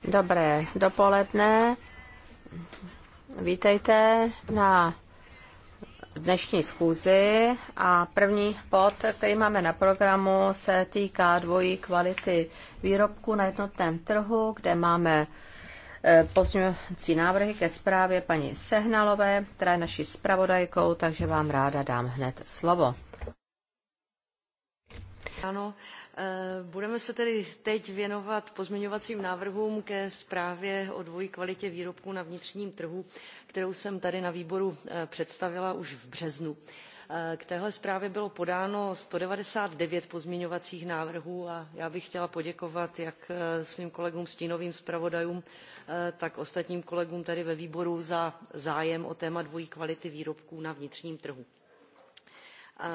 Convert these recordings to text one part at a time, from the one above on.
Dobré dopoledne. Vítejte na dnešní schůzi a první bod, který máme na programu, se týká dvojí kvality výrobku na jednotném trhu, kde máme eh, pozměňovací návrhy ke zprávě paní Sehnalové, která je naší zpravodajkou, takže vám ráda dám hned slovo. Ano, Eh, budeme se tedy teď věnovat pozměňovacím návrhům ke zprávě o dvojí kvalitě výrobků na vnitřním trhu, kterou jsem tady na výboru eh, představila už v březnu. Eh, k téhle zprávě bylo podáno 199 pozměňovacích návrhů a já bych chtěla poděkovat jak svým kolegům stínovým zpravodajům, tak ostatním kolegům tady ve výboru za zájem o téma dvojí kvality výrobků na vnitřním trhu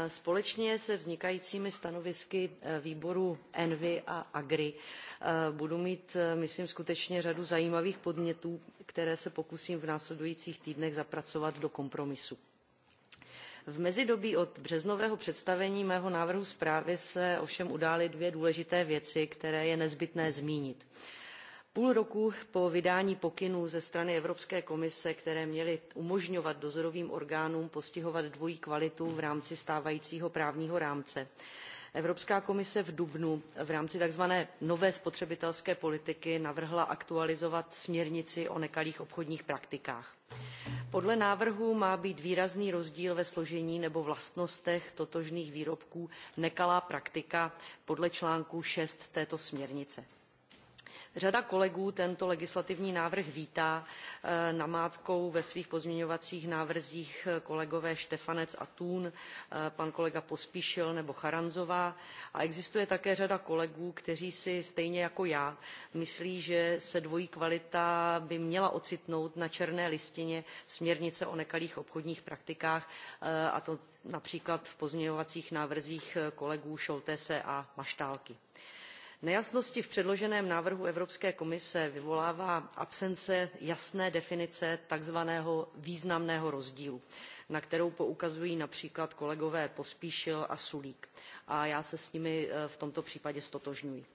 Společně se vznikajícími stanovisky eh, výboru envi a Agri eh, budu mít, eh, myslím, skutečně řadu zajímavých podnětů, které se pokusím v následujících týdnech zapracovat do kompromisu. V mezidobí od březnového představení mého návrhu zprávy se ovšem udály dvě důležité věci, které je nezbytné zmínit půl roku po vydání pokynů ze strany evropské komise které měly umožňovat dozorovým orgánům postihovat dvojí kvalitu v rámci stávajícího právního rámce evropská komise v dubnu v rámci tzv. nové spotřebitelské politiky navrhla aktualizovat směrnici o nekalých obchodních praktikách. podle návrhu má být výrazný rozdíl ve složení nebo vlastnostech totožných výrobků nekalá praktika podle článku six této směrnice řada kolegů tento legislativní návrh vítá eh, namátkou ve svých pozměňovacích návrzích kolegové Štefanec a thun eh, pan kolega pospíšil nebo charanzová a existuje také řada kolegů kteří si stejně jako já myslí že se dvojí kvalita by měla ocitnout na černé listině směrnice o nekalých obchodních praktikách eh, a to například v pozměňovacích návrzích kolegů šoltese a maštálky nejasnosti v předloženém návrhu evropské komise vyvolává absence jasné definice takzvaného významného rozdílu na kterou poukazují například kolegové pospíšil a sulík a já se s nimi eh, v tomto případě ztotožňuji.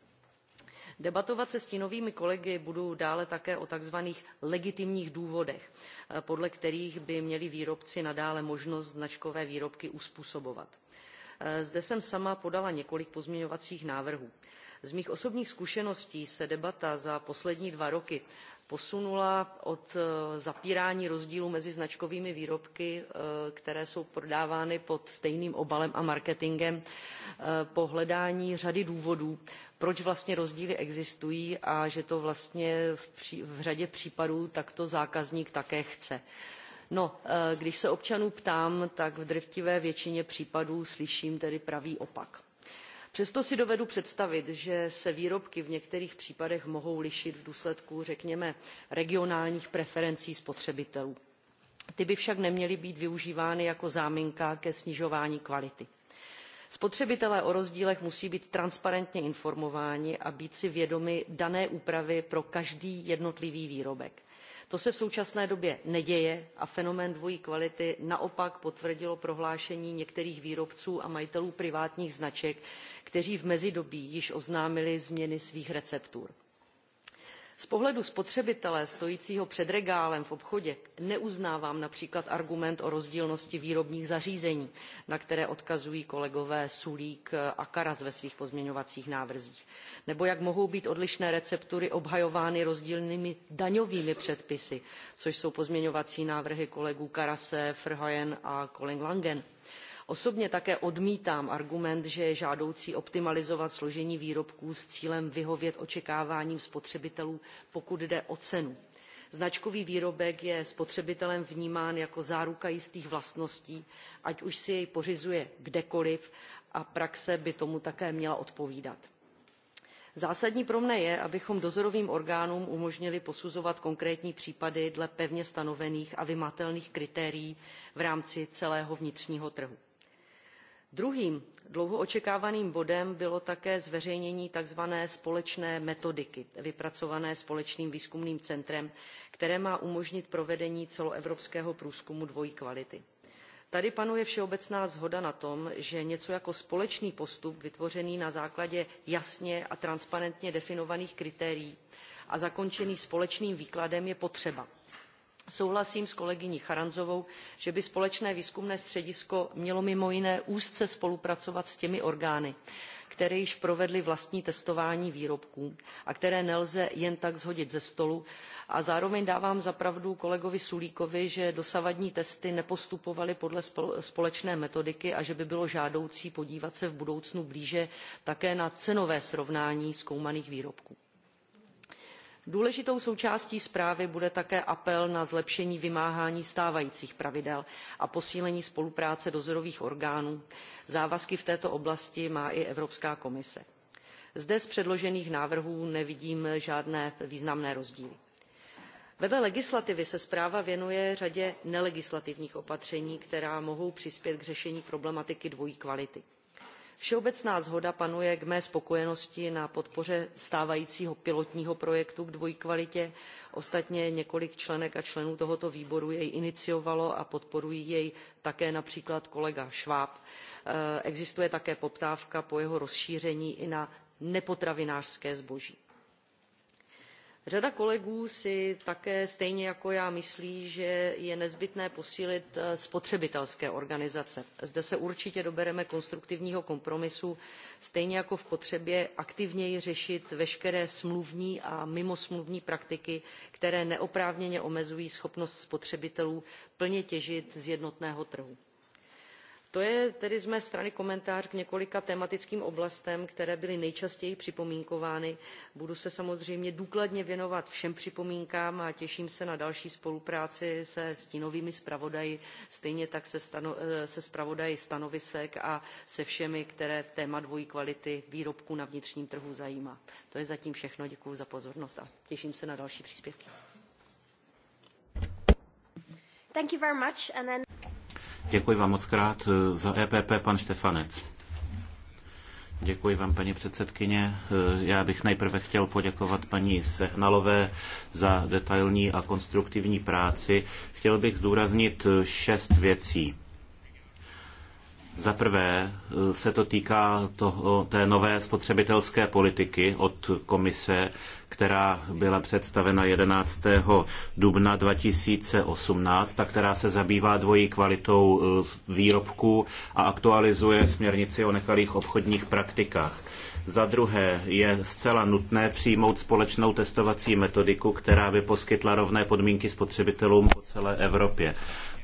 debatovat se stínovými kolegy budu dále také o takzvaných legitimních důvodech eh, podle kterých by měli výrobci nadále možnost značkové výrobky uzpůsobovat. Eh, zde jsem sama podala několik pozměňovacích návrhů z mých osobních zkušeností se debata za poslední dva roky posunula od e, zapírání rozdílů mezi značkovými výrobky, e, které jsou prodávány pod stejným obalem a marketingem, e, po hledání řady důvodů, proč vlastně rozdíly existují a že to vlastně v, v řadě případů takto zákazník také chce. No, když se občanů ptám, tak v drtivé většině případů slyším tedy pravý opak přesto si dovedu představit že se výrobky v některých případech mohou lišit v důsledku řekněme regionálních preferencí spotřebitelů. ty by však neměly být využívány jako záminka ke snižování kvality. spotřebitelé o rozdílech musí být transparentně informováni a být si vědomi dané úpravy pro každý jednotlivý výrobek to se v současné době neděje a fenomén dvojí kvality naopak potvrdilo prohlášení některých výrobců a majitelů privátních značek kteří v mezidobí již oznámili změny svých receptur z pohledu spotřebitele stojícího před regálem v obchodě neuznávám například argument o rozdílnosti výrobních zařízení na které odkazují kolegové sulík a karas ve svých pozměňovacích návrzích nebo jak mohou být odlišné receptury obhajovány rozdílnými daňovými předpisy což jsou pozměňovací návrhy kolegů karase verheugena a langena osobně také odmítám argument že je žádoucí optimalizovat složení výrobků s cílem vyhovět očekáváním spotřebitelů pokud jde o cenu. značkový výrobek je spotřebitelem vnímán jako záruka jistých vlastností ať už si jej pořizuje kdekoliv a praxe by tomu také měla odpovídat zásadní pro mne je abychom dozorovým orgánům umožnili posuzovat konkrétní případy dle pevně stanovených a vymahatelných kritérií v rámci celého vnitřního trhu druhým dlouho očekávaným bodem bylo také zveřejnění tzv. společné metodiky vypracované společným výzkumným centrem které má umožnit provedení celoevropského průzkumu dvojí kvality. tady panuje všeobecná shoda na tom že něco jako společný postup vytvořený na základě jasně a transparentně definovaných kritérií a zakončený společným výkladem je potřeba souhlasím s kolegyní charanzovou že by společné výzkumné středisko mělo mimo jiné úzce spolupracovat s těmi orgány které již provedly vlastní testování výrobků a které nelze jen tak shodit ze stolu a zároveň dávám za pravdu kolegovi sulíkovi že dosavadní testy nepostupovaly podle společné metodiky a že by bylo žádoucí podívat se v budoucnu blíže také na cenové srovnání zkoumaných výrobků důležitou součástí zprávy bude také apel na zlepšení vymáhání stávajících pravidel a posílení spolupráce dozorových orgánů závazky v této oblasti má i evropská komise. zde z předložených návrhů nevidím žádné významné rozdíly vedle legislativy se zpráva věnuje řadě nelegislativních opatření která mohou přispět k řešení problematiky dvojí kvality všeobecná shoda panuje k mé spokojenosti na podpoře stávajícího pilotního projektu k dvojí kvalitě ostatně několik členek a členů tohoto výboru jej iniciovalo a podporují jej také například kolega schwab. Eh, existuje také poptávka po jeho rozšíření i na nepotravinářské zboží řada kolegů si také stejně jako já myslí že je nezbytné posílit eh, spotřebitelské organizace. zde se určitě dobereme konstruktivního kompromisu stejně jako v potřebě aktivněji řešit veškeré smluvní a mimosmluvní praktiky které neoprávněně omezují schopnost spotřebitelů plně těžit z jednotného trhu to je tedy z mé strany komentář k několika tematickým oblastem které byly nejčastěji připomínkovány. budu se samozřejmě důkladně věnovat všem připomínkám a těším se na další spolupráci se stínovými zpravodaji stejně tak se, eh, zpravodaji stanovisek a se všemi které téma dvojí kvality výrobků na vnitřním trhu zajímá. to je zatím všechno děkuji za pozornost a těším se na další příspěvky. Děkuji vám moc krát. Eh, za EPP pan Štefanec. Děkuji vám, paní předsedkyně. Eh, já bych nejprve chtěl poděkovat paní Sehnalové za detailní a konstruktivní práci. Chtěl bych zdůraznit eh, šest věcí. Za prvé eh, se to týká toho, té nové spotřebitelské politiky od komise, která byla představena 11. dubna 2018 a která se zabývá dvojí kvalitou eh, výrobků a aktualizuje směrnici o nekalých obchodních praktikách. Za druhé je zcela nutné přijmout společnou testovací metodiku, která by poskytla rovné podmínky spotřebitelům po celé Evropě.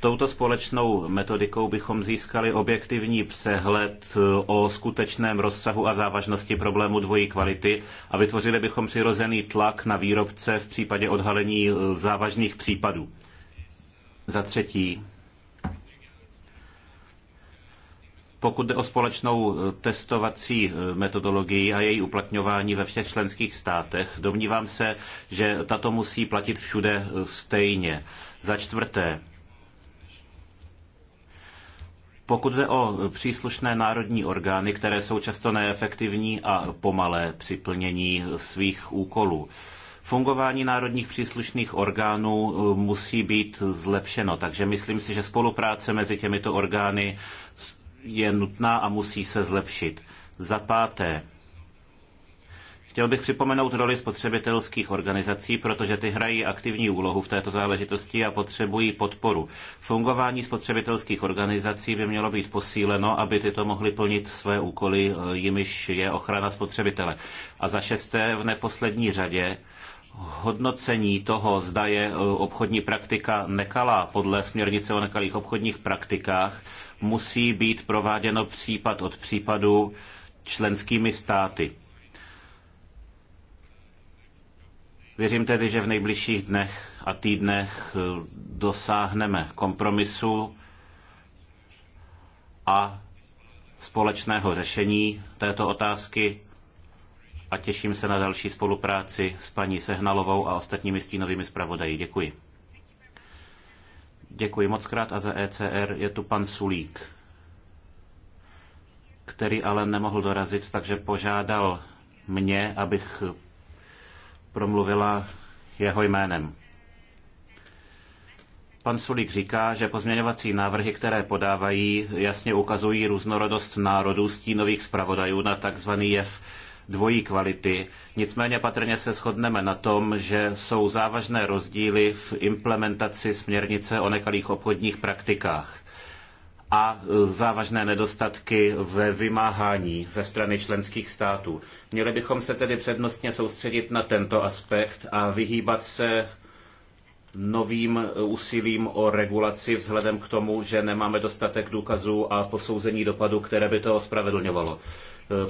Touto společnou metodikou bychom získali objektivní přehled e, o skutečném rozsahu a závažnosti problému dvojí kvality a vytvořili bychom přirozený tlak na výrobce v případě odhalení e, závažných případů. Za třetí, Pokud jde o společnou eh, testovací eh, metodologii a její uplatňování ve všech členských státech, domnívám se, že tato musí platit všude eh, stejně. Za čtvrté, pokud jde o příslušné národní orgány, které jsou často neefektivní a pomalé při plnění svých úkolů. Fungování národních příslušných orgánů musí být zlepšeno, takže myslím si, že spolupráce mezi těmito orgány je nutná a musí se zlepšit. Za páté, Chtěl bych připomenout roli spotřebitelských organizací, protože ty hrají aktivní úlohu v této záležitosti a potřebují podporu. Fungování spotřebitelských organizací by mělo být posíleno, aby tyto mohly plnit své úkoly, eh, jimiž je ochrana spotřebitele. A za šesté, v neposlední řadě, hodnocení toho, zda je e, obchodní praktika nekalá podle směrnice o nekalých obchodních praktikách, musí být prováděno případ od případu členskými státy. Věřím tedy, že v nejbližších dnech a týdnech e, dosáhneme kompromisu a společného řešení této otázky a těším se na další spolupráci s paní Sehnalovou a ostatními stínovými zpravodaji. Děkuji. Děkuji moc krát a za ECR je tu pan Sulík, který ale nemohl dorazit, takže požádal mě, abych promluvila jeho jménem. Pan Sulík říká, že pozměňovací návrhy, které podávají, jasně ukazují různorodost národů stínových zpravodajů na takzvaný jev dvojí kvality. Nicméně patrně se shodneme na tom, že jsou závažné rozdíly v implementaci směrnice o nekalých obchodních praktikách a závažné nedostatky ve vymáhání ze strany členských států. Měli bychom se tedy přednostně soustředit na tento aspekt a vyhýbat se novým úsilím o regulaci vzhledem k tomu, že nemáme dostatek důkazů a posouzení dopadu, které by to ospravedlňovalo.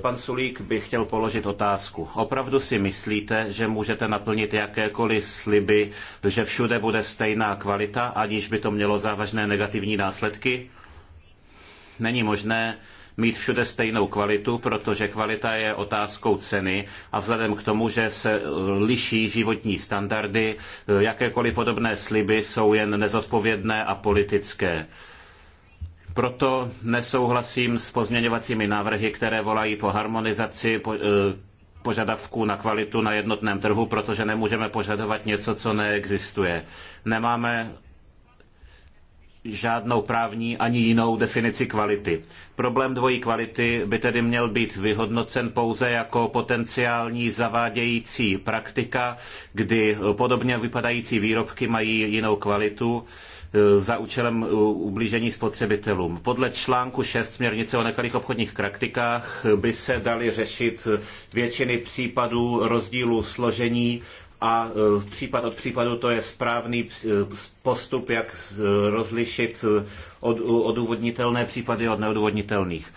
Pan Sulík by chtěl položit otázku. Opravdu si myslíte, že můžete naplnit jakékoliv sliby, že všude bude stejná kvalita, aniž by to mělo závažné negativní následky? Není možné mít všude stejnou kvalitu, protože kvalita je otázkou ceny a vzhledem k tomu, že se eh, liší životní standardy, eh, jakékoliv podobné sliby jsou jen nezodpovědné a politické. Proto nesouhlasím s pozměňovacími návrhy, které volají po harmonizaci e, požadavků na kvalitu na jednotném trhu, protože nemůžeme požadovat něco, co neexistuje. Nemáme žádnou právní ani jinou definici kvality. Problém dvojí kvality by tedy měl být vyhodnocen pouze jako potenciální zavádějící praktika, kdy podobně vypadající výrobky mají jinou kvalitu E, za účelem e, ublížení spotřebitelům. Podle článku 6 směrnice o nekalých obchodních praktikách by se daly řešit většiny případů rozdílu složení a e, případ od případu to je správný postup, jak rozlišit od, odůvodnitelné případy od neodůvodnitelných.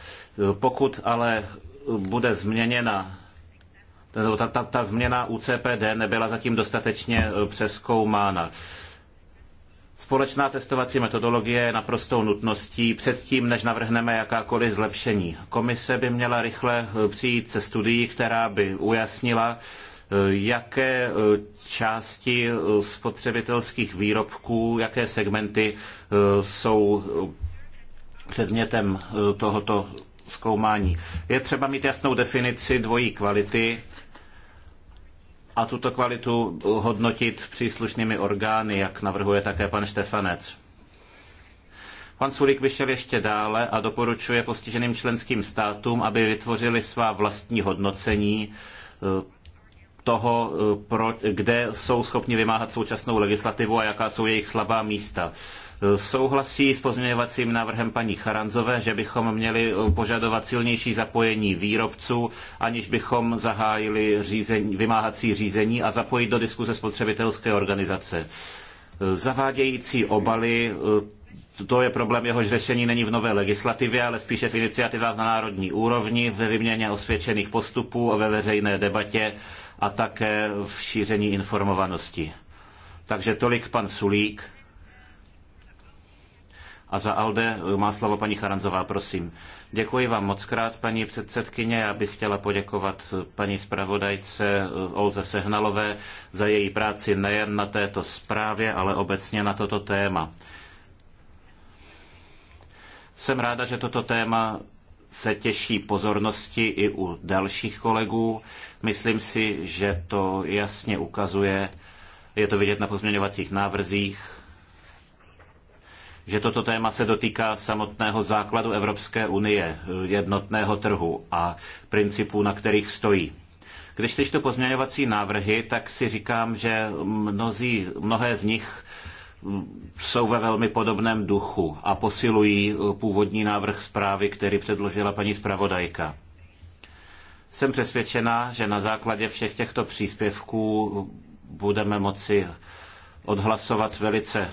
Pokud ale bude změněna ta, ta, ta změna UCPD nebyla zatím dostatečně přeskoumána. Společná testovací metodologie je naprostou nutností předtím, než navrhneme jakákoliv zlepšení. Komise by měla rychle eh, přijít se studií, která by ujasnila, eh, jaké eh, části spotřebitelských výrobků, jaké segmenty jsou předmětem tohoto zkoumání. Je třeba mít jasnou definici dvojí kvality a tuto kvalitu hodnotit příslušnými orgány, jak navrhuje také pan Štefanec. Pan Sulík vyšel ještě dále a doporučuje postiženým členským státům, aby vytvořili svá vlastní hodnocení eh, toho, eh, kde jsou schopni vymáhat současnou legislativu a jaká jsou jejich slabá místa. Souhlasí s pozměňovacím návrhem paní Charanzové, že bychom měli požadovat silnější zapojení výrobců, aniž bychom zahájili řízení, vymáhací řízení a zapojit do diskuze spotřebitelské organizace. Zavádějící obaly to je problém, jehož řešení není v nové legislativě, ale spíše v iniciativách na národní úrovni, ve vyměně osvědčených postupů, ve veřejné debatě a také v šíření informovanosti. Takže tolik pan Sulík. A za ALDE eh, má slovo paní Charanzová, prosím. Děkuji vám moc krát, paní předsedkyně. Já bych chtěla poděkovat eh, paní zpravodajce eh, Olze Sehnalové za její práci nejen na této zprávě, ale obecně na toto téma. Jsem ráda, že toto téma se těší pozornosti i u dalších kolegů. Myslím si, že to jasně ukazuje, je to vidět na pozměňovacích návrzích, že toto téma se dotýká samotného základu Evropské unie, jednotného trhu a principů, na kterých stojí. Když si čtu pozměňovací návrhy, tak si říkám, že mnozí, mnohé z nich mm, jsou ve velmi podobném duchu a posilují e, původní návrh zprávy, který předložila paní zpravodajka. Jsem přesvědčena, že na základě všech těchto příspěvků budeme moci odhlasovat velice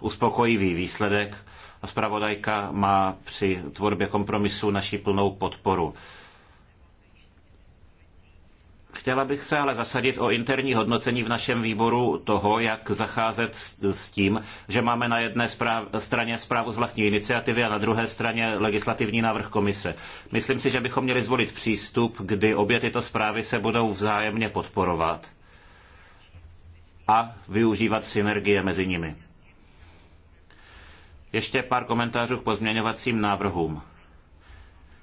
uspokojivý výsledek a zpravodajka má při tvorbě kompromisu naši plnou podporu. Chtěla bych se ale zasadit o interní hodnocení v našem výboru toho, jak zacházet s, tím, že máme na jedné správ, straně zprávu z vlastní iniciativy a na druhé straně legislativní návrh komise. Myslím si, že bychom měli zvolit přístup, kdy obě tyto zprávy se budou vzájemně podporovat a využívat synergie mezi nimi. Ještě pár komentářů k pozměňovacím návrhům.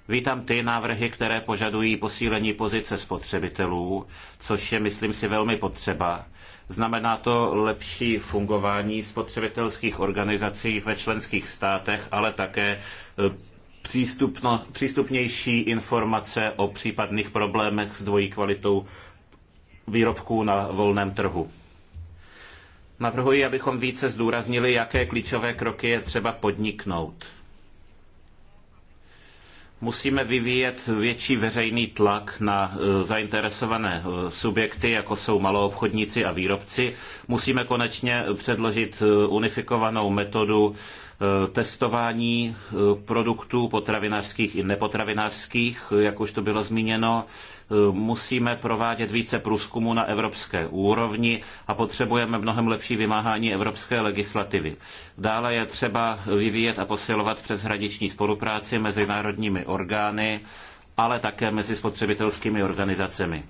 Vítám ty návrhy, které požadují posílení pozice spotřebitelů, což je, myslím si, velmi potřeba. Znamená to lepší fungování spotřebitelských organizací ve členských státech, ale také eh, přístupno, přístupnější informace o případných problémech s dvojí kvalitou výrobků na volném trhu. Navrhuji, abychom více zdůraznili, jaké klíčové kroky je třeba podniknout. Musíme vyvíjet větší veřejný tlak na e, zainteresované e, subjekty, jako jsou maloobchodníci a výrobci. Musíme konečně předložit e, unifikovanou metodu Eh, testování eh, produktů potravinářských i nepotravinářských, jak už to bylo zmíněno, eh, musíme provádět více průzkumu na evropské úrovni a potřebujeme mnohem lepší vymáhání evropské legislativy. Dále je třeba vyvíjet a posilovat přeshraniční spolupráci mezi národními orgány, ale také mezi spotřebitelskými organizacemi.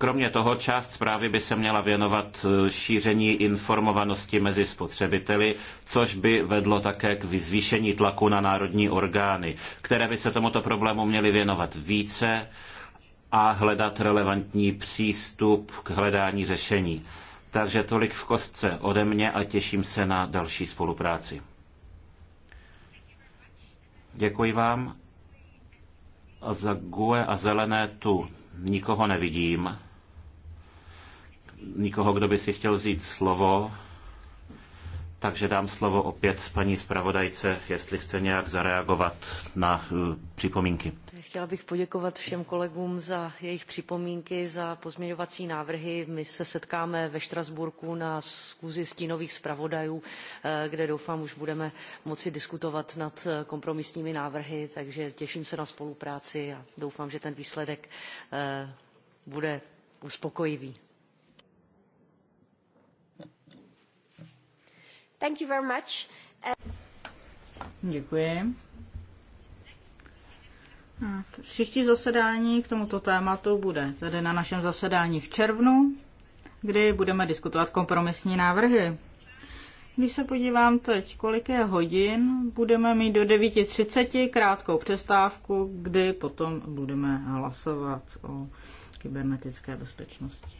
Kromě toho část zprávy by se měla věnovat eh, šíření informovanosti mezi spotřebiteli, což by vedlo také k zvýšení tlaku na národní orgány, které by se tomuto problému měly věnovat více a hledat relevantní přístup k hledání řešení. Takže tolik v kostce ode mě a těším se na další spolupráci. Děkuji vám. A za GUE a zelené tu nikoho nevidím nikoho, kdo by si chtěl vzít slovo, takže dám slovo opět paní zpravodajce, jestli chce nějak zareagovat na eh, připomínky. Chtěla bych poděkovat všem kolegům za jejich připomínky, za pozměňovací návrhy. My se setkáme ve Štrasburku na zkuzi stínových zpravodajů, eh, kde doufám už budeme moci diskutovat nad eh, kompromisními návrhy, takže těším se na spolupráci a doufám, že ten výsledek bude uspokojivý. Thank you very much. Děkuji. Příští zasedání k tomuto tématu bude tedy na našem zasedání v červnu, kdy budeme diskutovat kompromisní návrhy. Když se podívám teď, kolik je hodin, budeme mít do 9.30 krátkou přestávku, kdy potom budeme hlasovat o kybernetické bezpečnosti.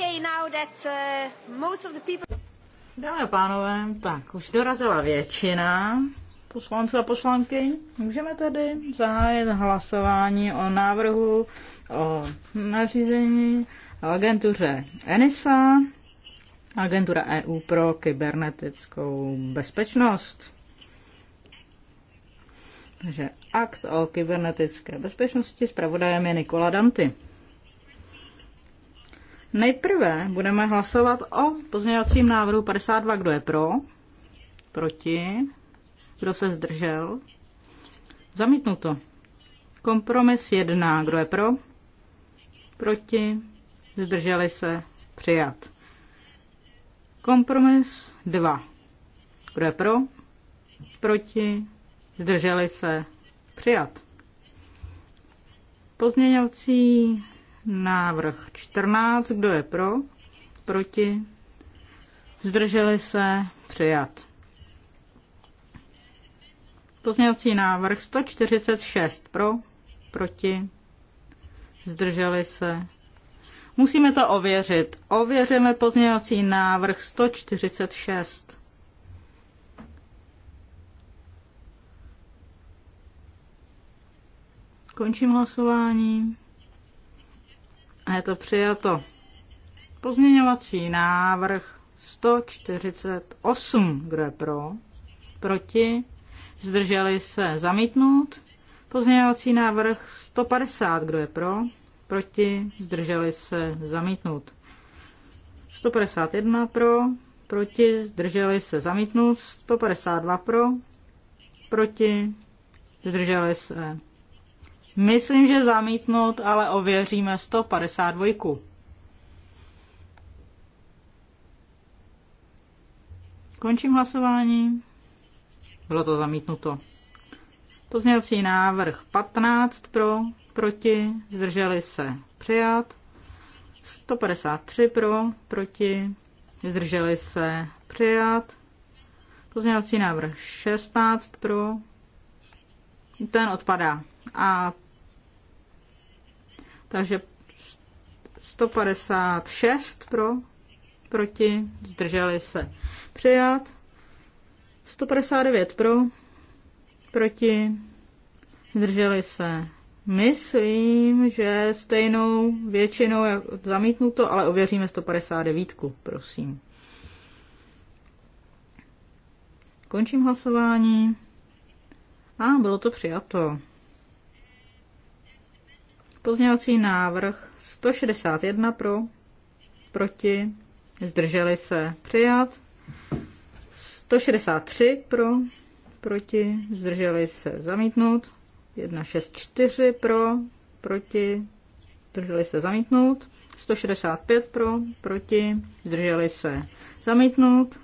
Okay, now that, uh, most of the people... Dámy a pánové, tak už dorazila většina poslanců a poslanky. Můžeme tedy zahájit hlasování o návrhu o nařízení agentuře ENISA, agentura EU pro kybernetickou bezpečnost. Takže akt o kybernetické bezpečnosti zpravodajem je Nikola Danty. Nejprve budeme hlasovat o pozměňovacím návrhu 52, kdo je pro, proti, kdo se zdržel, zamítnuto. Kompromis 1, kdo je pro, proti, zdrželi se, přijat. Kompromis 2, kdo je pro, proti, zdrželi se, přijat. Pozměňovací Návrh 14. Kdo je pro? Proti? Zdrželi se? Přijat. Pozměňovací návrh 146 pro, proti, zdrželi se. Musíme to ověřit. Ověříme pozměňovací návrh 146. Končím hlasování. A je to přijato. Pozměňovací návrh 148. Kdo je pro? Proti? Zdrželi se zamítnout. Pozměňovací návrh 150. Kdo je pro? Proti? Zdrželi se zamítnout. 151 pro, proti, zdrželi se zamítnout, 152 pro, proti, zdrželi se Myslím, že zamítnout, ale ověříme 152. Končím hlasování. Bylo to zamítnuto. Pozměňovací návrh 15 pro, proti, zdrželi se přijat. 153 pro, proti, zdrželi se přijat. Pozměňovací návrh 16 pro, ten odpadá. A takže 156 pro, proti, zdrželi se. Přijat. 159 pro, proti, zdrželi se. Myslím, že stejnou většinou je zamítnuto, ale ověříme 159, prosím. Končím hlasování. A bylo to přijato. Pozměňovací návrh 161 pro, proti, zdrželi se přijat. 163 pro, proti, zdrželi se zamítnout. 164 pro, proti, zdrželi se zamítnout. 165 pro, proti, zdrželi se zamítnout.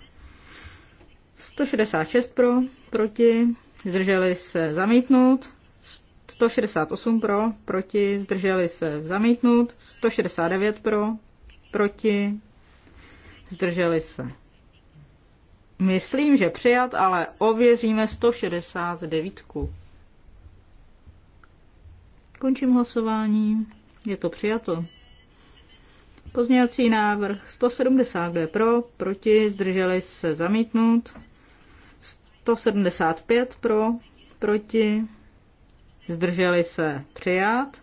166 pro, proti, zdrželi se zamítnout. 168 pro, proti, zdrželi se zamítnout, 169 pro, proti, zdrželi se. Myslím, že přijat, ale ověříme 169. Končím hlasování. Je to přijato. Pozměňovací návrh 170, pro, proti, zdrželi se zamítnout. 175 pro, proti, zdrželi se přijat,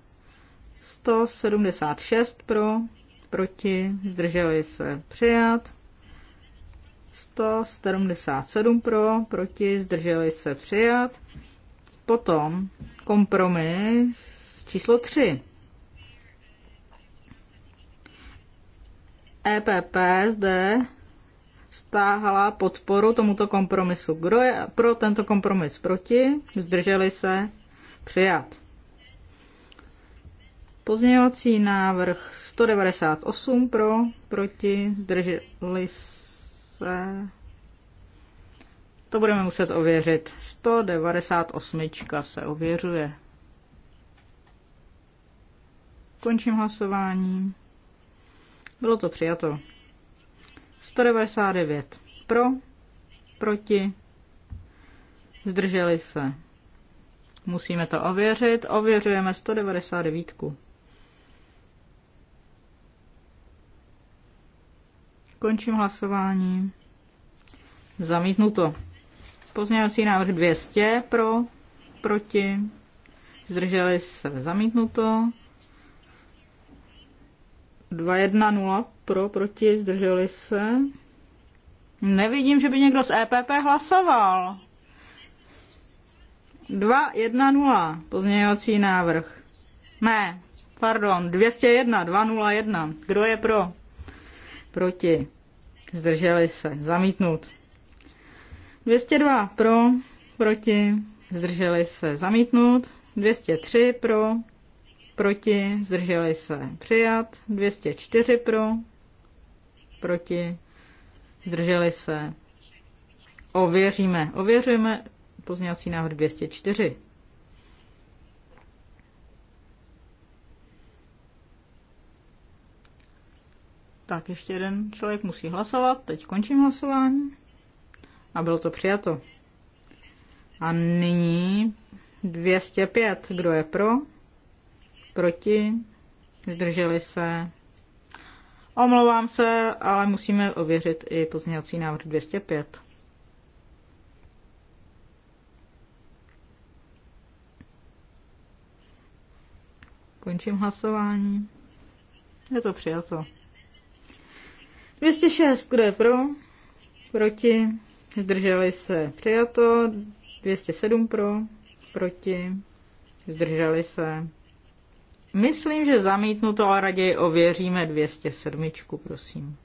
176 pro, proti, zdrželi se přijat, 177 pro, proti, zdrželi se přijat, potom kompromis číslo 3. EPP zde stáhala podporu tomuto kompromisu. Kdo je pro tento kompromis proti? Zdrželi se? Přijat. Pozměňovací návrh 198 pro, proti, zdrželi se. To budeme muset ověřit. 198 se ověřuje. Končím hlasování. Bylo to přijato. 199 pro, proti, zdrželi se. Musíme to ověřit. Ověřujeme 199. Končím hlasování. Zamítnuto. Pozměňovací návrh 200 pro, proti, zdrželi se zamítnuto. 210 pro, proti, zdrželi se. Nevidím, že by někdo z EPP hlasoval. 210 pozměňovací návrh. Ne, pardon, 201, 201. Kdo je pro? Proti. Zdrželi se. Zamítnut. 202 pro, proti. Zdrželi se. Zamítnut. 203 pro, proti. Zdrželi se. Přijat. 204 pro, proti. Zdrželi se. Ověříme. Ověříme pozměňovací návrh 204. Tak ještě jeden člověk musí hlasovat. Teď končím hlasování. A bylo to přijato. A nyní 205. Kdo je pro? Proti? Zdrželi se? Omlouvám se, ale musíme ověřit i pozměňovací návrh 205. Končím hlasování. Je to přijato. 206, kdo je pro? Proti? Zdrželi se. Přijato. 207 pro? Proti? Zdrželi se. Myslím, že zamítnu to, ale raději ověříme 207, prosím.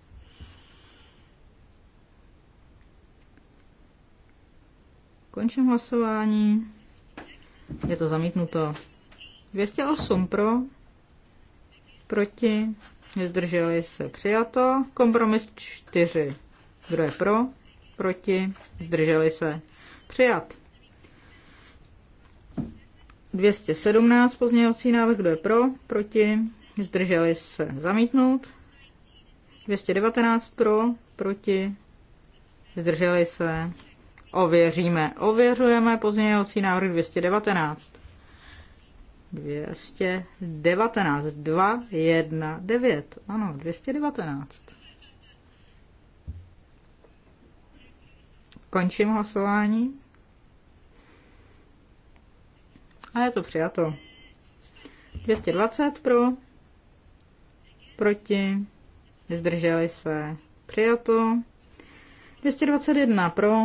Končím hlasování. Je to zamítnuto. 208 pro, proti, zdrželi se přijato. Kompromis 4, kdo je pro, proti, zdrželi se přijat. 217 pozměňovací návrh, kdo je pro, proti, zdrželi se zamítnout. 219 pro, proti, zdrželi se, ověříme, ověřujeme pozměňovací návrh 219. 219. 9 Ano, 219. Končím hlasování. A je to přijato. 220 pro, proti, zdrželi se, přijato. 221 pro,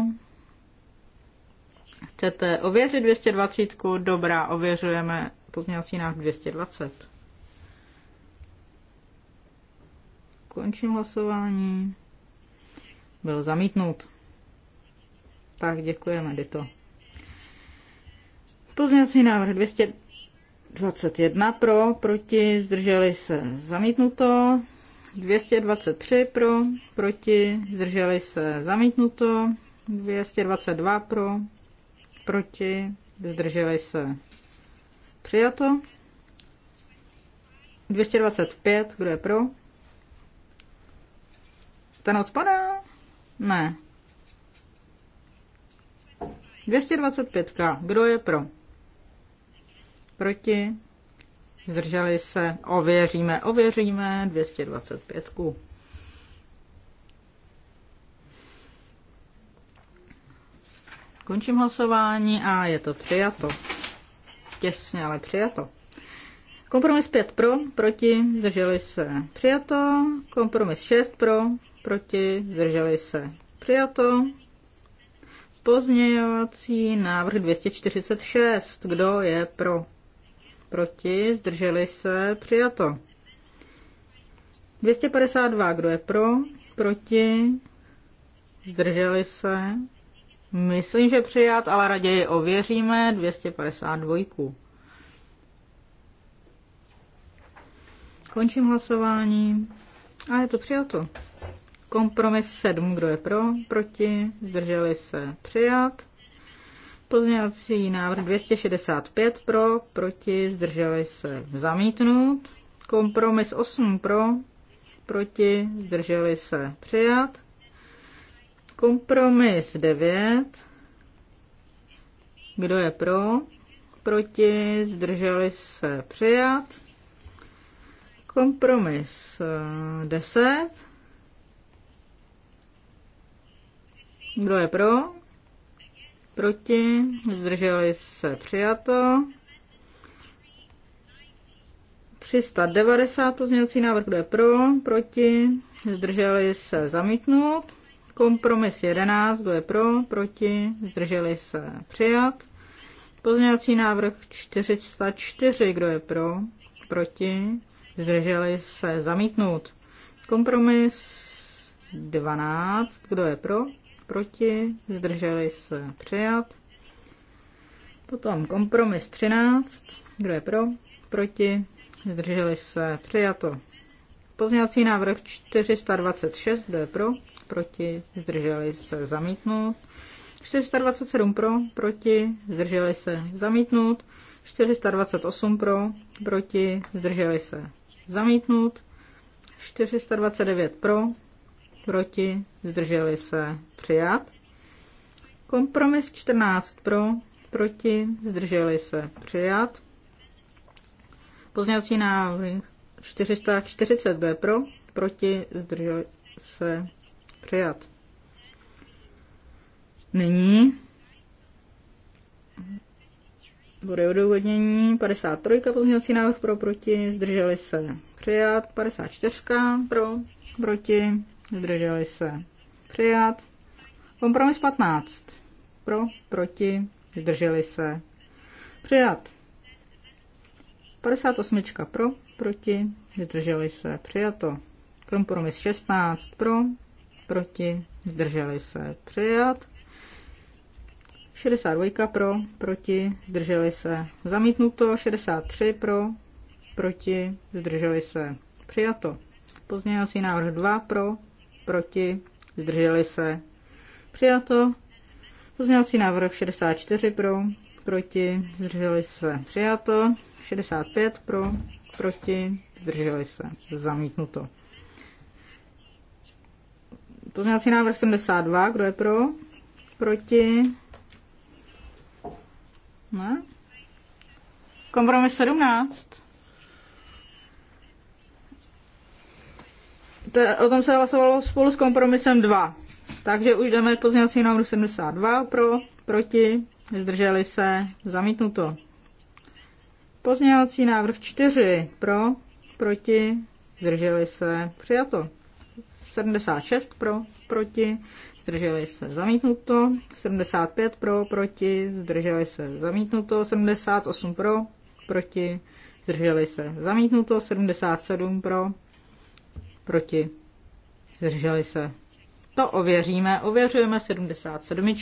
chcete ověřit 220, dobrá, ověřujeme pozměňovací návrh 220. Končím hlasování. Byl zamítnut. Tak děkujeme, Dito. Pozměňovací návrh 221 pro, proti, zdrželi se zamítnuto. 223 pro, proti, zdrželi se zamítnuto. 222 pro, proti, zdrželi se Přijato. 225, kdo je pro? Ten odpadá? Ne. 225, kdo je pro? Proti? Zdrželi se? Ověříme, ověříme 225. -ku. Končím hlasování a je to přijato těsně, ale přijato. Kompromis 5 pro, proti, zdrželi se, přijato. Kompromis 6 pro, proti, zdrželi se, přijato. Pozměňovací návrh 246. Kdo je pro? Proti, zdrželi se, přijato. 252. Kdo je pro? Proti, zdrželi se, Myslím, že přijat, ale raději ověříme 252. Končím hlasování. A je to přijato. Kompromis 7, kdo je pro, proti, zdrželi se přijat. Pozměňovací návrh 265 pro, proti, zdrželi se zamítnout. Kompromis 8 pro, proti, zdrželi se přijat. Kompromis 9. Kdo je pro? Proti? Zdrželi se přijat. Kompromis 10. Eh, kdo je pro? Proti? Zdrželi se přijato. 390 pozměňovací návrh, kdo je pro? Proti? Zdrželi se zamítnout. Kompromis 11, kdo je pro, proti, zdrželi se přijat. Pozměňovací návrh 404, kdo je pro, proti, zdrželi se zamítnout. Kompromis 12, kdo je pro, proti, zdrželi se přijat. Potom kompromis 13, kdo je pro, proti, zdrželi se přijato. Pozněvací návrh 426, kdo je pro, proti, zdrželi se zamítnout. 427 pro, proti, zdrželi se zamítnout. 428 pro, proti, zdrželi se zamítnout. 429 pro, proti, zdrželi se přijat. Kompromis 14 pro, proti, zdrželi se přijat. Pozněvací návrh 440B pro, proti, zdrželi se Přijat. Nyní bude odůvodnění 53 pozměňovací návrh pro proti, zdrželi se přijat, 54 pro proti, zdrželi se přijat, kompromis 15 pro proti, zdrželi se přijat, 58 pro proti, zdrželi se přijato, kompromis 16 pro proti, zdrželi se přijat. 62 pro, proti, zdrželi se zamítnuto. 63 pro, proti, zdrželi se přijato. Pozměňovací návrh 2 pro, proti, zdrželi se přijato. Pozměňovací návrh 64 pro, proti, zdrželi se přijato. 65 pro, proti, zdrželi se zamítnuto. Pozměňovací návrh 72, kdo je pro? Proti? Ne? Kompromis 17. To, o tom se hlasovalo spolu s kompromisem 2. Takže už jdeme pozměňovací návrh 72 pro, proti, zdrželi se, zamítnuto. Pozměňovací návrh 4 pro, proti, zdrželi se, přijato. 76 pro, proti, zdrželi se zamítnuto, 75 pro, proti, zdrželi se zamítnuto, 78 pro, proti, zdrželi se zamítnuto, 77 pro, proti, zdrželi se. To ověříme, ověřujeme 77.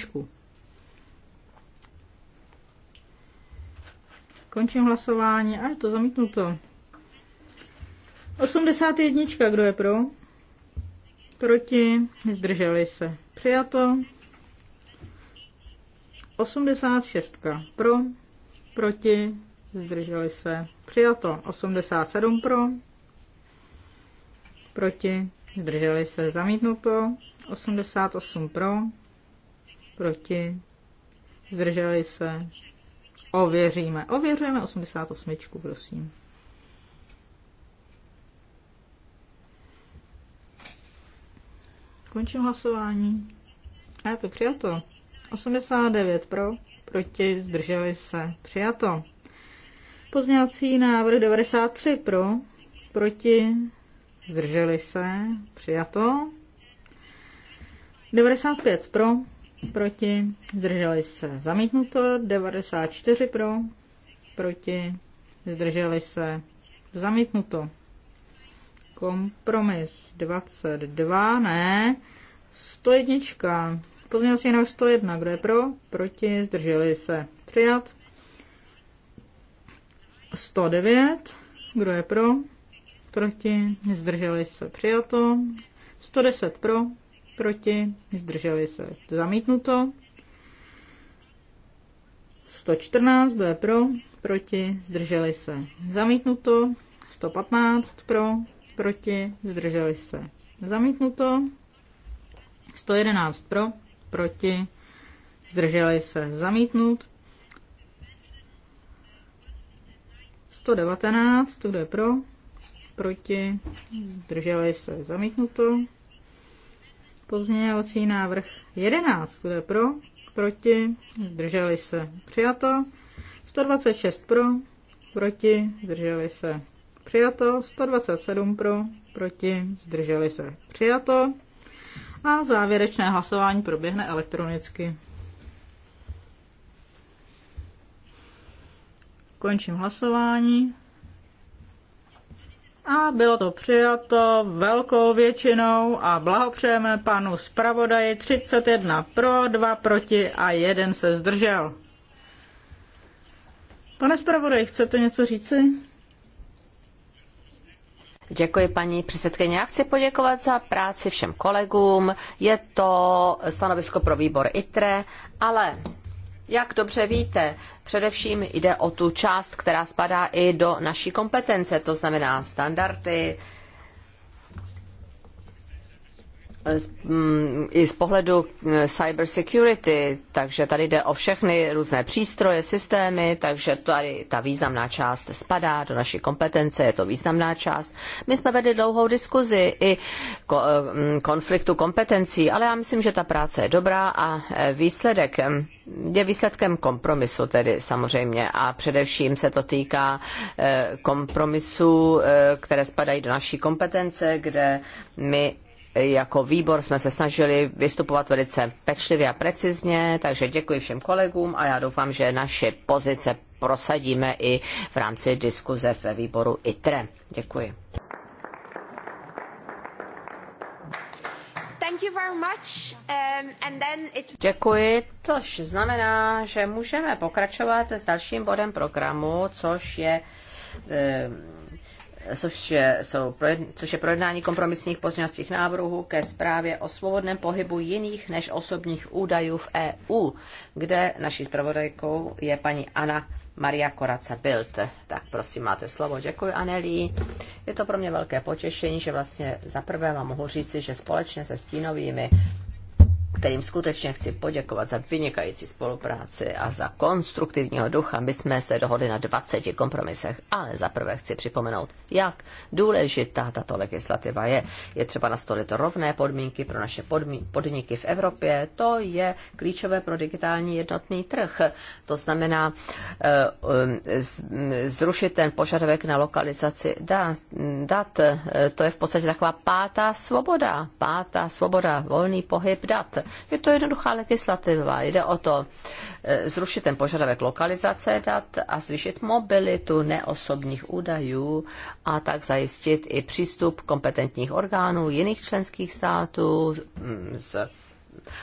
Končím hlasování a je to zamítnuto. 81. Kdo je pro? Proti? Zdrželi se. Přijato. 86. Pro? Proti? Zdrželi se. Přijato. 87 pro. Proti. Zdrželi se. Zamítnuto. 88 pro. Proti. Zdrželi se. Ověříme. Ověřujeme 88, prosím. Končím hlasování. A je to přijato. 89 pro, proti, zdrželi se. Přijato. Pozněvací návrh 93 pro, proti, zdrželi se. Přijato. 95 pro, proti, zdrželi se. Zamítnuto. 94 pro, proti, zdrželi se. Zamítnuto. Kompromis 22, ne. 101. pozměl si jenom 101. Kdo je pro? Proti? Zdrželi se. Přijat. 109. Kdo je pro? Proti? Zdrželi se. Přijato. 110 pro. Proti? Zdrželi se. Zamítnuto. 114. Kdo je pro? Proti? Zdrželi se. Zamítnuto. 115 pro proti, zdrželi se. Zamítnuto. 111 pro, proti, zdrželi se. Zamítnut. 119, tu jde pro, proti, zdrželi se. Zamítnuto. Pozměňovací návrh 11, tu jde pro, proti, zdrželi se. Přijato. 126 pro, proti, zdrželi se přijato, 127 pro, proti, zdrželi se, přijato. A závěrečné hlasování proběhne elektronicky. Končím hlasování. A bylo to přijato velkou většinou a blahopřejeme panu zpravodaji 31 pro, 2 proti a 1 se zdržel. Pane zpravodaji, chcete něco říci? Děkuji, paní předsedkyně. Já chci poděkovat za práci všem kolegům. Je to stanovisko pro výbor ITRE, ale jak dobře víte, především jde o tu část, která spadá i do naší kompetence, to znamená standardy, Mm, i z pohledu mm, cyber security, takže tady jde o všechny různé přístroje, systémy, takže tady ta významná část spadá do naší kompetence, je to významná část. My jsme vedli dlouhou diskuzi i mm, konfliktu kompetencí, ale já myslím, že ta práce je dobrá a e, výsledek je výsledkem kompromisu tedy samozřejmě a především se to týká e, kompromisů, e, které spadají do naší kompetence, kde my jako výbor jsme se snažili vystupovat velice pečlivě a precizně, takže děkuji všem kolegům a já doufám, že naše pozice prosadíme i v rámci diskuze ve výboru ITRE. Děkuji. Um, děkuji, tož znamená, že můžeme pokračovat s dalším bodem programu, což je eh, což je, jsou, což je projednání kompromisních pozměňovacích návrhů ke zprávě o svobodném pohybu jiných než osobních údajů v EU, kde naší zpravodajkou je paní Anna Maria Koraca Bild. Tak prosím, máte slovo. Děkuji, Anelí. Je to pro mě velké potěšení, že vlastně za prvé vám mohu říci, že společně se stínovými kterým skutečně chci poděkovat za vynikající spolupráci a za konstruktivního ducha. My jsme se dohodli na 20 kompromisech, ale zaprvé chci připomenout, jak důležitá tato legislativa je. Je třeba nastolit rovné podmínky pro naše podmí- podniky v Evropě. To je klíčové pro digitální jednotný trh. To znamená eh, um, zrušit ten požadavek na lokalizaci dat. To je v podstatě taková pátá svoboda. Pátá svoboda, volný pohyb dat je to jednoduchá legislativa. Jde o to eh, zrušit ten požadavek lokalizace dat a zvýšit mobilitu neosobních údajů a tak zajistit i přístup kompetentních orgánů jiných členských států mm, z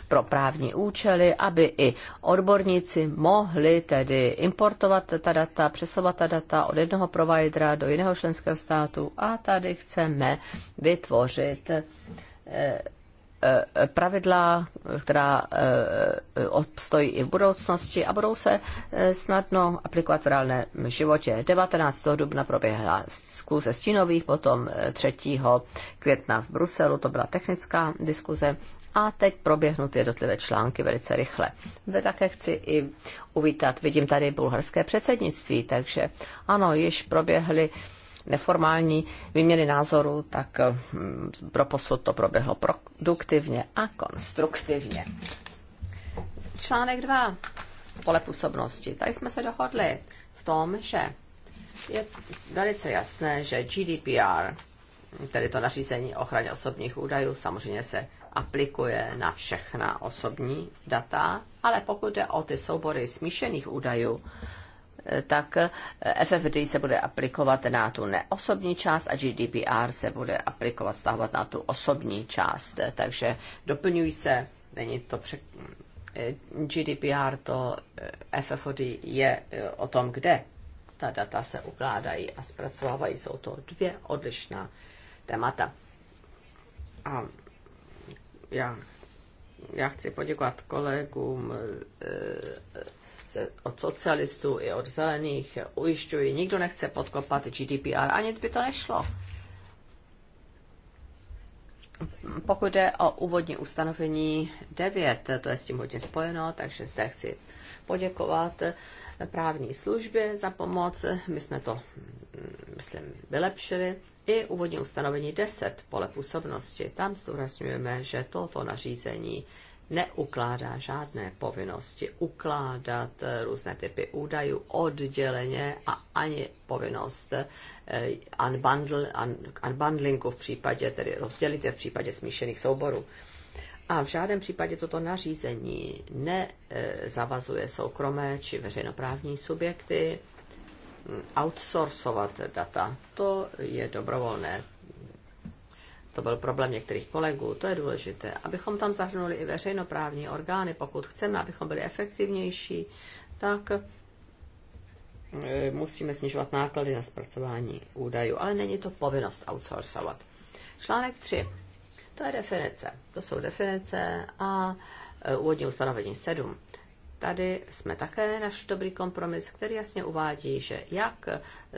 pro právní účely, aby i odborníci mohli tedy importovat ta data, přesovat ta data od jednoho providera do jiného členského státu a tady chceme vytvořit eh, Eh, pravidla, která eh, obstojí i v budoucnosti a budou se eh, snadno aplikovat v reálném životě. 19. dubna proběhla zkuze stínových, potom 3. května v Bruselu, to byla technická diskuze a teď proběhnou ty jednotlivé články velice rychle. Ve také chci i uvítat, vidím tady bulharské předsednictví, takže ano, již proběhly uh, neformální výměny názorů, tak mm, pro posud to proběhlo produktivně a konstruktivně. Článek 2. Pole působnosti. Tady jsme se dohodli v tom, že je velice jasné, že GDPR, tedy to nařízení o ochraně osobních údajů, samozřejmě se aplikuje na všechna osobní data, ale pokud jde o ty soubory smíšených údajů, tak FFD se bude aplikovat na tu neosobní část a GDPR se bude aplikovat, stahovat na tu osobní část. Takže doplňují se, není to pře- GDPR, to FFD je o tom, kde ta data se ukládají a zpracovávají. Jsou to dvě odlišná témata. A já, já chci poděkovat kolegům eh, od socialistů i od zelených ujišťují, nikdo nechce podkopat GDPR, ani by to nešlo. Pokud jde o úvodní ustanovení 9, to je s tím hodně spojeno, takže zde chci poděkovat právní službě za pomoc. My jsme to, myslím, vylepšili. I úvodní ustanovení 10 pole působnosti. Tam zdůrazňujeme, že toto nařízení neukládá žádné povinnosti ukládat eh, různé typy údajů odděleně a ani povinnost eh, unbundle, unbundlingu v případě, tedy rozdělit je v případě smíšených souborů. A v žádném případě toto nařízení nezavazuje soukromé či veřejnoprávní subjekty hm, outsourcovat data. To je dobrovolné to byl problém některých kolegů, to je důležité, abychom tam zahrnuli i veřejnoprávní orgány, pokud chceme, abychom byli efektivnější, tak e, musíme snižovat náklady na zpracování údajů, ale není to povinnost outsourcovat. Článek 3. To je definice. To jsou definice a e, úvodní ustanovení 7. Tady jsme také naš dobrý kompromis, který jasně uvádí, že jak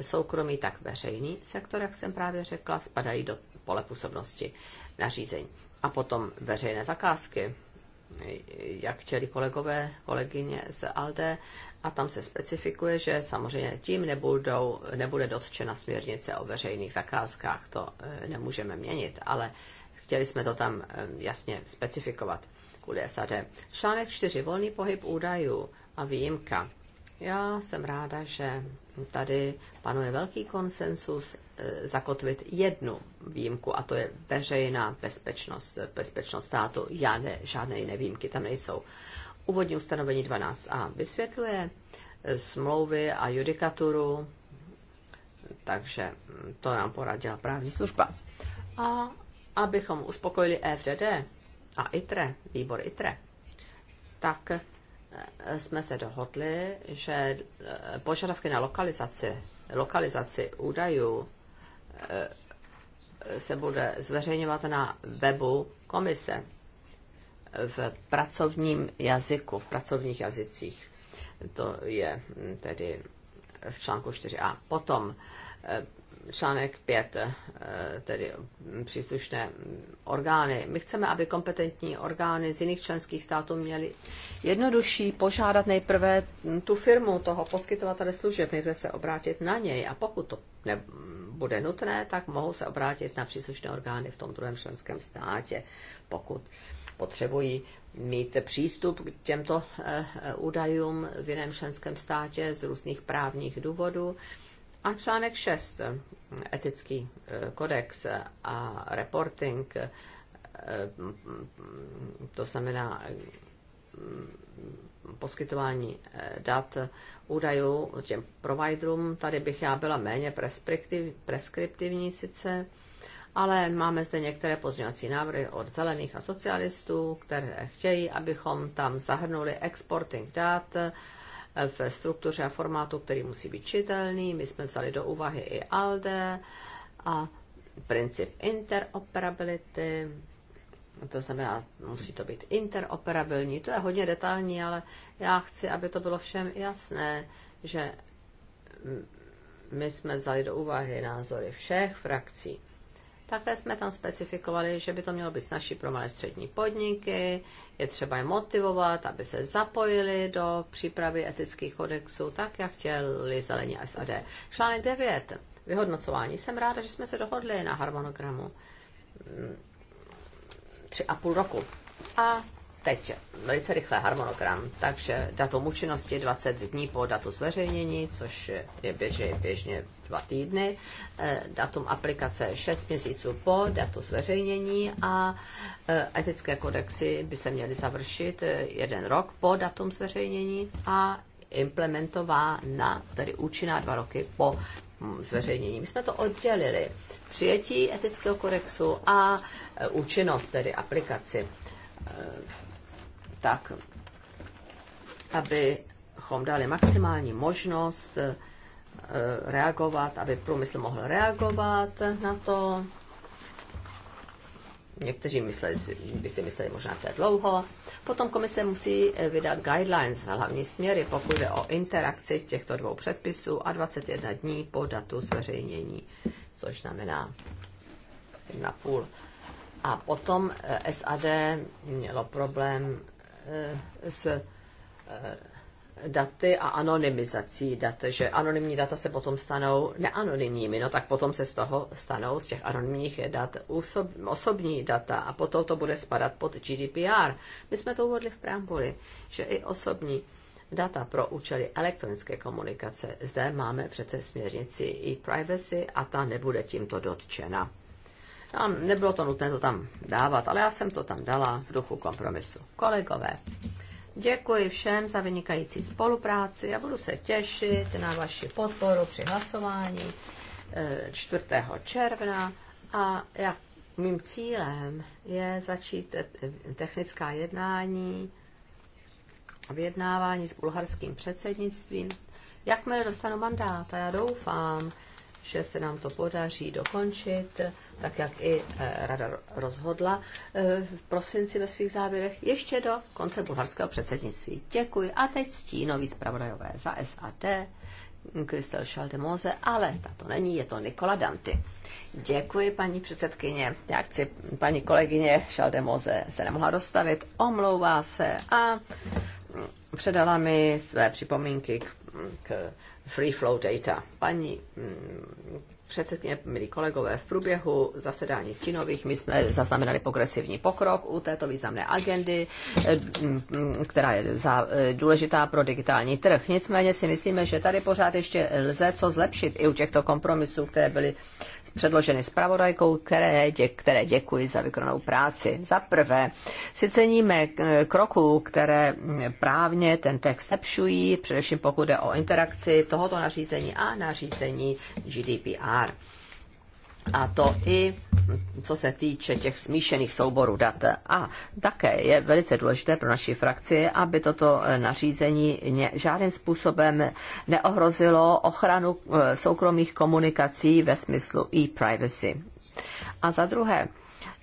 soukromý, tak veřejný sektor, jak jsem právě řekla, spadají do pole působnosti nařízení. A potom veřejné zakázky, jak chtěli kolegové, kolegyně z ALDE, a tam se specifikuje, že samozřejmě tím nebudou, nebude dotčena směrnice o veřejných zakázkách, to eh, nemůžeme měnit, ale chtěli jsme to tam eh, jasně specifikovat kvůli SAD. Článek 4. Volný pohyb údajů a výjimka. Já jsem ráda, že tady panuje velký konsensus Eh, zakotvit jednu výjimku, a to je veřejná bezpečnost, bezpečnost státu. Já ne, žádné jiné výjimky tam nejsou. Úvodní ustanovení 12a vysvětluje eh, smlouvy a judikaturu, takže to nám poradila právní služba. A abychom uspokojili FDD e a ITRE, výbor ITRE, tak eh, jsme se dohodli, že požadavky na lokalizaci, lokalizaci údajů Eh, se bude zveřejňovat na webu komise v pracovním jazyku, v pracovních jazycích. To je mm, tedy v článku 4a. Potom eh, článek 5, eh, tedy příslušné orgány. My chceme, aby kompetentní orgány z jiných členských států měly jednodušší požádat nejprve tu firmu toho poskytovatele služeb, nejprve se obrátit na něj a pokud to bude nutné, tak mohou se obrátit na příslušné orgány v tom druhém členském státě, pokud potřebují mít přístup k těmto eh, údajům v jiném členském státě z různých právních důvodů. A článek 6, eh, etický eh, kodex a reporting, eh, mm, to znamená mm, poskytování dat údajů těm providerům. Tady bych já byla méně preskriptiv, preskriptivní sice, ale máme zde některé pozměňovací návrhy od zelených a socialistů, které chtějí, abychom tam zahrnuli exporting dat, v struktuře a formátu, který musí být čitelný. My jsme vzali do úvahy i ALDE a princip interoperability, to znamená, musí to být interoperabilní. To je hodně detailní, ale já chci, aby to bylo všem jasné, že my jsme vzali do úvahy názory všech frakcí. Také jsme tam specifikovali, že by to mělo být snažší pro malé střední podniky, je třeba je motivovat, aby se zapojili do přípravy etických kodexů, tak jak chtěli zelení SAD. Článek 9. Vyhodnocování. Jsem ráda, že jsme se dohodli na harmonogramu 3,5 mm, roku. A teď velice rychle harmonogram, takže datum účinnosti 20 dní po datu zveřejnění, což je běžně, běžně dva týdny, eh, datum aplikace 6 měsíců po datu zveřejnění a eh, etické kodexy by se měly završit eh, jeden rok po datum zveřejnění a implementována, tedy účinná dva roky po hm, zveřejnění. My jsme to oddělili. Přijetí etického kodexu a účinnost, tedy aplikaci tak, abychom dali maximální možnost eh, reagovat, aby průmysl mohl reagovat na to. Někteří mysleli, by si mysleli možná to je dlouho. Potom komise musí eh, vydat guidelines, hlavní směry, pokud jde o interakci těchto dvou předpisů a 21 dní po datu zveřejnění, což znamená na půl. A potom eh, SAD mělo problém Eh, s eh, daty a anonymizací dat, že anonymní data se potom stanou neanonymními, no tak potom se z toho stanou, z těch anonymních dat, osobní data a potom to bude spadat pod GDPR. My jsme to uvedli v preambuli, že i osobní data pro účely elektronické komunikace. Zde máme přece směrnici i privacy a ta nebude tímto dotčena. A nebylo to nutné to tam dávat, ale já jsem to tam dala v duchu kompromisu. Kolegové, děkuji všem za vynikající spolupráci a budu se těšit na vaši podporu při hlasování 4. Eh, června. A jak mým cílem je začít eh, technická jednání a vyjednávání s bulharským předsednictvím. Jakmile dostanu mandát, a já doufám, že se nám to podaří dokončit, tak jak i eh, rada rozhodla eh, v prosinci ve svých závěrech, ještě do konce bulharského předsednictví. Děkuji. A teď stínový zpravodajové za SAD, Kristel Šaldemoze, ale tato není, je to Nikola Danty. Děkuji, paní předsedkyně. Já chci, paní kolegyně Šaldemoze se nemohla dostavit, omlouvá se a mm, předala mi své připomínky k, k free flow data. Paní mm, předsedkyně, milí kolegové, v průběhu zasedání stínových my jsme zaznamenali progresivní pokrok u této významné agendy, eh, která je eh, důležitá pro digitální trh. Nicméně si myslíme, že tady pořád ještě lze co zlepšit i u těchto kompromisů, které byly předloženy zpravodajkou, které, dě, které děkuji za vykonanou práci. Za prvé, si ceníme eh, kroku, které hm, právně ten text lepšují, především pokud jde o interakci tohoto nařízení a nařízení GDPR. A to i co se týče těch smíšených souborů dat. A také je velice důležité pro naši frakci, aby toto nařízení žádným způsobem neohrozilo ochranu eh, soukromých komunikací ve smyslu e-privacy. A za druhé,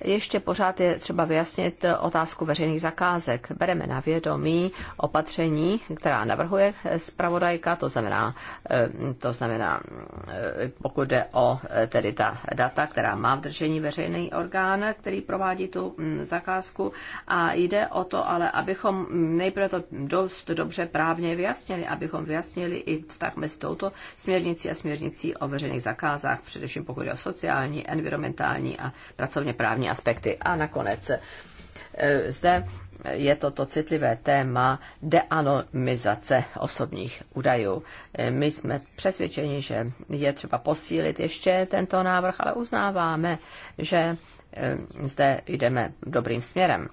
ještě pořád je třeba vyjasnit otázku veřejných zakázek. Bereme na vědomí opatření, která navrhuje zpravodajka, to znamená, eh, to znamená eh, pokud jde o eh, tedy ta data, která má v držení veřejný orgán, který provádí tu mm, zakázku a jde o to ale, abychom nejprve to dost dobře právně vyjasnili, abychom vyjasnili i vztah mezi touto směrnicí a směrnicí o veřejných zakázách, především pokud je o sociální, environmentální a pracovně právní právní aspekty. A nakonec eh, zde je toto citlivé téma deanonymizace osobních údajů. Eh, my jsme přesvědčeni, že je třeba posílit ještě tento návrh, ale uznáváme, že eh, zde jdeme dobrým směrem.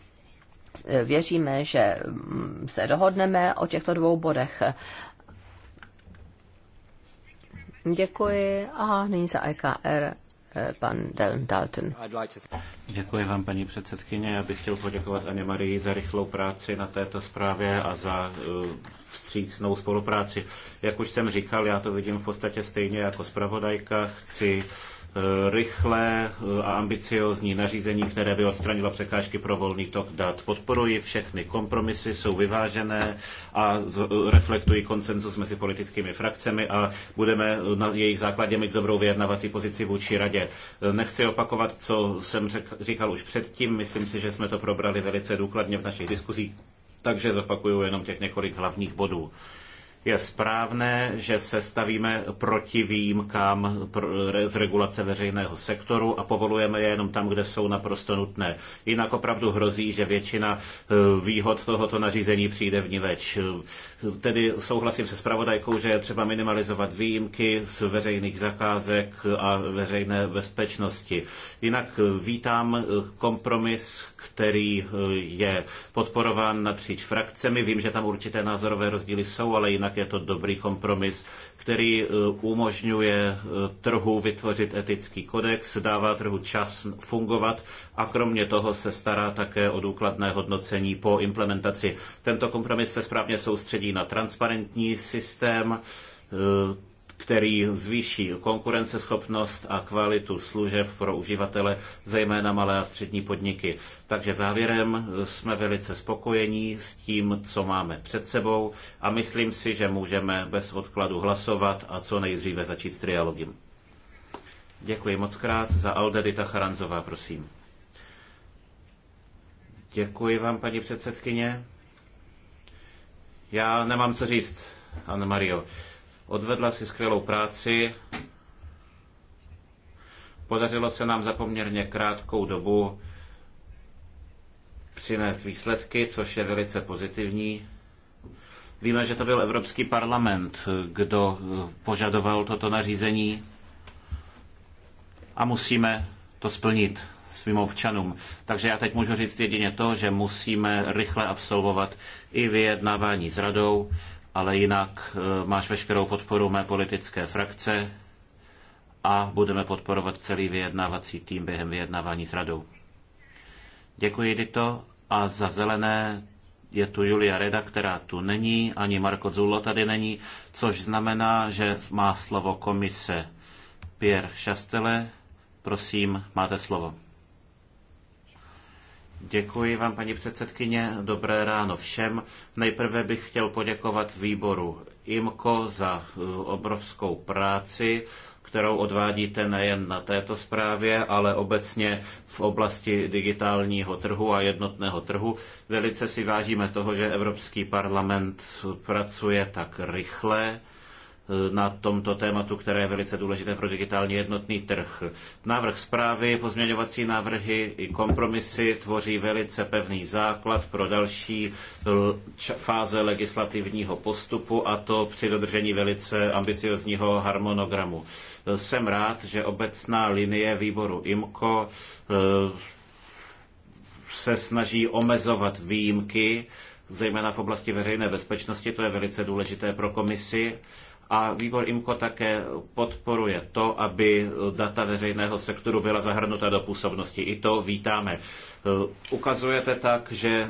Věříme, že mm, se dohodneme o těchto dvou bodech. Děkuji a nyní za EKR pan Dalton. Děkuji vám, paní předsedkyně. Já bych chtěl poděkovat Aně Marii za rychlou práci na této zprávě a za eh, vstřícnou spolupráci. Jak už jsem říkal, já to vidím v podstatě stejně jako zpravodajka. Chci rychlé eh, a ambiciozní nařízení, které by odstranilo překážky pro volný tok dat. Podporuji všechny kompromisy, jsou vyvážené a eh, reflektují konsenzus mezi politickými frakcemi a budeme eh, na jejich základě mít dobrou vyjednavací pozici vůči radě. Nechci opakovat, co jsem říkal už předtím, myslím si, že jsme to probrali velice důkladně v našich diskuzích, takže zopakuju jenom těch několik hlavních bodů je správné, že se stavíme proti výjimkám z regulace veřejného sektoru a povolujeme je jenom tam, kde jsou naprosto nutné. Jinak opravdu hrozí, že většina eh, výhod tohoto nařízení přijde v niveč. Tedy souhlasím se spravodajkou, že je třeba minimalizovat výjimky z veřejných zakázek a veřejné bezpečnosti. Jinak vítám kompromis, který eh, je podporován napříč frakcemi. Vím, že tam určité názorové rozdíly jsou, ale jinak je to dobrý kompromis, který eh, umožňuje eh, trhu vytvořit etický kodex, dává trhu čas fungovat a kromě toho se stará také o důkladné hodnocení po implementaci. Tento kompromis se správně soustředí na transparentní systém, eh, který zvýší konkurenceschopnost a kvalitu služeb pro uživatele, zejména malé a střední podniky. Takže závěrem eh, jsme velice spokojení s tím, co máme před sebou a myslím si, že můžeme bez odkladu hlasovat a co nejdříve začít s trialogem. Děkuji moc krát. Za Aldedita Charanzová, prosím. Děkuji vám, paní předsedkyně. Já nemám co říct, Anna Mario. Odvedla si skvělou práci. Podařilo se nám za poměrně krátkou dobu přinést výsledky, což je velice pozitivní. Víme, že to byl Evropský parlament, kdo požadoval toto nařízení a musíme to splnit svým občanům. Takže já teď můžu říct jedině to, že musíme rychle absolvovat i vyjednávání s radou, ale jinak e, máš veškerou podporu mé politické frakce a budeme podporovat celý vyjednávací tým během vyjednávání s radou. Děkuji, Dito. A za zelené je tu Julia Reda, která tu není, ani Marko Zullo tady není, což znamená, že má slovo komise Pierre Šastele. Prosím, máte slovo. Děkuji vám, paní předsedkyně. Dobré ráno všem. Nejprve bych chtěl poděkovat výboru IMKO za uh, obrovskou práci, kterou odvádíte nejen na této zprávě, ale obecně v oblasti digitálního trhu a jednotného trhu. Velice si vážíme toho, že Evropský parlament pracuje tak rychle Eh, na tomto tématu, které je velice důležité pro digitální jednotný trh. Návrh zprávy, pozměňovací návrhy i kompromisy tvoří velice pevný základ pro další fáze legislativního postupu a to při dodržení velice ambiciozního harmonogramu. Eh, jsem rád, že obecná linie výboru IMCO eh, se snaží omezovat výjimky, zejména v oblasti veřejné bezpečnosti, to je velice důležité pro komisi a výbor IMCO také podporuje to, aby data veřejného sektoru byla zahrnuta do působnosti. I to vítáme. Ukazujete tak, že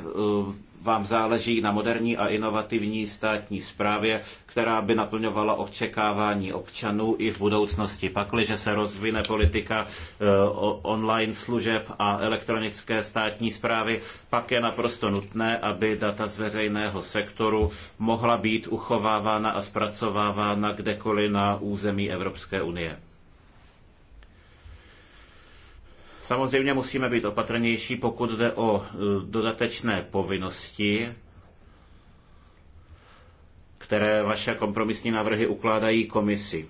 vám záleží na moderní a inovativní státní správě, která by naplňovala očekávání občanů i v budoucnosti. Pakliže se rozvine politika eh, online služeb a elektronické státní správy, pak je naprosto nutné, aby data z veřejného sektoru mohla být uchovávána a zpracovávána kdekoliv na území Evropské unie. Samozřejmě musíme být opatrnější, pokud jde o e, dodatečné povinnosti, které vaše kompromisní návrhy ukládají komisi.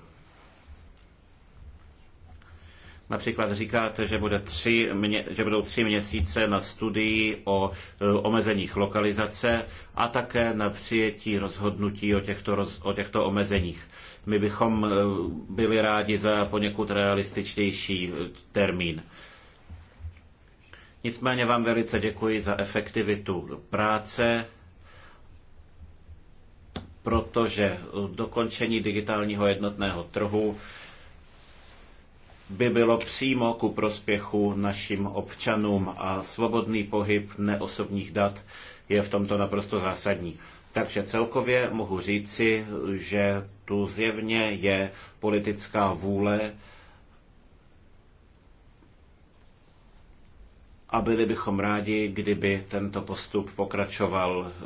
Například říkáte, že, bude tři, že budou tři měsíce na studii o e, omezeních lokalizace a také na přijetí rozhodnutí o těchto, roz, o těchto omezeních. My bychom e, byli rádi za poněkud realističtější termín. Nicméně vám velice děkuji za efektivitu práce, protože dokončení digitálního jednotného trhu by bylo přímo ku prospěchu našim občanům a svobodný pohyb neosobních dat je v tomto naprosto zásadní. Takže celkově mohu říci, že tu zjevně je politická vůle a byli bychom rádi, kdyby tento postup pokračoval eh,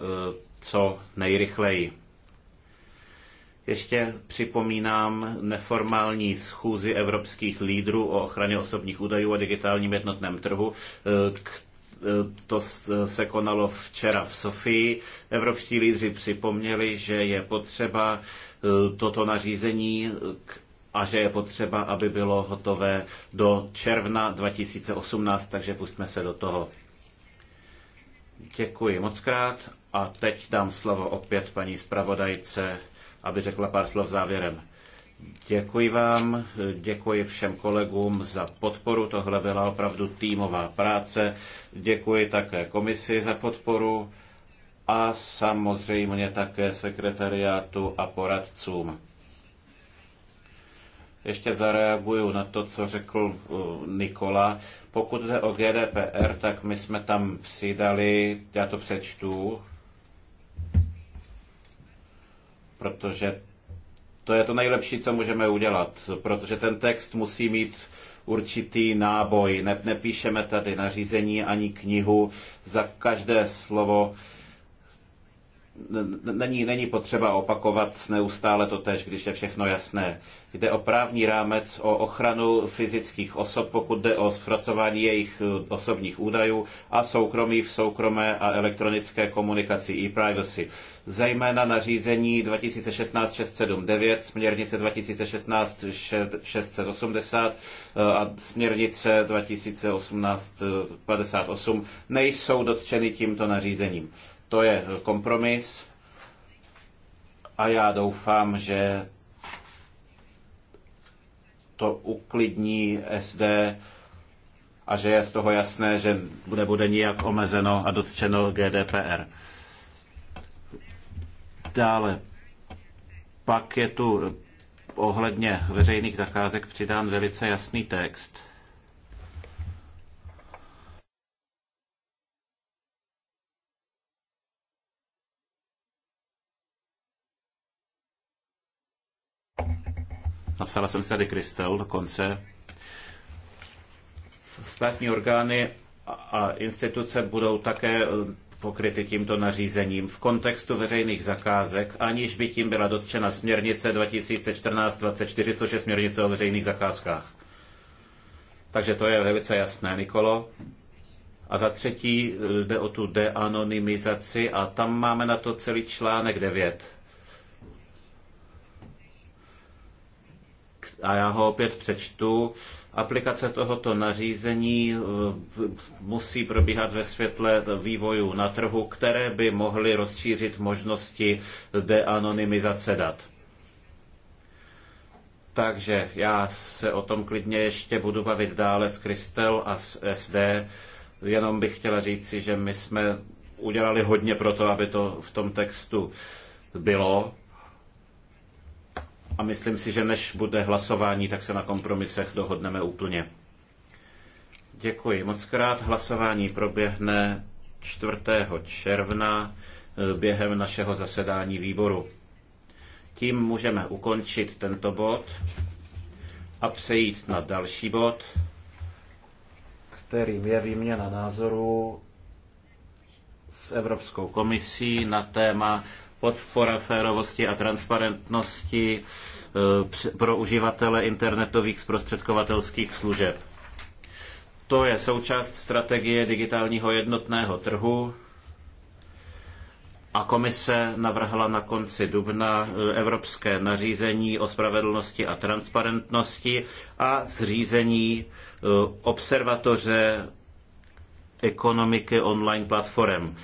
co nejrychleji. Ještě připomínám neformální schůzi evropských lídrů o ochraně osobních údajů a digitálním jednotném trhu, eh, eh, to se konalo včera v Sofii. Evropští lídři připomněli, že je potřeba toto nařízení k a že je potřeba, aby bylo hotové do června 2018, takže pustme se do toho. Děkuji moc krát a teď dám slovo opět paní zpravodajce, aby řekla pár slov závěrem. Děkuji vám, děkuji všem kolegům za podporu, tohle byla opravdu týmová práce. Děkuji také komisi za podporu a samozřejmě také sekretariátu a poradcům. Ještě zareaguju na to, co řekl uh, Nikola. Pokud jde o GDPR, tak my jsme tam přidali, já to přečtu, protože to je to nejlepší, co můžeme udělat, protože ten text musí mít určitý náboj. nepíšeme tady nařízení ani knihu za každé slovo není, není potřeba opakovat neustále to tež, když je všechno jasné. Jde o právní rámec, o ochranu fyzických osob, pokud jde o zpracování jejich eh, osobních údajů a soukromí v soukromé a elektronické komunikaci e-privacy. Zejména nařízení 2016-679, směrnice 2016-680 eh, a směrnice 2018-58 nejsou dotčeny tímto nařízením. To je kompromis a já doufám, že to uklidní SD a že je z toho jasné, že nebude nijak omezeno a dotčeno GDPR. Dále, pak je tu ohledně veřejných zakázek přidán velice jasný text, napsala jsem si tady Kristel dokonce, státní orgány a instituce budou také eh, pokryty tímto nařízením v kontextu veřejných zakázek, aniž by tím byla dotčena směrnice 2014-24, což je směrnice o veřejných zakázkách. Takže to je velice jasné, Nikolo. A za třetí eh, jde o tu deanonymizaci a tam máme na to celý článek 9. a já ho opět přečtu. Aplikace tohoto nařízení eh, musí probíhat ve světle vývojů na trhu, které by mohly rozšířit možnosti deanonymizace dat. Takže já se o tom klidně ještě budu bavit dále s Kristel a s SD. Jenom bych chtěla říci, že my jsme udělali hodně pro to, aby to v tom textu bylo a myslím si, že než bude hlasování, tak se na kompromisech dohodneme úplně. Děkuji moc krát. Hlasování proběhne 4. června eh, během našeho zasedání výboru. Tím můžeme ukončit tento bod a přejít na další bod, kterým je výměna názoru s Evropskou komisí na téma podpora férovosti a transparentnosti e, pro uživatele internetových zprostředkovatelských služeb. To je součást strategie digitálního jednotného trhu a komise navrhla na konci dubna e, evropské nařízení o spravedlnosti a transparentnosti a zřízení e, observatoře ekonomiky online platform.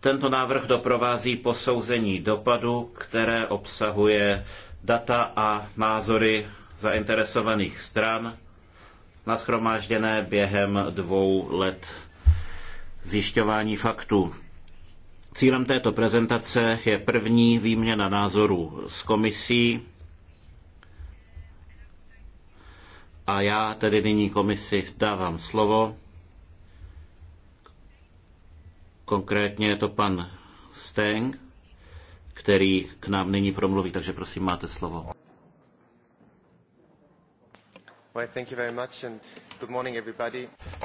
Tento návrh doprovází posouzení dopadu, které obsahuje data a názory zainteresovaných stran nashromážděné během dvou let zjišťování faktů. Cílem této prezentace je první výměna názorů s komisí a já tedy nyní komisi dávám slovo. Konkrétně je to pan Steng, který k nám nyní promluví, takže prosím, máte slovo.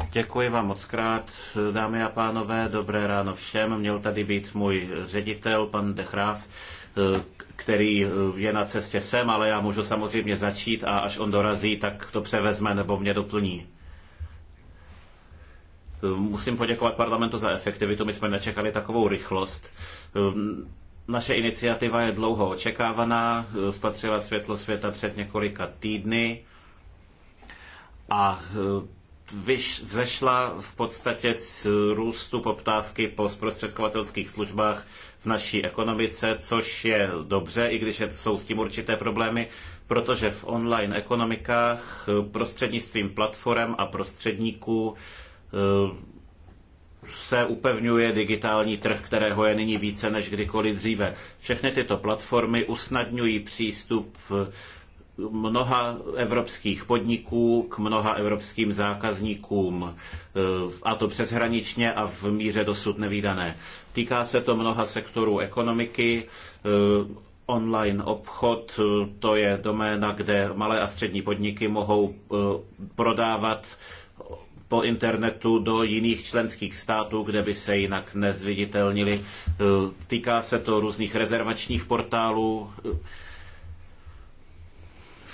Děkuji vám moc krát, dámy a pánové, dobré ráno všem. Měl tady být můj ředitel, pan Dechráv, který je na cestě sem, ale já můžu samozřejmě začít a až on dorazí, tak to převezme nebo mě doplní. Musím poděkovat parlamentu za efektivitu, my jsme nečekali takovou rychlost. Ehm, naše iniciativa je dlouho očekávaná, eh, spatřila světlo světa před několika týdny a eh, vzešla v podstatě z růstu poptávky po zprostředkovatelských službách v naší ekonomice, což je dobře, i když jsou s tím určité problémy, protože v online ekonomikách eh, prostřednictvím platform a prostředníků Eh, se upevňuje digitální trh, kterého je nyní více než kdykoliv dříve. Všechny tyto platformy usnadňují přístup eh, mnoha evropských podniků k mnoha evropským zákazníkům, eh, a to přeshraničně a v míře dosud nevýdané. Týká se to mnoha sektorů ekonomiky, online obchod, to je doména, kde malé a střední podniky mohou prodávat po internetu do jiných členských států, kde by se jinak nezviditelnili. Týká se to různých rezervačních portálů,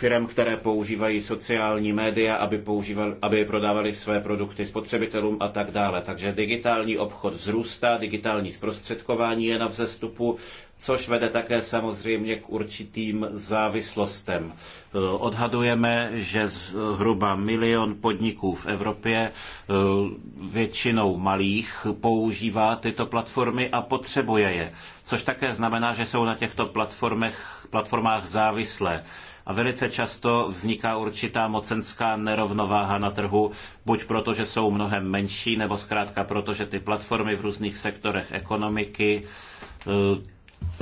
firm, které používají sociální média, aby, používali, aby prodávali své produkty spotřebitelům a tak dále. Takže digitální obchod vzrůstá, digitální zprostředkování je na vzestupu, což vede také samozřejmě k určitým závislostem. Eh, odhadujeme, že zhruba eh, milion podniků v Evropě, eh, většinou malých, používá tyto platformy a potřebuje je, což také znamená, že jsou na těchto platformách závislé a velice často vzniká určitá mocenská nerovnováha na trhu, buď proto, že jsou mnohem menší, nebo zkrátka proto, že ty platformy v různých sektorech ekonomiky eh,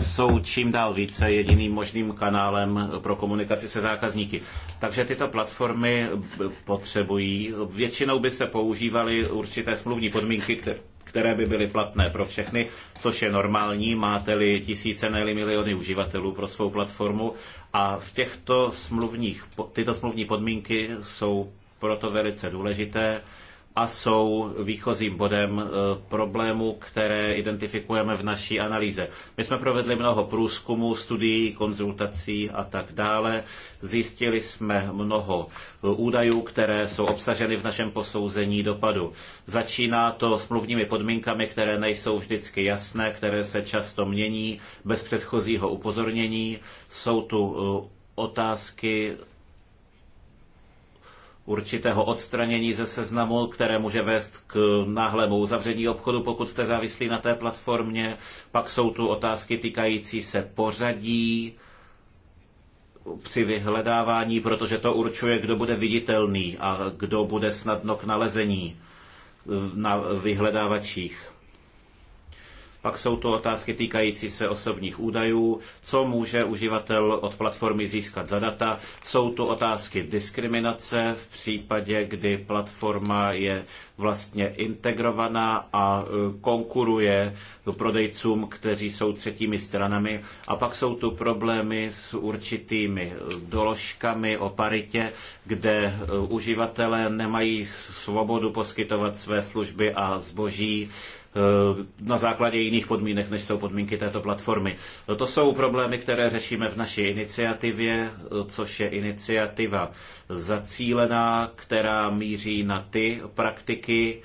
jsou čím dál více jediným možným kanálem eh, pro komunikaci se zákazníky. Takže tyto platformy eh, potřebují. Většinou by se používaly určité smluvní podmínky, které které by byly platné pro všechny, což je normální, máte-li tisíce, ne miliony uživatelů pro svou platformu. A v těchto smluvních, tyto smluvní podmínky jsou proto velice důležité a jsou výchozím bodem eh, problémů, které identifikujeme v naší analýze. My jsme provedli mnoho průzkumů, studií, konzultací a tak dále. Zjistili jsme mnoho eh, údajů, které jsou obsaženy v našem posouzení dopadu. Začíná to smluvními podmínkami, které nejsou vždycky jasné, které se často mění bez předchozího upozornění. Jsou tu eh, otázky určitého odstranění ze seznamu, které může vést k náhlému uzavření obchodu, pokud jste závislí na té platformě. Pak jsou tu otázky týkající se pořadí při vyhledávání, protože to určuje, kdo bude viditelný a kdo bude snadno k nalezení na vyhledávačích. Pak jsou to otázky týkající se osobních údajů, co může uživatel od platformy získat za data. Jsou to otázky diskriminace v případě, kdy platforma je vlastně integrovaná a e, konkuruje prodejcům, kteří jsou třetími stranami. A pak jsou tu problémy s určitými e, doložkami o paritě, kde e, uživatelé nemají svobodu poskytovat své služby a zboží Eh, na základě jiných podmínek, než jsou podmínky této platformy. To jsou problémy, které řešíme v naší iniciativě, eh, což je iniciativa zacílená, která míří na ty praktiky,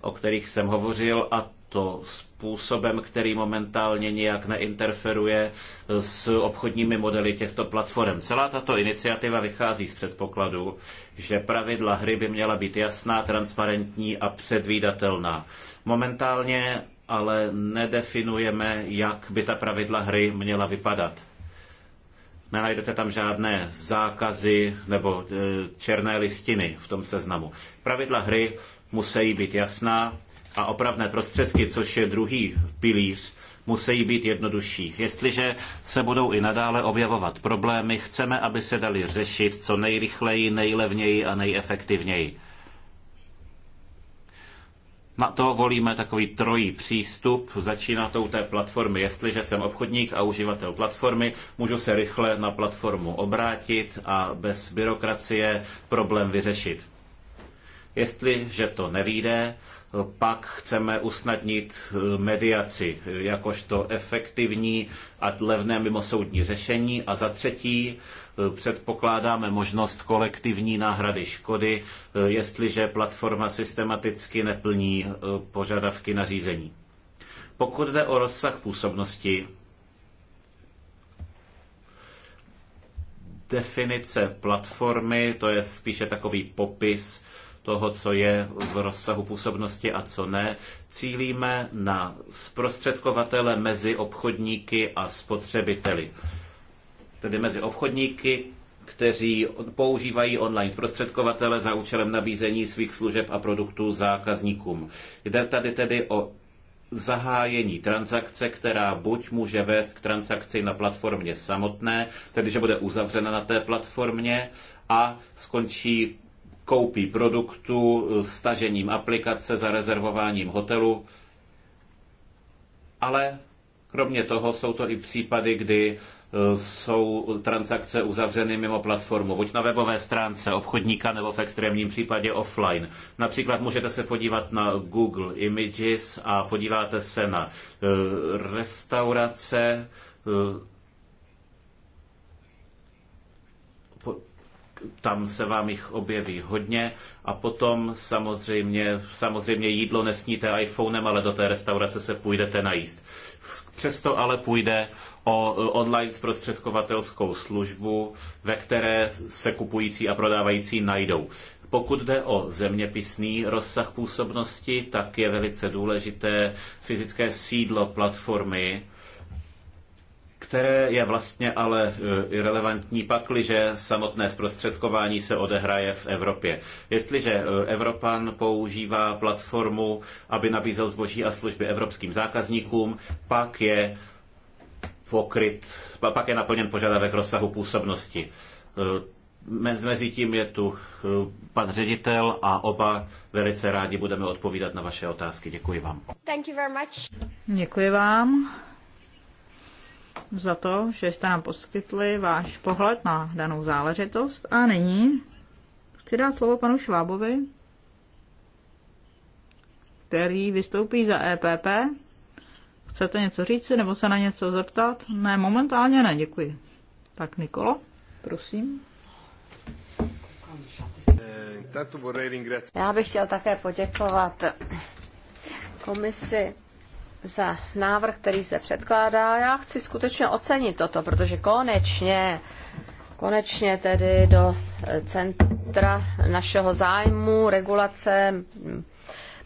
o kterých jsem hovořil, a to způsobem, který momentálně nijak neinterferuje s obchodními modely těchto platform. Celá tato iniciativa vychází z předpokladu, že pravidla hry by měla být jasná, transparentní a předvídatelná. Momentálně ale nedefinujeme, jak by ta pravidla hry měla vypadat. Nenajdete tam žádné zákazy nebo e, černé listiny v tom seznamu. Pravidla hry musí být jasná a opravné prostředky, což je druhý pilíř, musí být jednodušší. Jestliže se budou i nadále objevovat problémy, chceme, aby se dali řešit co nejrychleji, nejlevněji a nejefektivněji na to volíme takový trojí přístup. Začíná to u té platformy. Jestliže jsem obchodník a uživatel platformy, můžu se rychle na platformu obrátit a bez byrokracie problém vyřešit. Jestliže to nevíde, pak chceme usnadnit eh, mediaci jakožto efektivní a levné mimosoudní řešení. A za třetí, předpokládáme možnost kolektivní náhrady škody, eh, jestliže platforma systematicky neplní eh, požadavky na řízení. Pokud jde o rozsah působnosti, definice platformy, to je spíše takový popis toho, co je v rozsahu působnosti a co ne. Cílíme na zprostředkovatele mezi obchodníky a spotřebiteli tedy mezi obchodníky, kteří používají online zprostředkovatele za účelem nabízení svých služeb a produktů zákazníkům. Jde tady tedy o zahájení transakce, která buď může vést k transakci na platformě samotné, tedy že bude uzavřena na té platformě a skončí koupí produktu, stažením aplikace, zarezervováním hotelu, ale kromě toho jsou to i případy, kdy jsou transakce uzavřeny mimo platformu, buď na webové stránce obchodníka nebo v extrémním případě offline. Například můžete se podívat na Google Images a podíváte se na eh, restaurace, eh, tam se vám jich objeví hodně a potom samozřejmě, samozřejmě jídlo nesníte iPhonem, ale do té restaurace se půjdete najíst. Přesto ale půjde o online zprostředkovatelskou službu, ve které se kupující a prodávající najdou. Pokud jde o zeměpisný rozsah působnosti, tak je velice důležité fyzické sídlo platformy, které je vlastně ale e, irrelevantní pakli, že samotné zprostředkování se odehraje v Evropě. Jestliže e, Evropan používá platformu, aby nabízel zboží a služby evropským zákazníkům, pak je pokryt, pak je naplněn požadavek rozsahu působnosti. E, mezi tím je tu e, pan ředitel a oba velice rádi budeme odpovídat na vaše otázky. Děkuji vám. Thank you very much. Děkuji vám za to, že jste nám poskytli váš pohled na danou záležitost. A nyní chci dát slovo panu Švábovi, který vystoupí za EPP Chcete něco říct nebo se na něco zeptat? Ne, momentálně ne, děkuji. Tak Nikolo, prosím. Já bych chtěl také poděkovat komisi za návrh, který se předkládá. Já chci skutečně ocenit toto, protože konečně, konečně tedy do centra našeho zájmu, regulace,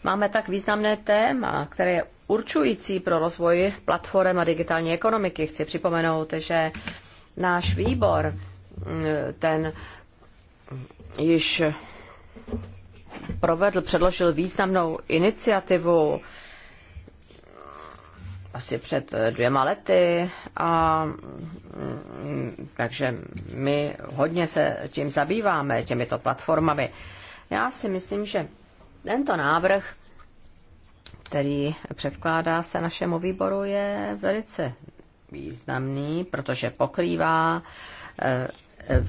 máme tak významné téma, které je určující pro rozvoj platform a digitální ekonomiky. Chci připomenout, že náš výbor, mm, ten již provedl, předložil významnou iniciativu asi před dvěma lety a mm, takže my hodně se tím zabýváme, těmito platformami. Já si myslím, že tento návrh který předkládá se našemu výboru, je velice významný, protože pokrývá eh,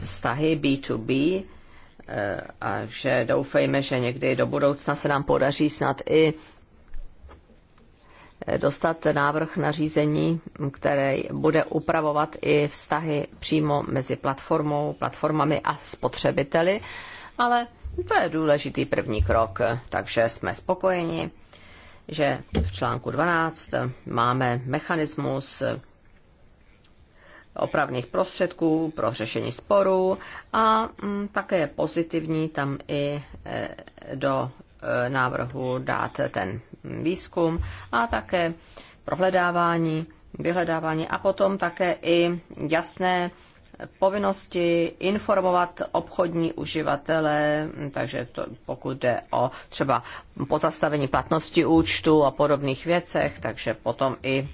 vztahy B2B, eh, a že doufejme, že někdy do budoucna se nám podaří snad i eh, dostat návrh na řízení, které bude upravovat i vztahy přímo mezi platformou, platformami a spotřebiteli, ale to je důležitý první krok, takže jsme spokojeni že v článku 12 máme mechanismus opravných prostředků pro řešení sporů a mm, také je pozitivní tam i e, do e, návrhu dát ten výzkum a také prohledávání, vyhledávání a potom také i jasné povinnosti informovat obchodní uživatele, takže to, pokud jde o třeba pozastavení platnosti účtu a podobných věcech, takže potom i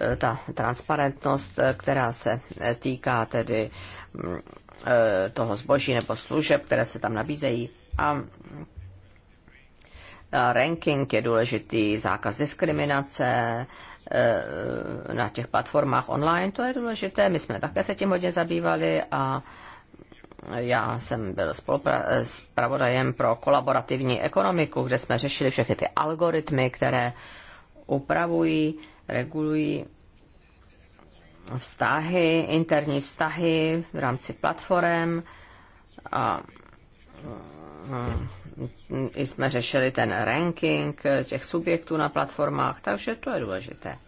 e, ta transparentnost, e, která se e, týká tedy mm, toho zboží nebo služeb, které se tam nabízejí. A ranking je důležitý, zákaz diskriminace, Eh, na těch platformách online, to je důležité. My jsme také se tím hodně zabývali a já jsem byl zpravodajem pro kolaborativní ekonomiku, kde jsme řešili všechny ty algoritmy, které upravují, regulují vztahy, interní vztahy v rámci platform a hm, jsme řešili ten ranking těch subjektů na platformách, takže to je důležité.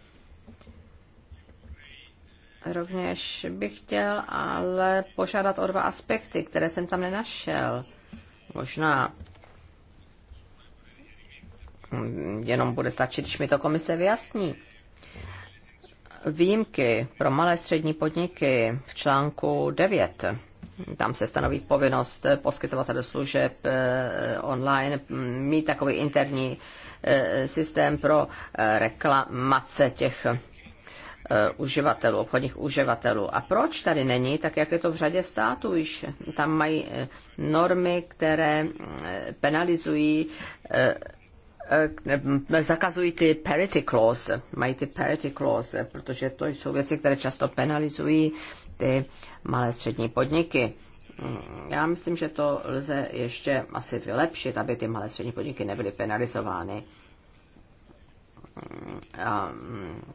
Rovněž bych chtěl ale požádat o dva aspekty, které jsem tam nenašel. Možná jenom bude stačit, když mi to komise vyjasní. Výjimky pro malé střední podniky v článku 9 tam se stanoví povinnost eh, poskytovatele služeb eh, online mít takový interní eh, systém pro reklamace těch uživatelů, obchodních uživatelů. A proč tady není, tak jak je to v řadě států, již tam mají normy, které penalizují zakazují ty parity clause, mají ty parity clause, protože to jsou věci, které často penalizují ty malé střední podniky. Já myslím, že to lze ještě asi vylepšit, aby ty malé střední podniky nebyly penalizovány. Já, mm,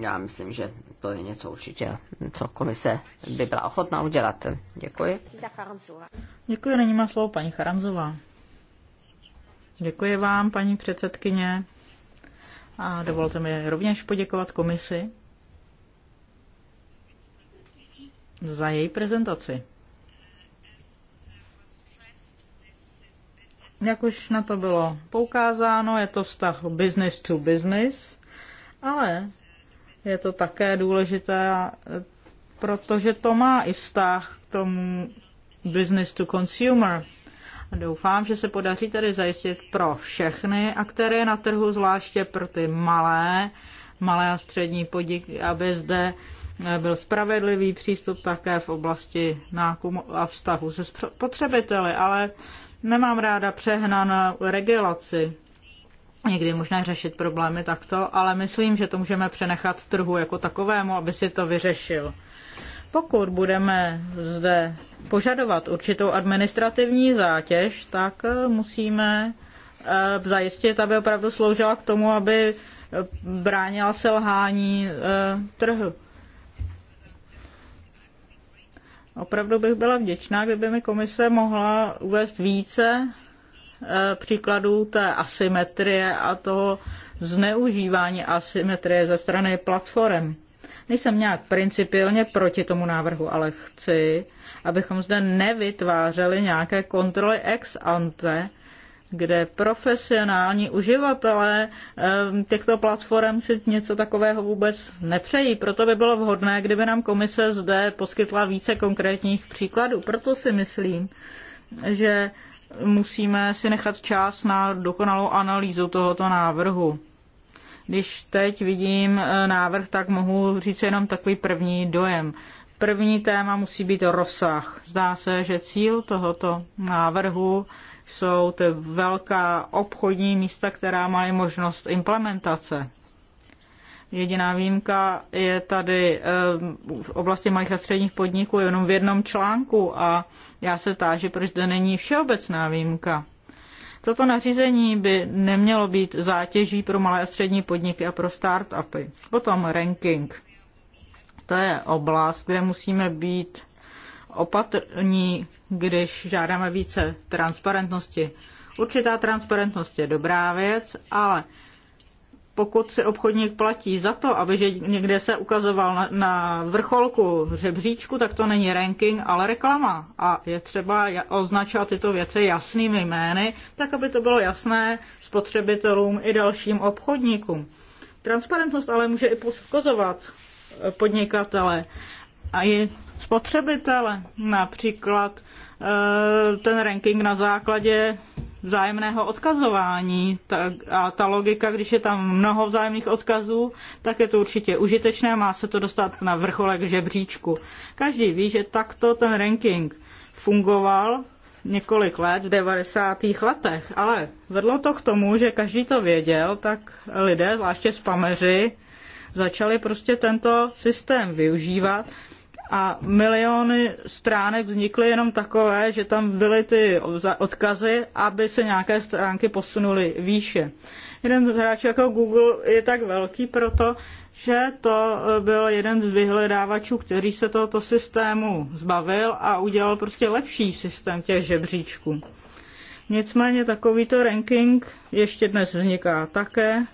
já myslím, že to je něco určitě, co komise by byla ochotná udělat. Děkuji. Děkuji, není má slovo paní Charanzová. Děkuji vám, paní předsedkyně. A dovolte mi rovněž poděkovat komisi za její prezentaci. Jak už na to bylo poukázáno, je to vztah business to business, ale je to také důležité, protože to má i vztah k tomu business to consumer. A doufám, že se podaří tedy zajistit pro všechny aktéry na trhu, zvláště pro ty malé, malé a střední podniky, aby zde byl spravedlivý přístup také v oblasti nákupu a vztahu se spotřebiteli, ale nemám ráda přehnanou regulaci. Někdy je možné řešit problémy takto, ale myslím, že to můžeme přenechat trhu jako takovému, aby si to vyřešil. Pokud budeme zde požadovat určitou administrativní zátěž, tak eh, musíme eh, zajistit, aby opravdu sloužila k tomu, aby eh, bránila selhání trhu Opravdu bych byla vděčná, kdyby mi komise mohla uvést více eh, příkladů té asymetrie a toho zneužívání asymetrie ze strany platform. Nejsem nějak principiálně proti tomu návrhu, ale chci, abychom zde nevytvářeli nějaké kontroly ex ante, kde profesionální uživatelé těchto platform si něco takového vůbec nepřejí. Proto by bylo vhodné, kdyby nám komise zde poskytla více konkrétních příkladů. Proto si myslím, že musíme si nechat čas na dokonalou analýzu tohoto návrhu. Když teď vidím eh, návrh, tak mohu říct jenom takový první dojem. První téma musí být rozsah. Zdá se, že cíl tohoto návrhu jsou ty velká obchodní místa, která mají možnost implementace. Jediná výjimka je tady eh, v oblasti malých a středních podniků jenom v jednom článku a já se táži, proč zde není všeobecná výjimka. Toto nařízení by nemělo být zátěží pro malé a střední podniky a pro startupy. Potom ranking. To je oblast, kde musíme být opatrní, když žádáme více transparentnosti. Určitá transparentnost je dobrá věc, ale pokud si obchodník platí za to, aby že někde se ukazoval na, na vrcholku řebříčku, tak to není ranking, ale reklama. A je třeba označovat tyto věci jasnými jmény, tak aby to bylo jasné spotřebitelům i dalším obchodníkům. Transparentnost ale může i poskozovat podnikatele. A i spotřebitele. Například eh, ten ranking na základě vzájemného odkazování. A ta logika, když je tam mnoho vzájemných odkazů, tak je to určitě užitečné, má se to dostat na vrcholek žebříčku. Každý ví, že takto ten ranking fungoval několik let v 90. letech, ale vedlo to k tomu, že každý to věděl, tak lidé, zvláště spameři, začali prostě tento systém využívat a miliony stránek vznikly jenom takové, že tam byly ty odkazy, aby se nějaké stránky posunuly výše. Jeden z hráčů jako Google je tak velký proto, že to e, byl jeden z vyhledávačů, který se tohoto systému zbavil a udělal prostě lepší systém těch žebříčků. Nicméně takovýto ranking ještě dnes vzniká také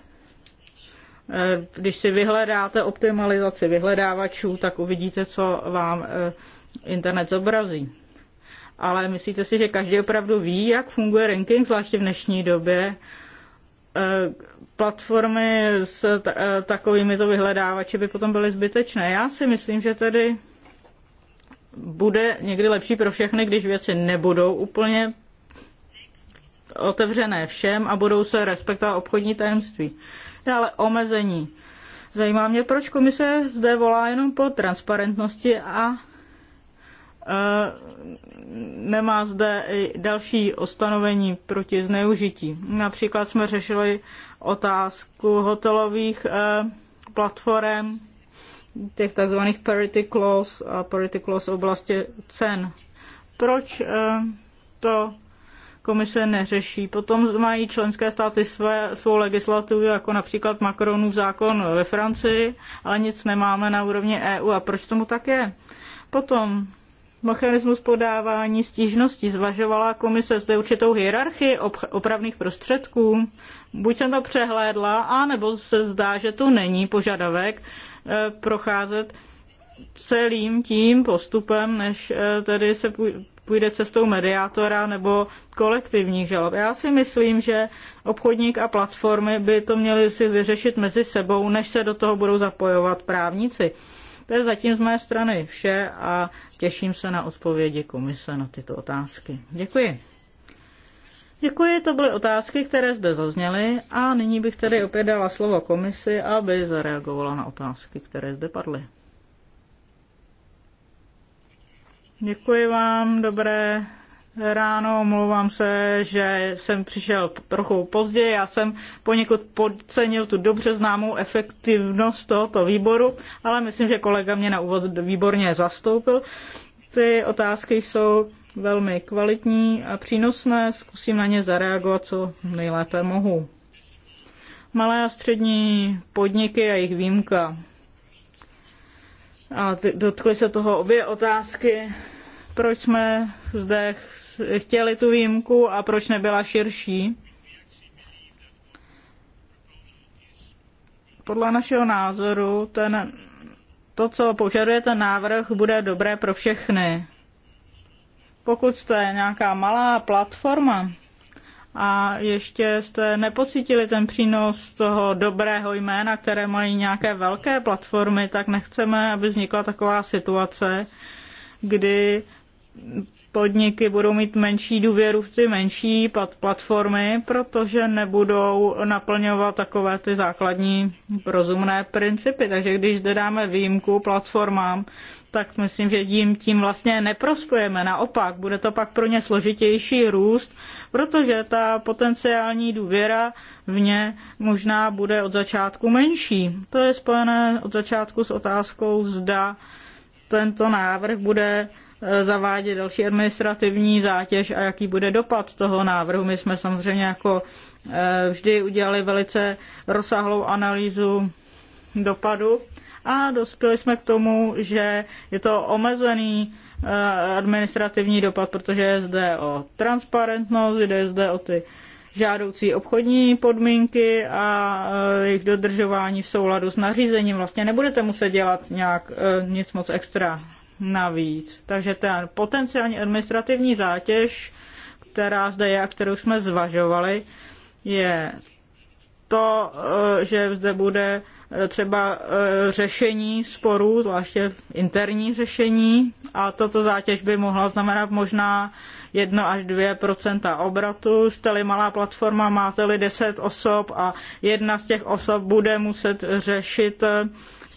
Eh, když si vyhledáte optimalizaci vyhledávačů, tak uvidíte, co vám eh, internet zobrazí. Ale myslíte si, že každý opravdu ví, jak funguje ranking, zvláště v dnešní době? Eh, platformy s takovými to vyhledávači by potom byly zbytečné. Já si myslím, že tedy bude někdy lepší pro všechny, když věci nebudou úplně otevřené všem a budou se respektovat obchodní tajemství. Dále omezení. Zajímá mě, proč komise zde volá jenom po transparentnosti a e, nemá zde i další ostanovení proti zneužití. Například jsme řešili otázku hotelových e, platform, těch takzvaných parity clause a parity clause oblasti cen. Proč e, to komise neřeší. Potom mají členské státy své, svou legislativu, jako například Macronův zákon ve Francii, ale nic nemáme na úrovni EU. A proč tomu tak je? Potom mechanismus podávání stížností zvažovala komise zde určitou hierarchii opravných prostředků. Buď jsem to přehlédla, anebo se zdá, že to není požadavek eh, procházet celým tím postupem, než eh, tedy se půjde cestou mediátora nebo kolektivních žalob. Já si myslím, že obchodník a platformy by to měli si vyřešit mezi sebou, než se do toho budou zapojovat právníci. To je zatím z mé strany vše a těším se na odpovědi komise na tyto otázky. Děkuji. Děkuji, to byly otázky, které zde zazněly a nyní bych tedy opět dala slovo komisi, aby zareagovala na otázky, které zde padly. Děkuji vám, dobré ráno, omlouvám se, že jsem přišel trochu později. Já jsem poněkud podcenil tu dobře známou efektivnost tohoto výboru, ale myslím, že kolega mě na úvod výborně zastoupil. Ty otázky jsou velmi kvalitní a přínosné, zkusím na ně zareagovat, co nejlépe mohu. Malé a střední podniky a jejich výjimka. A dotkly se toho obě otázky proč jsme zde chtěli tu výjimku a proč nebyla širší. Podle našeho názoru ten, to, co požaduje ten návrh, bude dobré pro všechny. Pokud jste nějaká malá platforma a ještě jste nepocítili ten přínos toho dobrého jména, které mají nějaké velké platformy, tak nechceme, aby vznikla taková situace, kdy podniky budou mít menší důvěru v ty menší platformy, protože nebudou naplňovat takové ty základní rozumné principy. Takže když zde dáme výjimku platformám, tak myslím, že jim tím vlastně neprospějeme. Naopak, bude to pak pro ně složitější růst, protože ta potenciální důvěra v ně možná bude od začátku menší. To je spojené od začátku s otázkou, zda tento návrh bude Eh, zavádět další administrativní zátěž a jaký bude dopad toho návrhu. My jsme samozřejmě jako eh, vždy udělali velice rozsáhlou analýzu dopadu a dospěli jsme k tomu, že je to omezený eh, administrativní dopad, protože je zde o transparentnost, jde zde o ty žádoucí obchodní podmínky a jejich dodržování v souladu s nařízením. Vlastně nebudete muset dělat nějak nic moc extra navíc. Takže ta potenciální administrativní zátěž, která zde je a kterou jsme zvažovali, je to, eh, že zde bude eh, třeba eh, řešení sporů, zvláště interní řešení, a toto zátěž by mohla znamenat možná 1 až 2 obratu. Jste-li malá platforma, máte-li 10 osob a jedna z těch osob bude muset řešit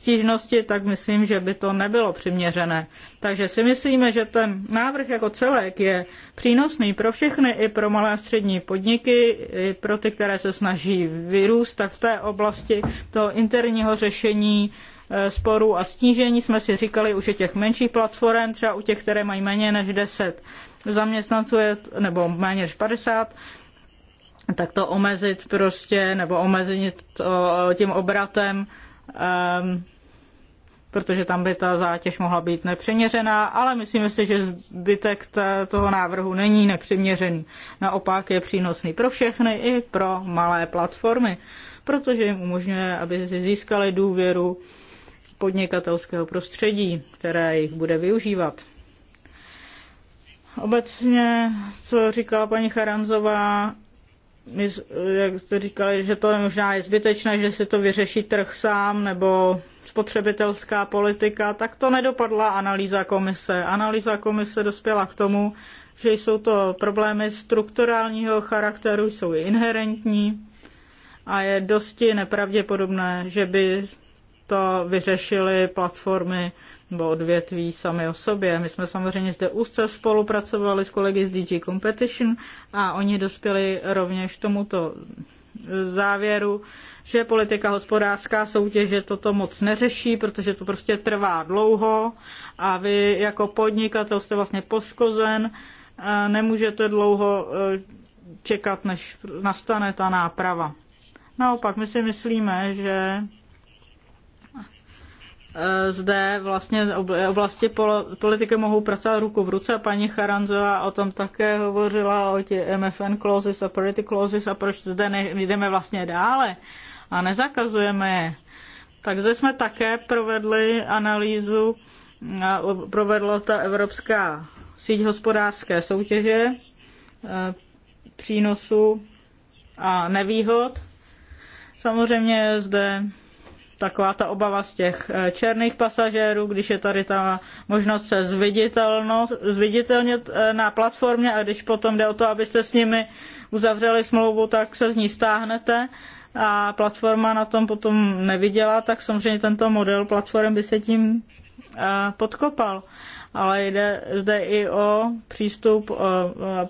stížnosti, tak myslím, že by to nebylo přiměřené. Takže si myslíme, že ten návrh jako celek je přínosný pro všechny, i pro malé a střední podniky, i pro ty, které se snaží vyrůst, tak v té oblasti toho interního řešení e, sporů a stížení jsme si říkali už u těch menších platform, třeba u těch, které mají méně než 10 zaměstnanců, nebo méně než 50, tak to omezit prostě, nebo omezit to e, tím obratem um, protože tam by ta zátěž mohla být nepřiměřená, ale myslím si, že zbytek toho návrhu není nepřiměřený. Naopak je přínosný pro všechny i pro malé platformy, protože jim umožňuje, aby si získali důvěru podnikatelského prostředí, které jich bude využívat. Obecně, co říkala paní Charanzová, my, jak jste říkali, že to je možná je zbytečné, že si to vyřeší trh sám nebo spotřebitelská politika, tak to nedopadla analýza komise. Analýza komise dospěla k tomu, že jsou to problémy strukturálního charakteru, jsou i inherentní a je dosti nepravděpodobné, že by to vyřešily platformy nebo odvětví sami o sobě. My jsme samozřejmě zde úzce spolupracovali s kolegy z DG Competition a oni dospěli rovněž tomuto závěru, že politika hospodářská soutěže toto moc neřeší, protože to prostě trvá dlouho a vy jako podnikatel jste vlastně poškozen, nemůžete dlouho e, čekat, než nastane ta náprava. Naopak, my si myslíme, že Eh, zde vlastně oblasti politiky mohou pracovat ruku v ruce. Paní Charanzová o tom také hovořila, o těch MFN clauses a priority clauses a proč zde nejdeme vlastně dále a nezakazujeme je. Takže jsme také provedli analýzu, provedla ta Evropská síť hospodářské soutěže, eh, přínosu a nevýhod. Samozřejmě zde taková ta obava z těch eh, černých pasažérů, když je tady ta možnost se zviditelnit eh, na platformě a když potom jde o to, abyste s nimi uzavřeli smlouvu, tak se z ní stáhnete a platforma na tom potom neviděla, tak samozřejmě tento model platform by se tím eh, podkopal. Ale jde zde i o přístup,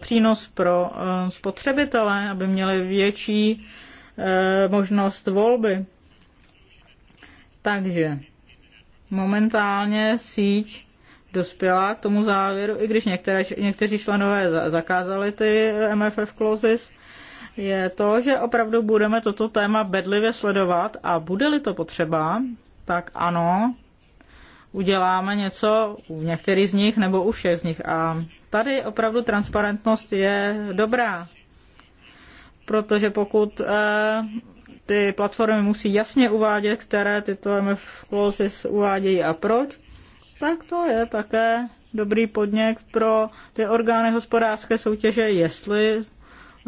přínos pro spotřebitele, aby měli větší možnost volby. Takže momentálně síť dospěla k tomu závěru, i když některé, někteří členové zakázali ty eh, MFF clauses, je to, že opravdu budeme toto téma bedlivě sledovat a bude-li to potřeba, tak ano, uděláme něco u některých z nich nebo u všech z nich. A tady opravdu transparentnost je dobrá, protože pokud eh, ty platformy musí jasně uvádět, které tyto MF clauses uvádějí a proč, tak to je také dobrý podněk pro ty orgány hospodářské soutěže, jestli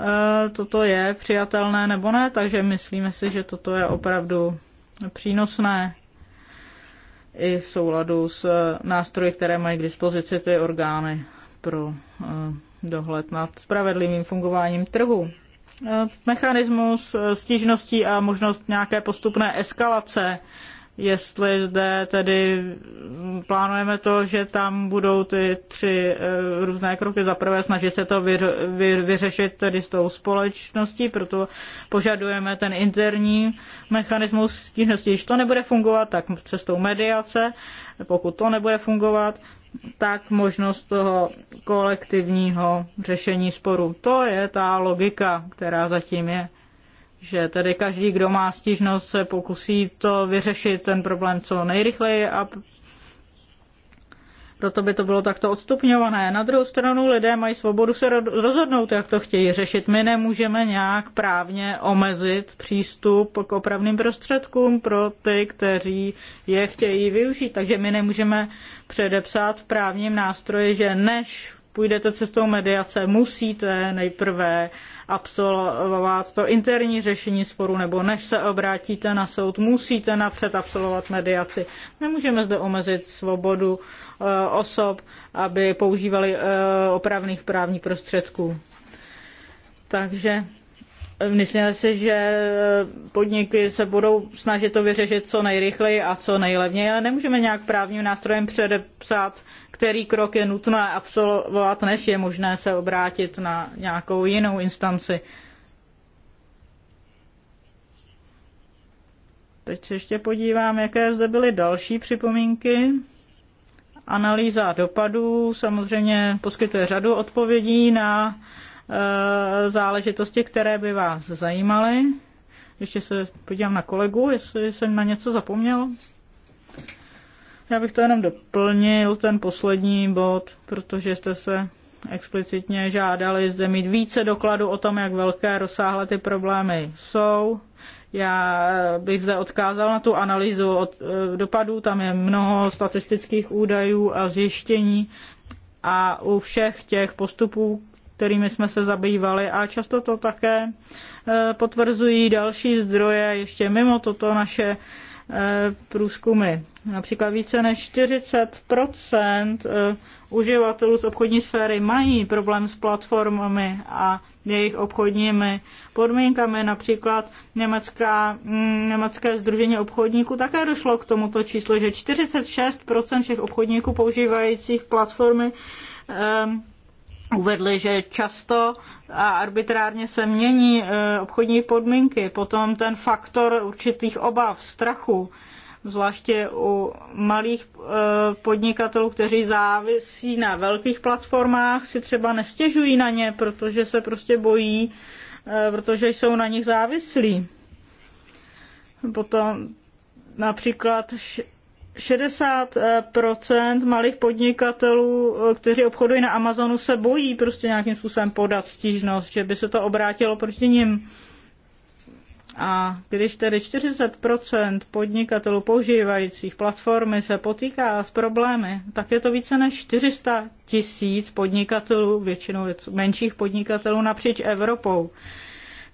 eh, toto je přijatelné nebo ne, takže myslíme si, že toto je opravdu přínosné i v souladu s eh, nástroji, které mají k dispozici ty orgány pro eh, dohled nad spravedlivým fungováním trhu. Eh, mechanismus eh, stížností a možnost nějaké postupné eskalace. Jestli zde tedy mm, plánujeme to, že tam budou ty tři eh, různé kroky. Za prvé snažit se to vyřešit tedy s tou společností, proto požadujeme ten interní mechanismus stížností. Když to nebude fungovat, tak cestou mediace. Pokud to nebude fungovat, tak možnost toho kolektivního řešení sporu. To je ta logika, která zatím je. Že tedy každý, kdo má stížnost, se pokusí to vyřešit ten problém co nejrychleji a proto by to bylo takto odstupňované. Na druhou stranu lidé mají svobodu se rozhodnout, jak to chtějí řešit. My nemůžeme nějak právně omezit přístup k opravným prostředkům pro ty, kteří je chtějí využít. Takže my nemůžeme předepsat v právním nástroji, že než půjdete cestou mediace, musíte nejprve absolvovat to interní řešení sporu, nebo než se obrátíte na soud, musíte napřed absolvovat mediaci. Nemůžeme zde omezit svobodu eh, osob, aby používali eh, opravných právních prostředků. Takže Myslím si, že podniky se budou snažit to vyřešit co nejrychleji a co nejlevněji, ale nemůžeme nějak právním nástrojem předepsat, který krok je nutné absolvovat, než je možné se obrátit na nějakou jinou instanci. Teď se ještě podívám, jaké zde byly další připomínky. Analýza dopadů samozřejmě poskytuje řadu odpovědí na Eh, záležitosti, které by vás zajímaly. Ještě se podívám na kolegu, jestli jsem na něco zapomněl. Já bych to jenom doplnil, ten poslední bod, protože jste se explicitně žádali zde mít více dokladů o tom, jak velké rozsáhlé ty problémy jsou. Já bych zde odkázal na tu analýzu od, eh, dopadů, tam je mnoho statistických údajů a zjištění a u všech těch postupů kterými jsme se zabývali a často to také eh, potvrzují další zdroje ještě mimo toto naše eh, průzkumy. Například více než 40 eh, uživatelů z obchodní sféry mají problém s platformami a jejich obchodními podmínkami. Například německá, mm, německé združení obchodníků také došlo k tomuto číslu, že 46 všech obchodníků používajících platformy uvedli, že často a arbitrárně se mění e, obchodní podmínky, potom ten faktor určitých obav, strachu, zvláště u malých e, podnikatelů, kteří závisí na velkých platformách, si třeba nestěžují na ně, protože se prostě bojí, e, protože jsou na nich závislí. Potom například 60 eh, malých podnikatelů, eh, kteří obchodují na Amazonu, se bojí prostě nějakým způsobem podat stížnost, že by se to obrátilo proti nim. A když tedy 40 podnikatelů používajících platformy se potýká s problémy, tak je to více než 400 tisíc podnikatelů, většinou menších podnikatelů napříč Evropou.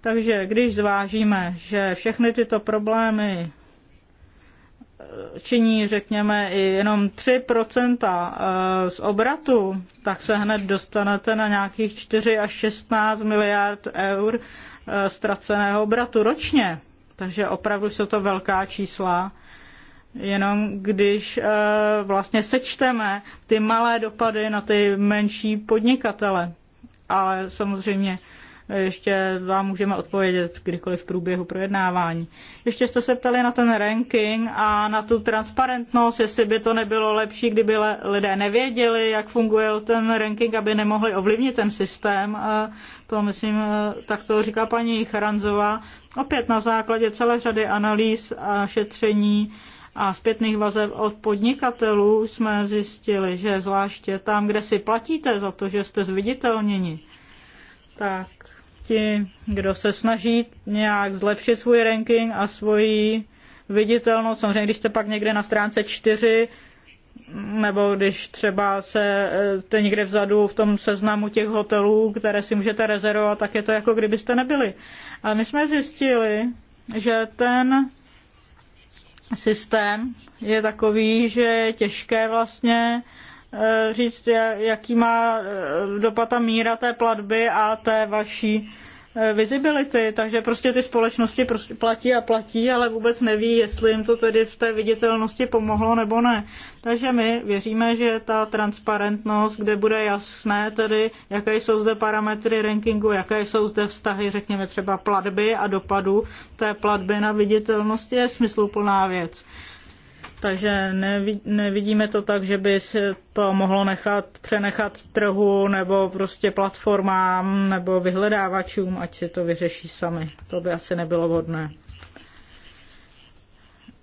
Takže když zvážíme, že všechny tyto problémy činí, řekněme, i jenom 3% eh, z obratu, tak se hned dostanete na nějakých 4 až 16 miliard eur eh, ztraceného obratu ročně. Takže opravdu jsou to velká čísla. Jenom když eh, vlastně sečteme ty malé dopady na ty menší podnikatele. Ale samozřejmě ještě vám můžeme odpovědět kdykoliv v průběhu projednávání. Ještě jste se ptali na ten ranking a na tu transparentnost, jestli by to nebylo lepší, kdyby lidé nevěděli, jak funguje ten ranking, aby nemohli ovlivnit ten systém. To myslím, tak to říká paní Charanzová. Opět na základě celé řady analýz a šetření a zpětných vazeb od podnikatelů jsme zjistili, že zvláště tam, kde si platíte za to, že jste zviditelněni, tak ti, kdo se snaží nějak zlepšit svůj ranking a svoji viditelnost. Samozřejmě, když jste pak někde na stránce 4, nebo když třeba se eh, jste někde vzadu v tom seznamu těch hotelů, které si můžete rezervovat, tak je to jako kdybyste nebyli. A my jsme zjistili, že ten systém je takový, že je těžké vlastně Eh, říct, jaký má eh, dopad ta míra té platby a té vaší eh, visibility, takže prostě ty společnosti prostě platí a platí, ale vůbec neví, jestli jim to tedy v té viditelnosti pomohlo nebo ne. Takže my věříme, že ta transparentnost, kde bude jasné tedy, jaké jsou zde parametry rankingu, jaké jsou zde vztahy, řekněme třeba platby a dopadu té platby na viditelnost, je smysluplná věc takže nevidíme to tak, že by se to mohlo nechat, přenechat trhu nebo prostě platformám nebo vyhledávačům, ať si to vyřeší sami. To by asi nebylo vhodné.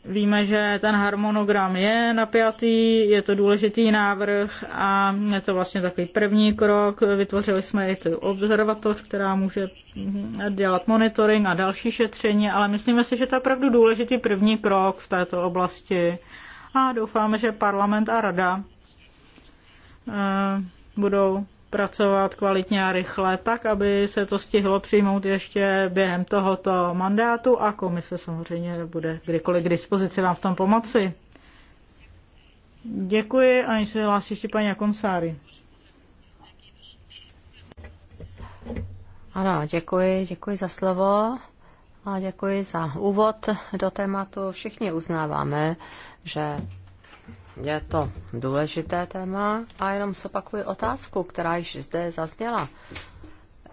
Víme, že ten harmonogram je napjatý, je to důležitý návrh a je to vlastně takový první krok. Vytvořili jsme i tu observatoř, která může dělat monitoring a další šetření, ale myslíme si, že to je opravdu důležitý první krok v této oblasti a doufáme, že parlament a rada eh, budou pracovat kvalitně a rychle, tak aby se to stihlo přijmout ještě během tohoto mandátu a komise samozřejmě bude kdykoliv k dispozici vám v tom pomoci. Děkuji a se hlásí ještě paní Akonsáry. Ano, děkuji, děkuji za slovo a děkuji za úvod do tématu. Všichni uznáváme, že je to důležité téma a jenom zopakuji otázku, která již zde zazněla.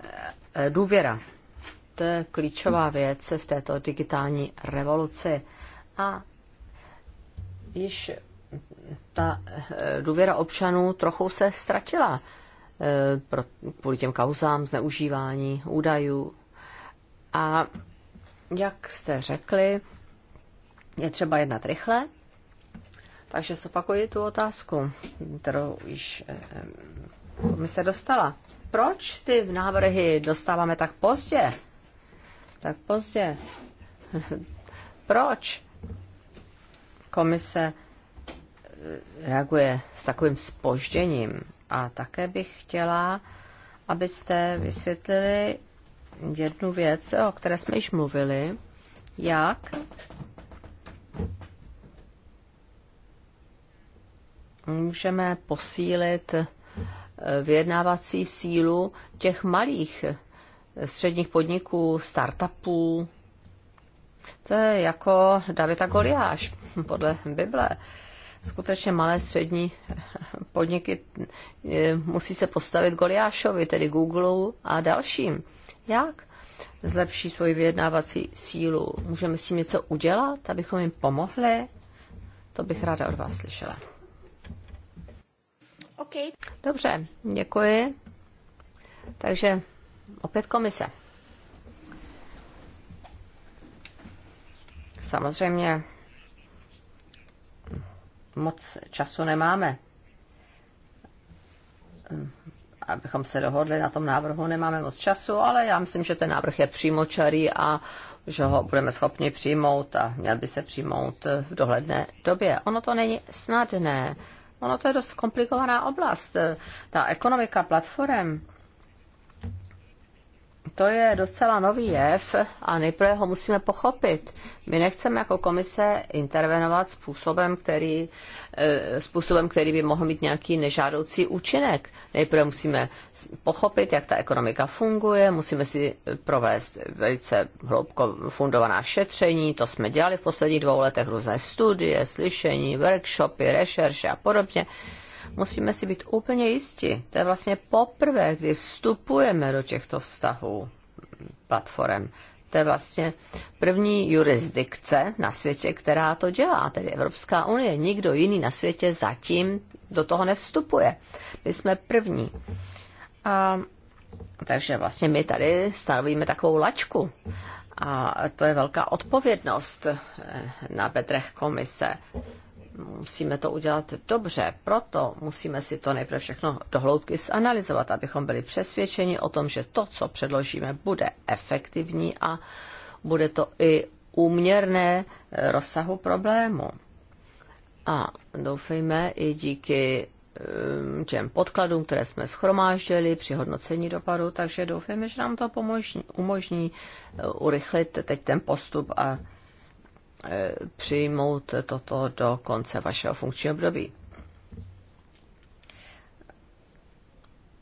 Eh, eh, důvěra. To je klíčová věc v této digitální revoluci. A již ta eh, důvěra občanů trochu se ztratila kvůli těm kauzám zneužívání údajů. A jak jste řekli, je třeba jednat rychle, takže zopakuji tu otázku, kterou již eh, eh, komise dostala. Proč ty návrhy dostáváme tak pozdě? Tak pozdě. Proč komise eh, reaguje s takovým spožděním? A také bych chtěla, abyste vysvětlili jednu věc, o které jsme již mluvili, jak můžeme posílit eh, vyjednávací sílu těch malých eh, středních podniků, startupů. To je jako Davida Goliáš podle Bible. Skutečně malé střední eh, podniky musí se postavit Goliášovi, tedy Google a dalším. Jak? Zlepší svoji vyjednávací sílu. Můžeme s tím něco udělat, abychom jim pomohli? To bych ráda od vás slyšela. Okay. Dobře, děkuji. Takže opět komise. Samozřejmě moc času nemáme. Abychom se dohodli na tom návrhu, nemáme moc času, ale já myslím, že ten návrh je čarý a že ho budeme schopni přijmout a měl by se přijmout v dohledné době. Ono to není snadné Ono to je dost komplikovaná oblast. Ta ekonomika platform to je docela nový jev a nejprve ho musíme pochopit. My nechceme jako komise intervenovat způsobem, který, eh, způsobem, který by mohl mít nějaký nežádoucí účinek. Nejprve musíme pochopit, jak ta ekonomika funguje, musíme si provést velice hloubko fundovaná šetření, to jsme dělali v posledních dvou letech, různé studie, slyšení, workshopy, rešerše a podobně musíme si být úplně jisti. To je vlastně poprvé, kdy vstupujeme do těchto vztahů platform. To je vlastně první jurisdikce na světě, která to dělá, tedy Evropská unie. Nikdo jiný na světě zatím do toho nevstupuje. My jsme první. A, takže vlastně my tady stanovíme takovou lačku. A to je velká odpovědnost eh, na Petrech komise musíme to udělat dobře, proto musíme si to nejprve všechno dohloubky zanalizovat, abychom byli přesvědčeni o tom, že to, co předložíme, bude efektivní a bude to i úměrné eh, rozsahu problému. A doufejme i díky eh, těm podkladům, které jsme schromáždili při hodnocení dopadu, takže doufejme, že nám to pomožní, umožní eh, urychlit teď ten postup a Eh, přijmout toto do konce vašeho funkčního období.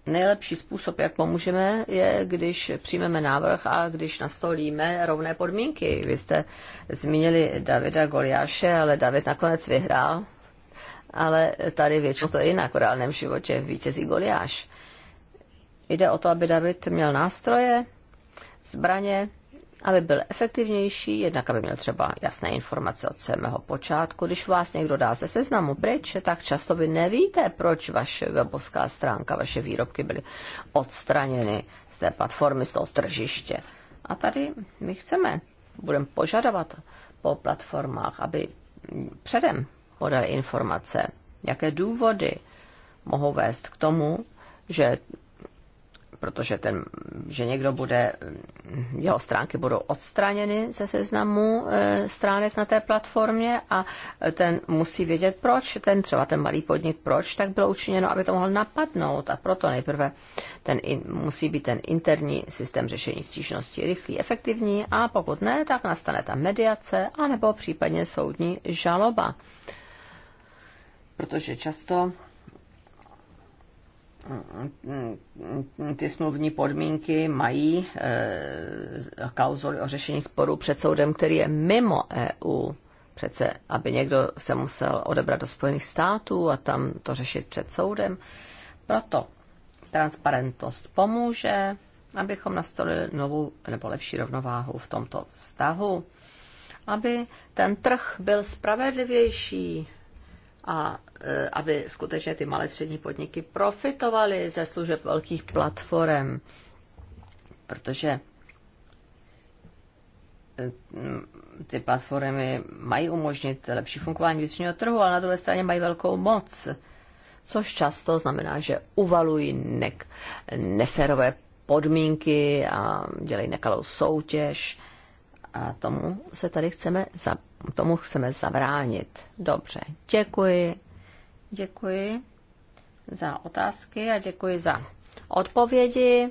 Nejlepší způsob, jak pomůžeme, je, když přijmeme návrh a když nastolíme rovné podmínky. Vy jste zmínili Davida Goliáše, ale David nakonec vyhrál. Ale tady většinou to je jinak v reálném životě. Vítězí Goliáš. Jde o to, aby David měl nástroje, zbraně, aby byl efektivnější, jednak aby měl třeba jasné informace od samého počátku. Když vás někdo dá ze seznamu pryč, tak často vy nevíte, proč vaše webovská stránka, vaše výrobky byly odstraněny z té platformy, z toho tržiště. A tady my chceme, budeme požadovat po platformách, aby předem podali informace, jaké důvody mohou vést k tomu, že protože ten, že někdo bude, jeho stránky budou odstraněny ze seznamu e, stránek na té platformě a ten musí vědět, proč ten třeba ten malý podnik, proč tak bylo učiněno, aby to mohl napadnout a proto nejprve ten in, musí být ten interní systém řešení stížnosti rychlý, efektivní a pokud ne, tak nastane ta mediace anebo případně soudní žaloba. Protože často ty smluvní podmínky mají eh, klauzuly o řešení sporu před soudem, který je mimo EU. Přece, aby někdo se musel odebrat do Spojených států a tam to řešit před soudem. Proto transparentnost pomůže, abychom nastolili novou nebo lepší rovnováhu v tomto vztahu, aby ten trh byl spravedlivější, a e, aby skutečně ty malé střední podniky profitovaly ze služeb velkých platform, protože e, mm, ty platformy mají umožnit lepší fungování vnitřního trhu, ale na druhé straně mají velkou moc, což často znamená, že uvalují ne- neferové podmínky a dělají nekalou soutěž a tomu se tady chceme, za, tomu chceme zabránit. Dobře, děkuji. Děkuji za otázky a děkuji za odpovědi.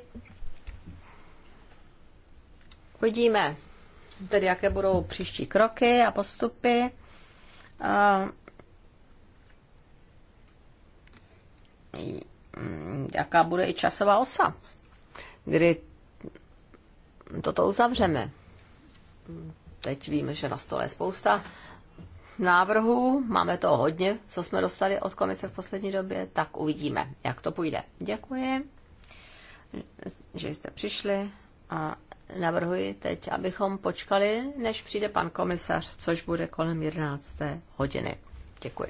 Uvidíme tedy, jaké budou příští kroky a postupy. A jaká bude i časová osa, kdy toto uzavřeme teď víme, že na stole je spousta návrhů, máme toho hodně, co jsme dostali od komise v poslední době, tak uvidíme, jak to půjde. Děkuji, že jste přišli a navrhuji teď, abychom počkali, než přijde pan komisař, což bude kolem 11. hodiny. Děkuji.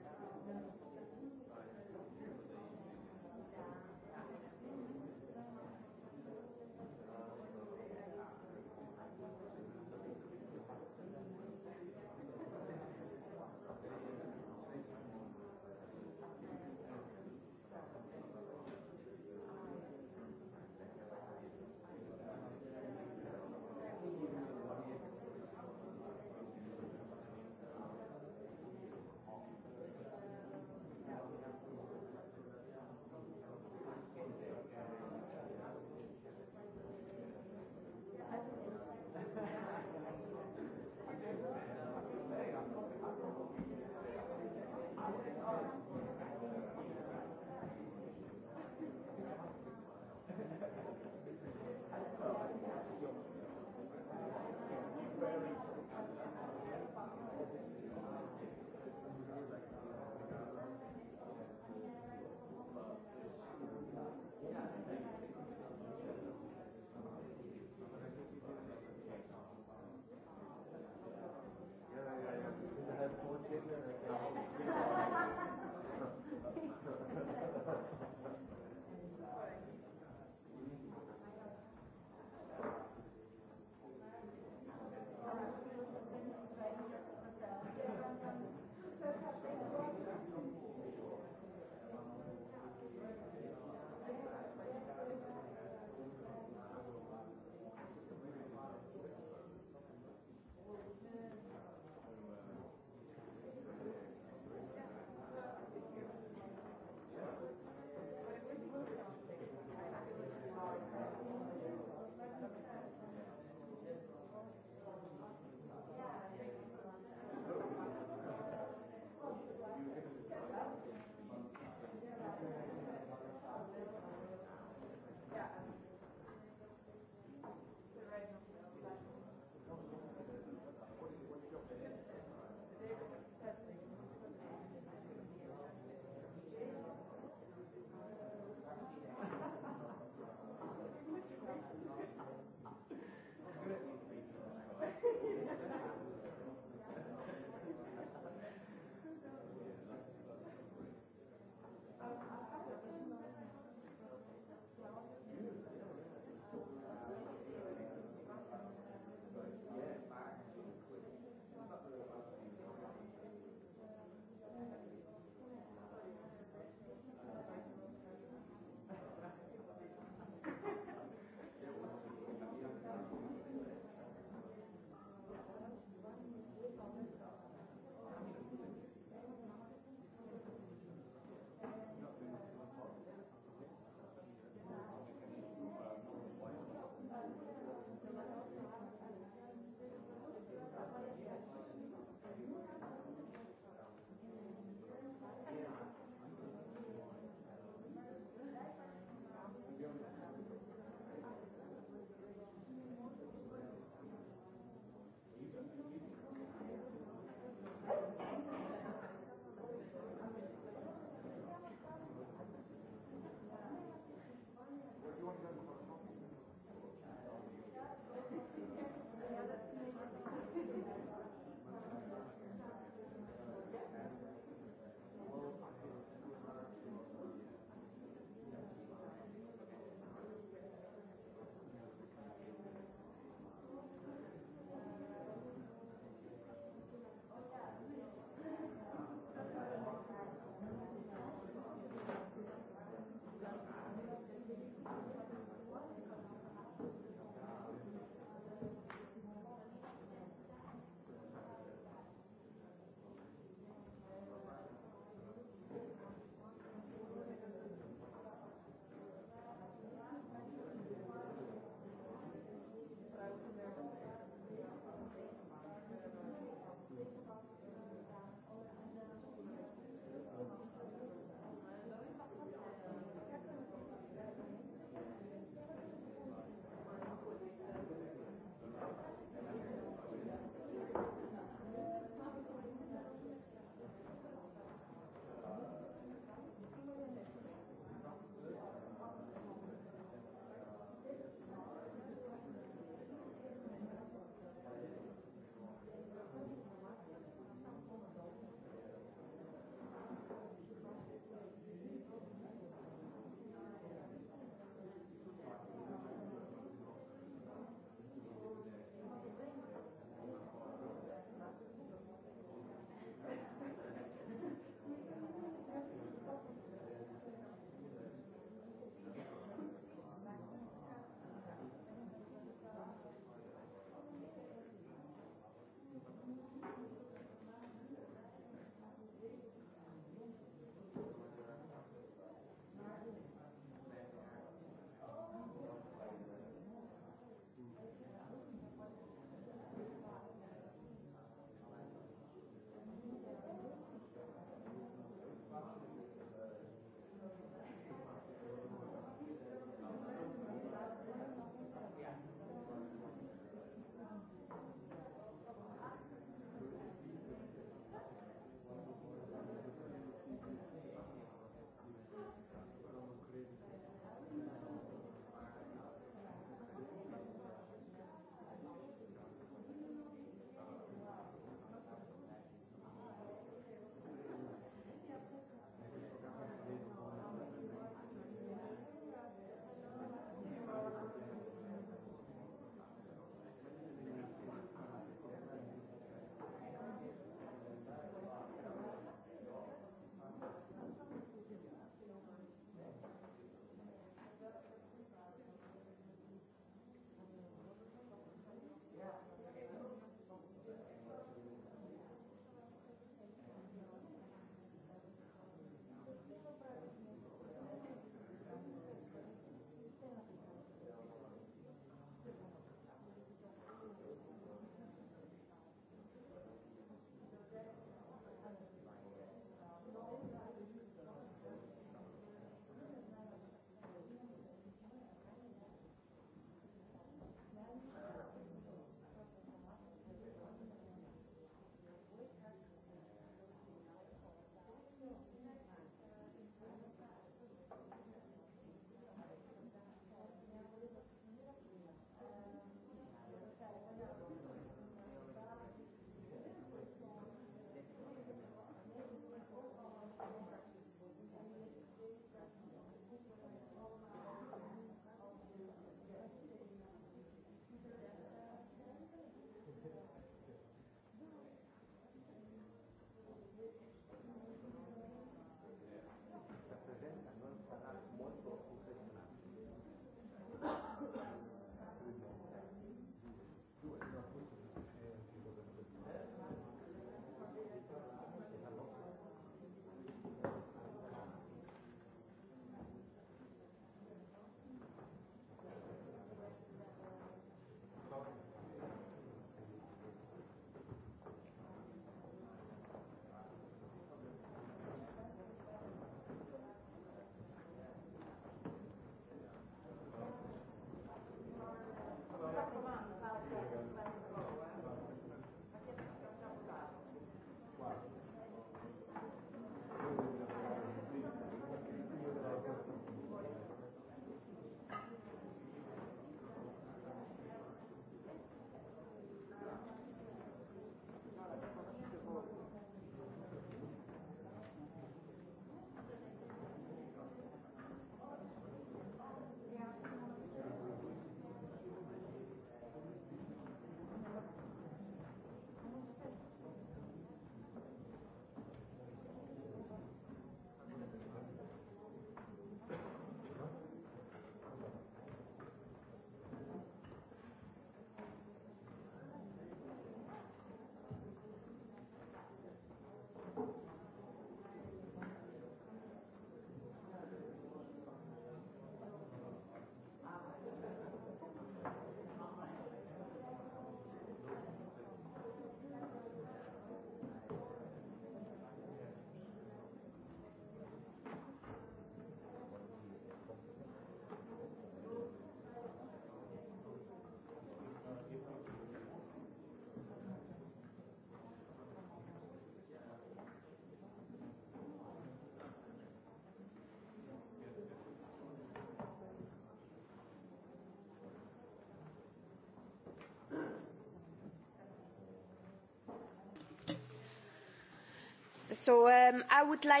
Um, uh,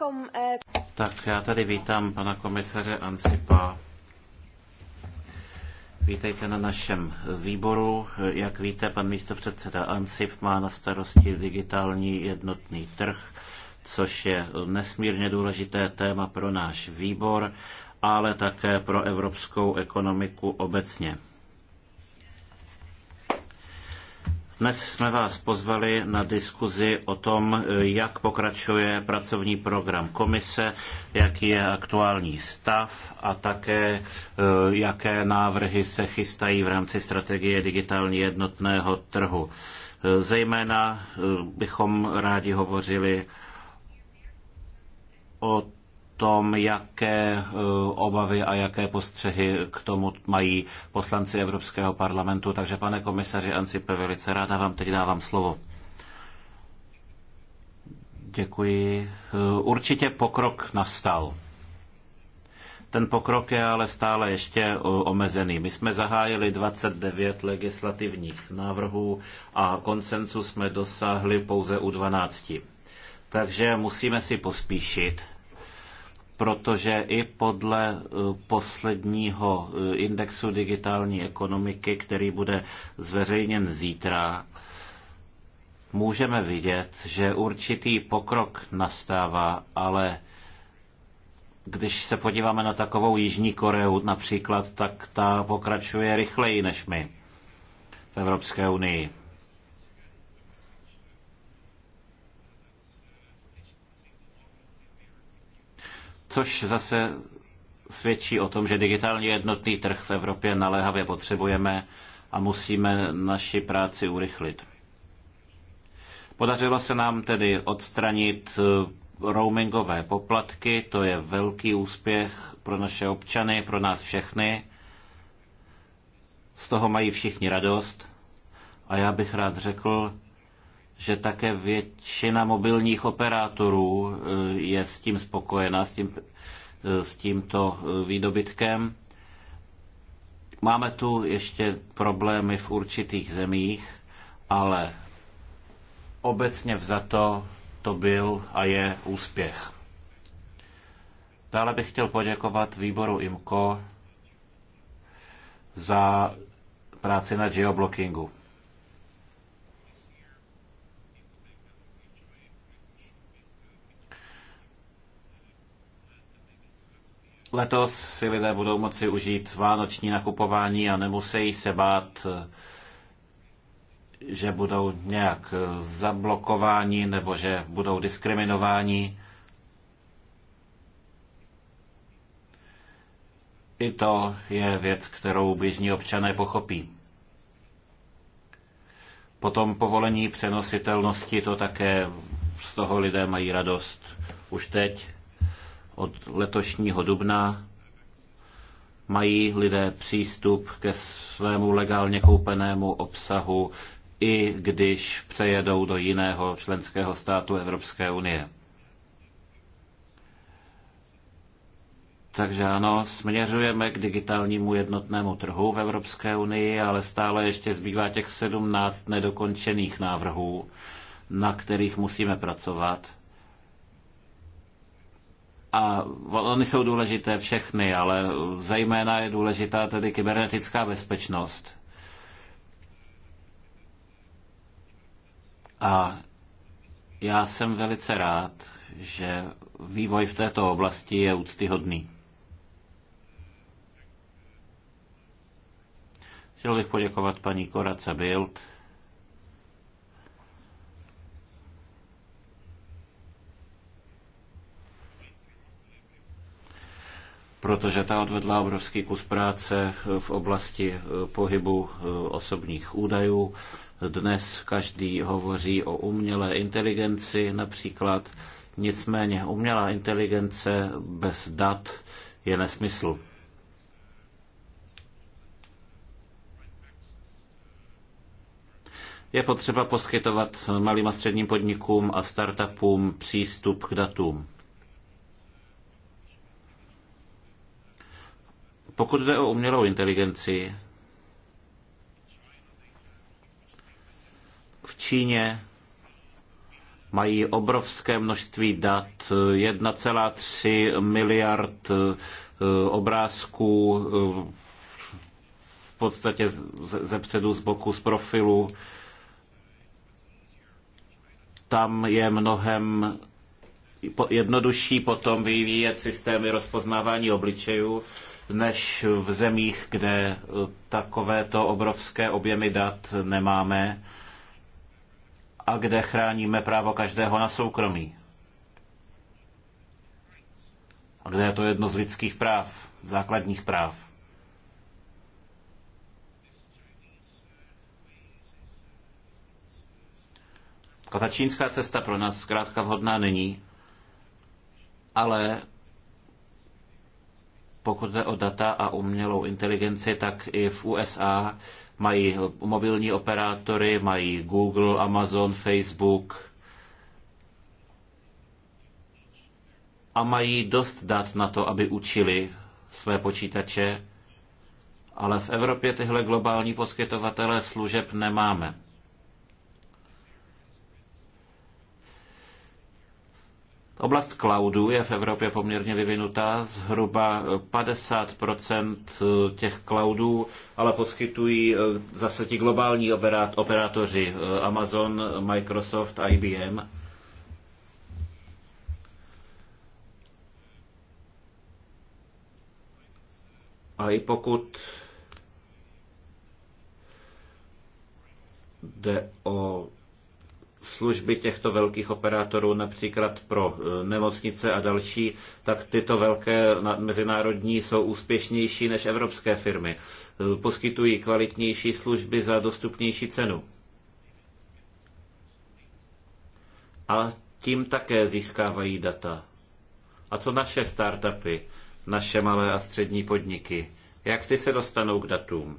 uh, tak já tady vítám pana komisaře Ancipa. Vítejte na našem výboru. Jak víte, pan místopředseda Ancip má na starosti digitální jednotný trh, což je nesmírně důležité téma pro náš výbor, ale také pro evropskou ekonomiku obecně. Dnes jsme vás pozvali na diskuzi o tom, jak pokračuje pracovní program komise, jaký je aktuální stav a také e, jaké návrhy se chystají v rámci strategie digitálně jednotného trhu. E, zejména e, bychom rádi hovořili o tom, jaké eh, obavy a jaké postřehy k tomu mají poslanci Evropského parlamentu. Takže pane komisaři Ancipe, velice ráda vám teď dávám slovo. Děkuji. Eh, určitě pokrok nastal. Ten pokrok je ale stále ještě eh, omezený. My jsme zahájili 29 legislativních návrhů a konsensu jsme dosáhli pouze u 12. Takže musíme si pospíšit protože i podle eh, posledního eh, indexu digitální ekonomiky, který bude zveřejněn zítra, můžeme vidět, že určitý pokrok nastává, ale když se podíváme na takovou Jižní Koreu například, tak ta pokračuje rychleji než my v Evropské unii. což zase svědčí o tom, že digitálně jednotný trh v Evropě naléhavě potřebujeme a musíme naši práci urychlit. Podařilo se nám tedy odstranit eh, roamingové poplatky, to je velký úspěch pro naše občany, pro nás všechny. Z toho mají všichni radost. A já bych rád řekl, že také většina mobilních operátorů eh, je s tím spokojena, s, tím, eh, s tímto eh, výdobytkem. Máme tu ještě problémy v určitých zemích, ale obecně vzato to byl a je úspěch. Dále bych chtěl poděkovat výboru IMCO za práci na geoblockingu. Letos si lidé budou moci užít vánoční nakupování a nemusí se bát, že budou nějak zablokováni nebo že budou diskriminováni. I to je věc, kterou běžní občané pochopí. Potom povolení přenositelnosti, to také z toho lidé mají radost už teď. Od letošního dubna mají lidé přístup ke svému legálně koupenému obsahu, i když přejedou do jiného členského státu Evropské unie. Takže ano, směřujeme k digitálnímu jednotnému trhu v Evropské unii, ale stále ještě zbývá těch 17 nedokončených návrhů, na kterých musíme pracovat. A ony jsou důležité všechny, ale zejména je důležitá tedy kybernetická bezpečnost. A já jsem velice rád, že vývoj v této oblasti je úctyhodný. Chtěl bych poděkovat paní Korace Bild protože ta odvedla obrovský kus práce eh, v oblasti eh, pohybu eh, osobních údajů. Dnes každý hovoří o umělé inteligenci například, nicméně umělá inteligence bez dat je nesmysl. Je potřeba poskytovat malým a středním podnikům a startupům přístup k datům. Pokud jde o umělou inteligenci, v Číně mají obrovské množství dat, 1,3 miliard eh, obrázků, eh, v podstatě ze předu, z boku, z profilu. Tam je mnohem jednodušší potom vyvíjet systémy rozpoznávání obličejů, než v zemích, kde eh, takovéto obrovské objemy dat nemáme a kde chráníme právo každého na soukromí. A kde je to jedno z lidských práv, základních práv. Ta čínská cesta pro nás zkrátka vhodná není, ale pokud jde o data a umělou inteligenci, tak i v USA mají mobilní operátory, mají Google, Amazon, Facebook a mají dost dat na to, aby učili své počítače, ale v Evropě tyhle globální poskytovatele služeb nemáme. Oblast cloudů je v Evropě poměrně vyvinutá. Zhruba 50 eh, těch cloudů ale poskytují eh, zase ti globální operátoři eh, Amazon, Microsoft, IBM. A i pokud jde o služby těchto velkých operátorů, například pro e, nemocnice a další, tak tyto velké mezinárodní jsou úspěšnější než evropské firmy. E, poskytují kvalitnější služby za dostupnější cenu. A tím také získávají data. A co naše startupy, naše malé a střední podniky? Jak ty se dostanou k datům?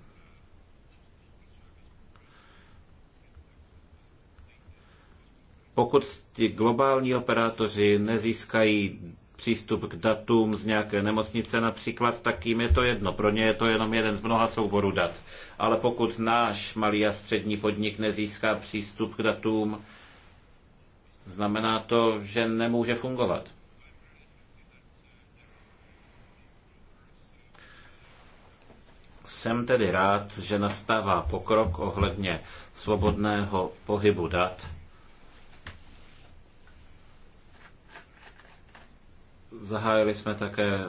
Pokud ti globální operátoři nezískají přístup k datům z nějaké nemocnice například, tak jim je to jedno. Pro ně je to jenom jeden z mnoha souborů dat. Ale pokud náš malý a střední podnik nezíská přístup k datům, znamená to, že nemůže fungovat. Jsem tedy rád, že nastává pokrok ohledně svobodného pohybu dat Zahájili jsme také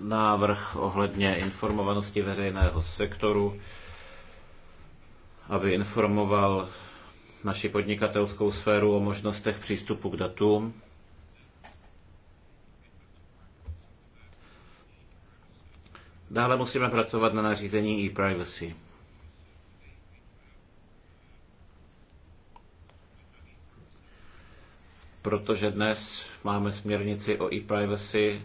návrh ohledně informovanosti veřejného sektoru, aby informoval naši podnikatelskou sféru o možnostech přístupu k datům. Dále musíme pracovat na nařízení e-privacy. protože dnes máme směrnici o e-privacy,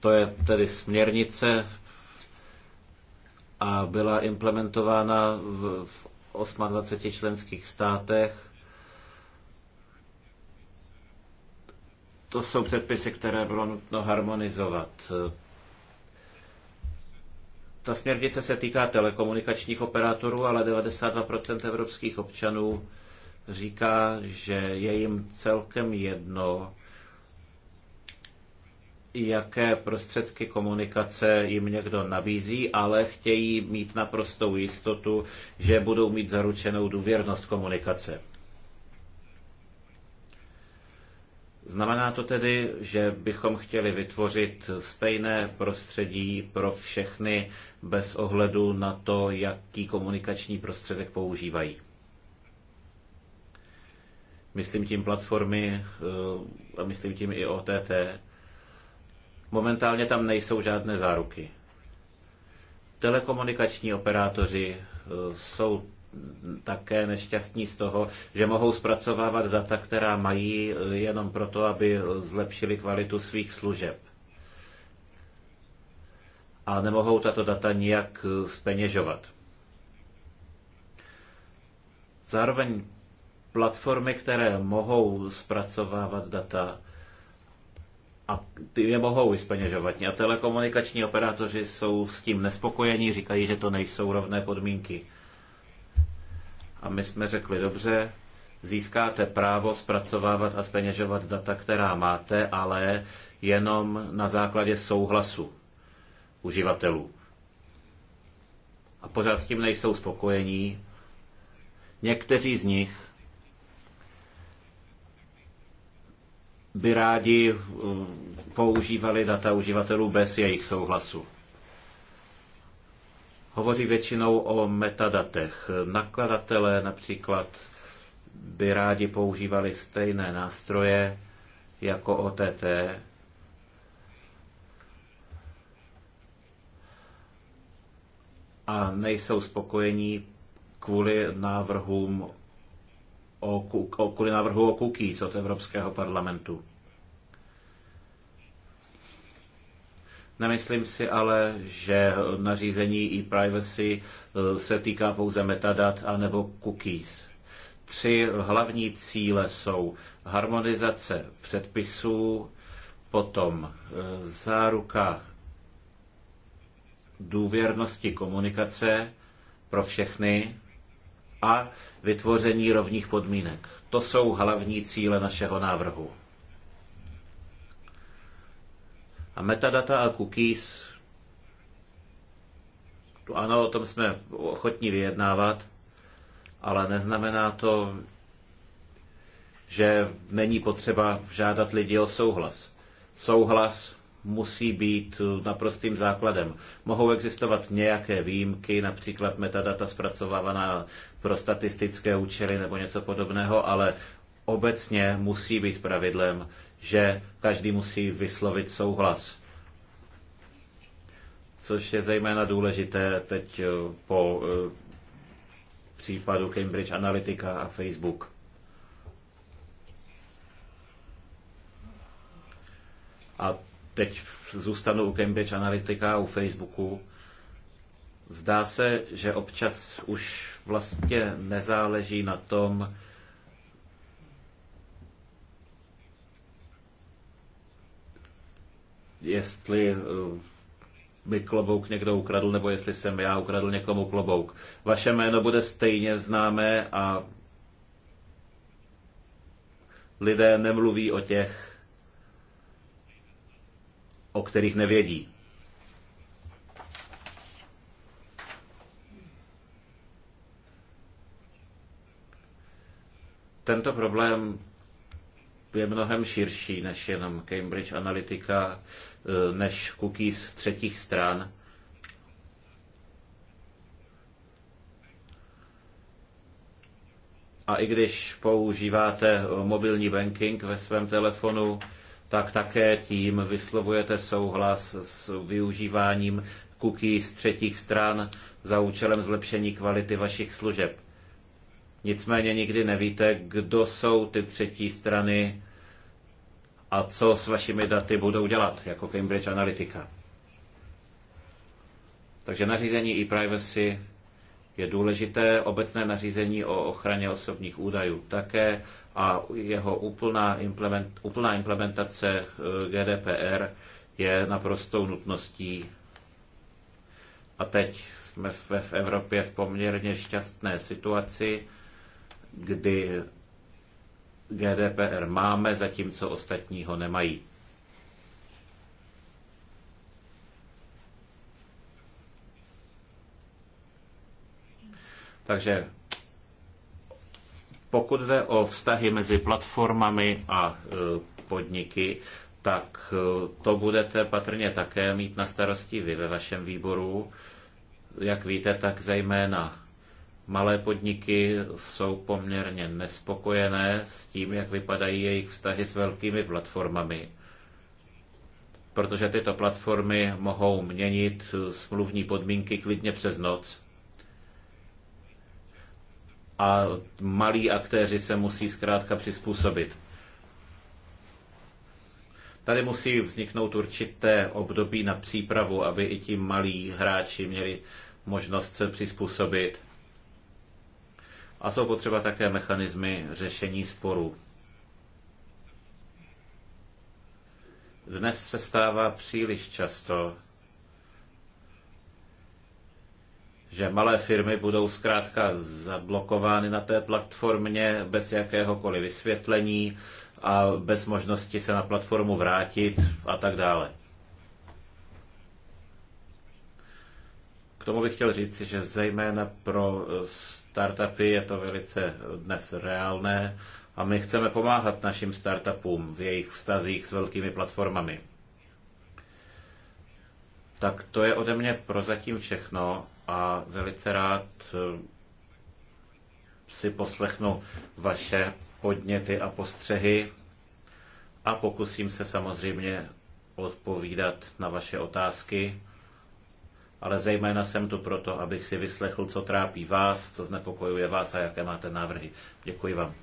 to je tedy směrnice a byla implementována v, v 28 členských státech. To jsou předpisy, které bylo nutno harmonizovat. Ta směrnice se týká telekomunikačních operátorů, ale 92% evropských občanů říká, že je jim celkem jedno, jaké prostředky komunikace jim někdo nabízí, ale chtějí mít naprostou jistotu, že budou mít zaručenou důvěrnost komunikace. Znamená to tedy, že bychom chtěli vytvořit stejné prostředí pro všechny bez ohledu na to, jaký komunikační prostředek používají myslím tím platformy eh, a myslím tím i OTT, momentálně tam nejsou žádné záruky. Telekomunikační operátoři eh, jsou také nešťastní z toho, že mohou zpracovávat data, která mají eh, jenom proto, aby zlepšili kvalitu svých služeb. A nemohou tato data nijak speněžovat. Zároveň platformy, které mohou zpracovávat data a ty je mohou vyspeněžovat. A telekomunikační operátoři jsou s tím nespokojení, říkají, že to nejsou rovné podmínky. A my jsme řekli, dobře, získáte právo zpracovávat a speněžovat data, která máte, ale jenom na základě souhlasu uživatelů. A pořád s tím nejsou spokojení. Někteří z nich by rádi eh, používali data uživatelů bez jejich souhlasu. Hovoří většinou o metadatech. Nakladatelé například by rádi používali stejné nástroje jako OTT, a nejsou spokojení kvůli návrhům o, o, kvůli návrhu o cookies od Evropského parlamentu. Nemyslím si ale, že nařízení e-privacy eh, se týká pouze metadat a nebo cookies. Tři hlavní cíle jsou harmonizace předpisů, potom eh, záruka důvěrnosti komunikace pro všechny a vytvoření rovných podmínek. To jsou hlavní cíle našeho návrhu. A metadata a cookies, ano, o tom jsme ochotní vyjednávat, ale neznamená to, že není potřeba žádat lidi o souhlas. Souhlas musí být eh, naprostým základem. Mohou existovat nějaké výjimky, například metadata zpracovávaná pro statistické účely nebo něco podobného, ale obecně musí být pravidlem, že každý musí vyslovit souhlas. Což je zejména důležité teď eh, po eh, případu Cambridge Analytica a Facebook. A teď zůstanu u Cambridge Analytica, u Facebooku, zdá se, že občas už vlastně nezáleží na tom, jestli by eh, klobouk někdo ukradl, nebo jestli jsem já ukradl někomu klobouk. Vaše jméno bude stejně známé a lidé nemluví o těch, o kterých nevědí. Tento problém je mnohem širší než jenom Cambridge Analytica, eh, než cookies třetích stran. A i když používáte mobilní banking ve svém telefonu, tak také tím vyslovujete souhlas s využíváním cookies z třetích stran za účelem zlepšení kvality vašich služeb. Nicméně nikdy nevíte, kdo jsou ty třetí strany a co s vašimi daty budou dělat, jako Cambridge Analytica. Takže nařízení e-privacy je důležité obecné nařízení o ochraně osobních údajů také a jeho úplná, implement, úplná implementace eh, GDPR je naprostou nutností. A teď jsme v, v Evropě v poměrně šťastné situaci, kdy GDPR máme, zatímco ostatní ho nemají. Takže pokud jde o vztahy mezi platformami a e, podniky, tak e, to budete patrně také mít na starosti vy ve vašem výboru. Jak víte, tak zejména malé podniky jsou poměrně nespokojené s tím, jak vypadají jejich vztahy s velkými platformami. Protože tyto platformy mohou měnit smluvní podmínky klidně přes noc a malí aktéři se musí zkrátka přizpůsobit. Tady musí vzniknout určité období na přípravu, aby i ti malí hráči měli možnost se přizpůsobit. A jsou potřeba také mechanismy řešení sporů. Dnes se stává příliš často, že malé firmy budou zkrátka zablokovány na té platformě bez jakéhokoliv vysvětlení a bez možnosti se na platformu vrátit a tak dále. K tomu bych chtěl říct, že zejména pro startupy je to velice dnes reálné a my chceme pomáhat našim startupům v jejich vztazích s velkými platformami. Tak to je ode mě prozatím všechno a velice rád eh, si poslechnu vaše podněty a postřehy a pokusím se samozřejmě odpovídat na vaše otázky, ale zejména jsem tu proto, abych si vyslechl, co trápí vás, co znepokojuje vás a jaké máte návrhy. Děkuji vám.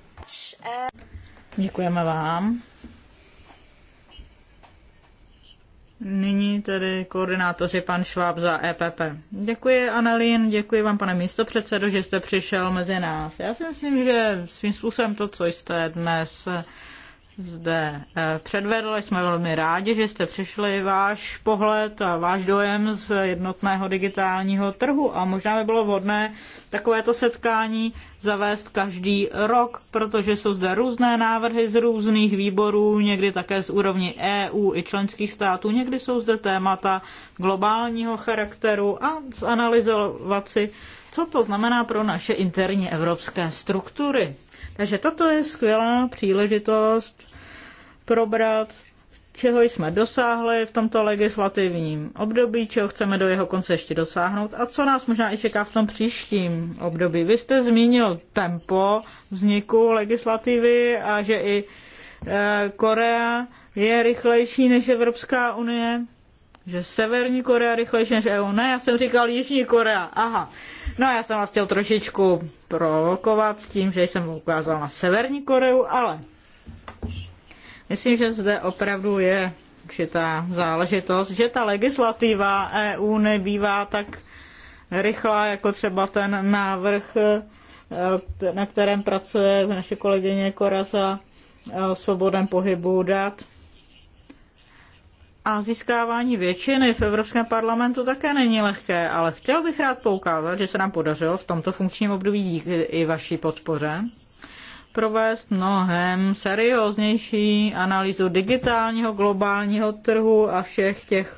Děkujeme vám. Nyní tedy koordinátoři pan Šváb za EPP. Děkuji Annelín, děkuji vám pane místopředsedo, že jste přišel mezi nás. Já si myslím, že svým způsobem to, co jste dnes zde eh, předvedl. Jsme velmi rádi, že jste přišli váš pohled a váš dojem z jednotného digitálního trhu a možná by bylo vhodné takovéto setkání zavést každý rok, protože jsou zde různé návrhy z různých výborů, někdy také z úrovni EU i členských států, někdy jsou zde témata globálního charakteru a zanalizovat si, co to znamená pro naše interní evropské struktury. Takže toto je skvělá příležitost probrat, čeho jsme dosáhli v tomto legislativním období, čeho chceme do jeho konce ještě dosáhnout a co nás možná i čeká v tom příštím období. Vy jste zmínil tempo vzniku legislativy a že i eh, Korea je rychlejší než Evropská unie že Severní Korea rychlejší než EU. Ne, já jsem říkal Jižní Korea. Aha. No já jsem vás chtěl trošičku provokovat s tím, že jsem ukázal na Severní Koreu, ale myslím, že zde opravdu je určitá záležitost, že ta legislativa EU nebývá tak rychlá, jako třeba ten návrh, eh, na kterém pracuje naše kolegyně Koraza o eh, svobodném pohybu dat a získávání většiny v Evropském parlamentu také není lehké, ale chtěl bych rád poukázat, že se nám podařilo v tomto funkčním období díky i vaší podpoře provést mnohem serióznější analýzu digitálního globálního trhu a všech těch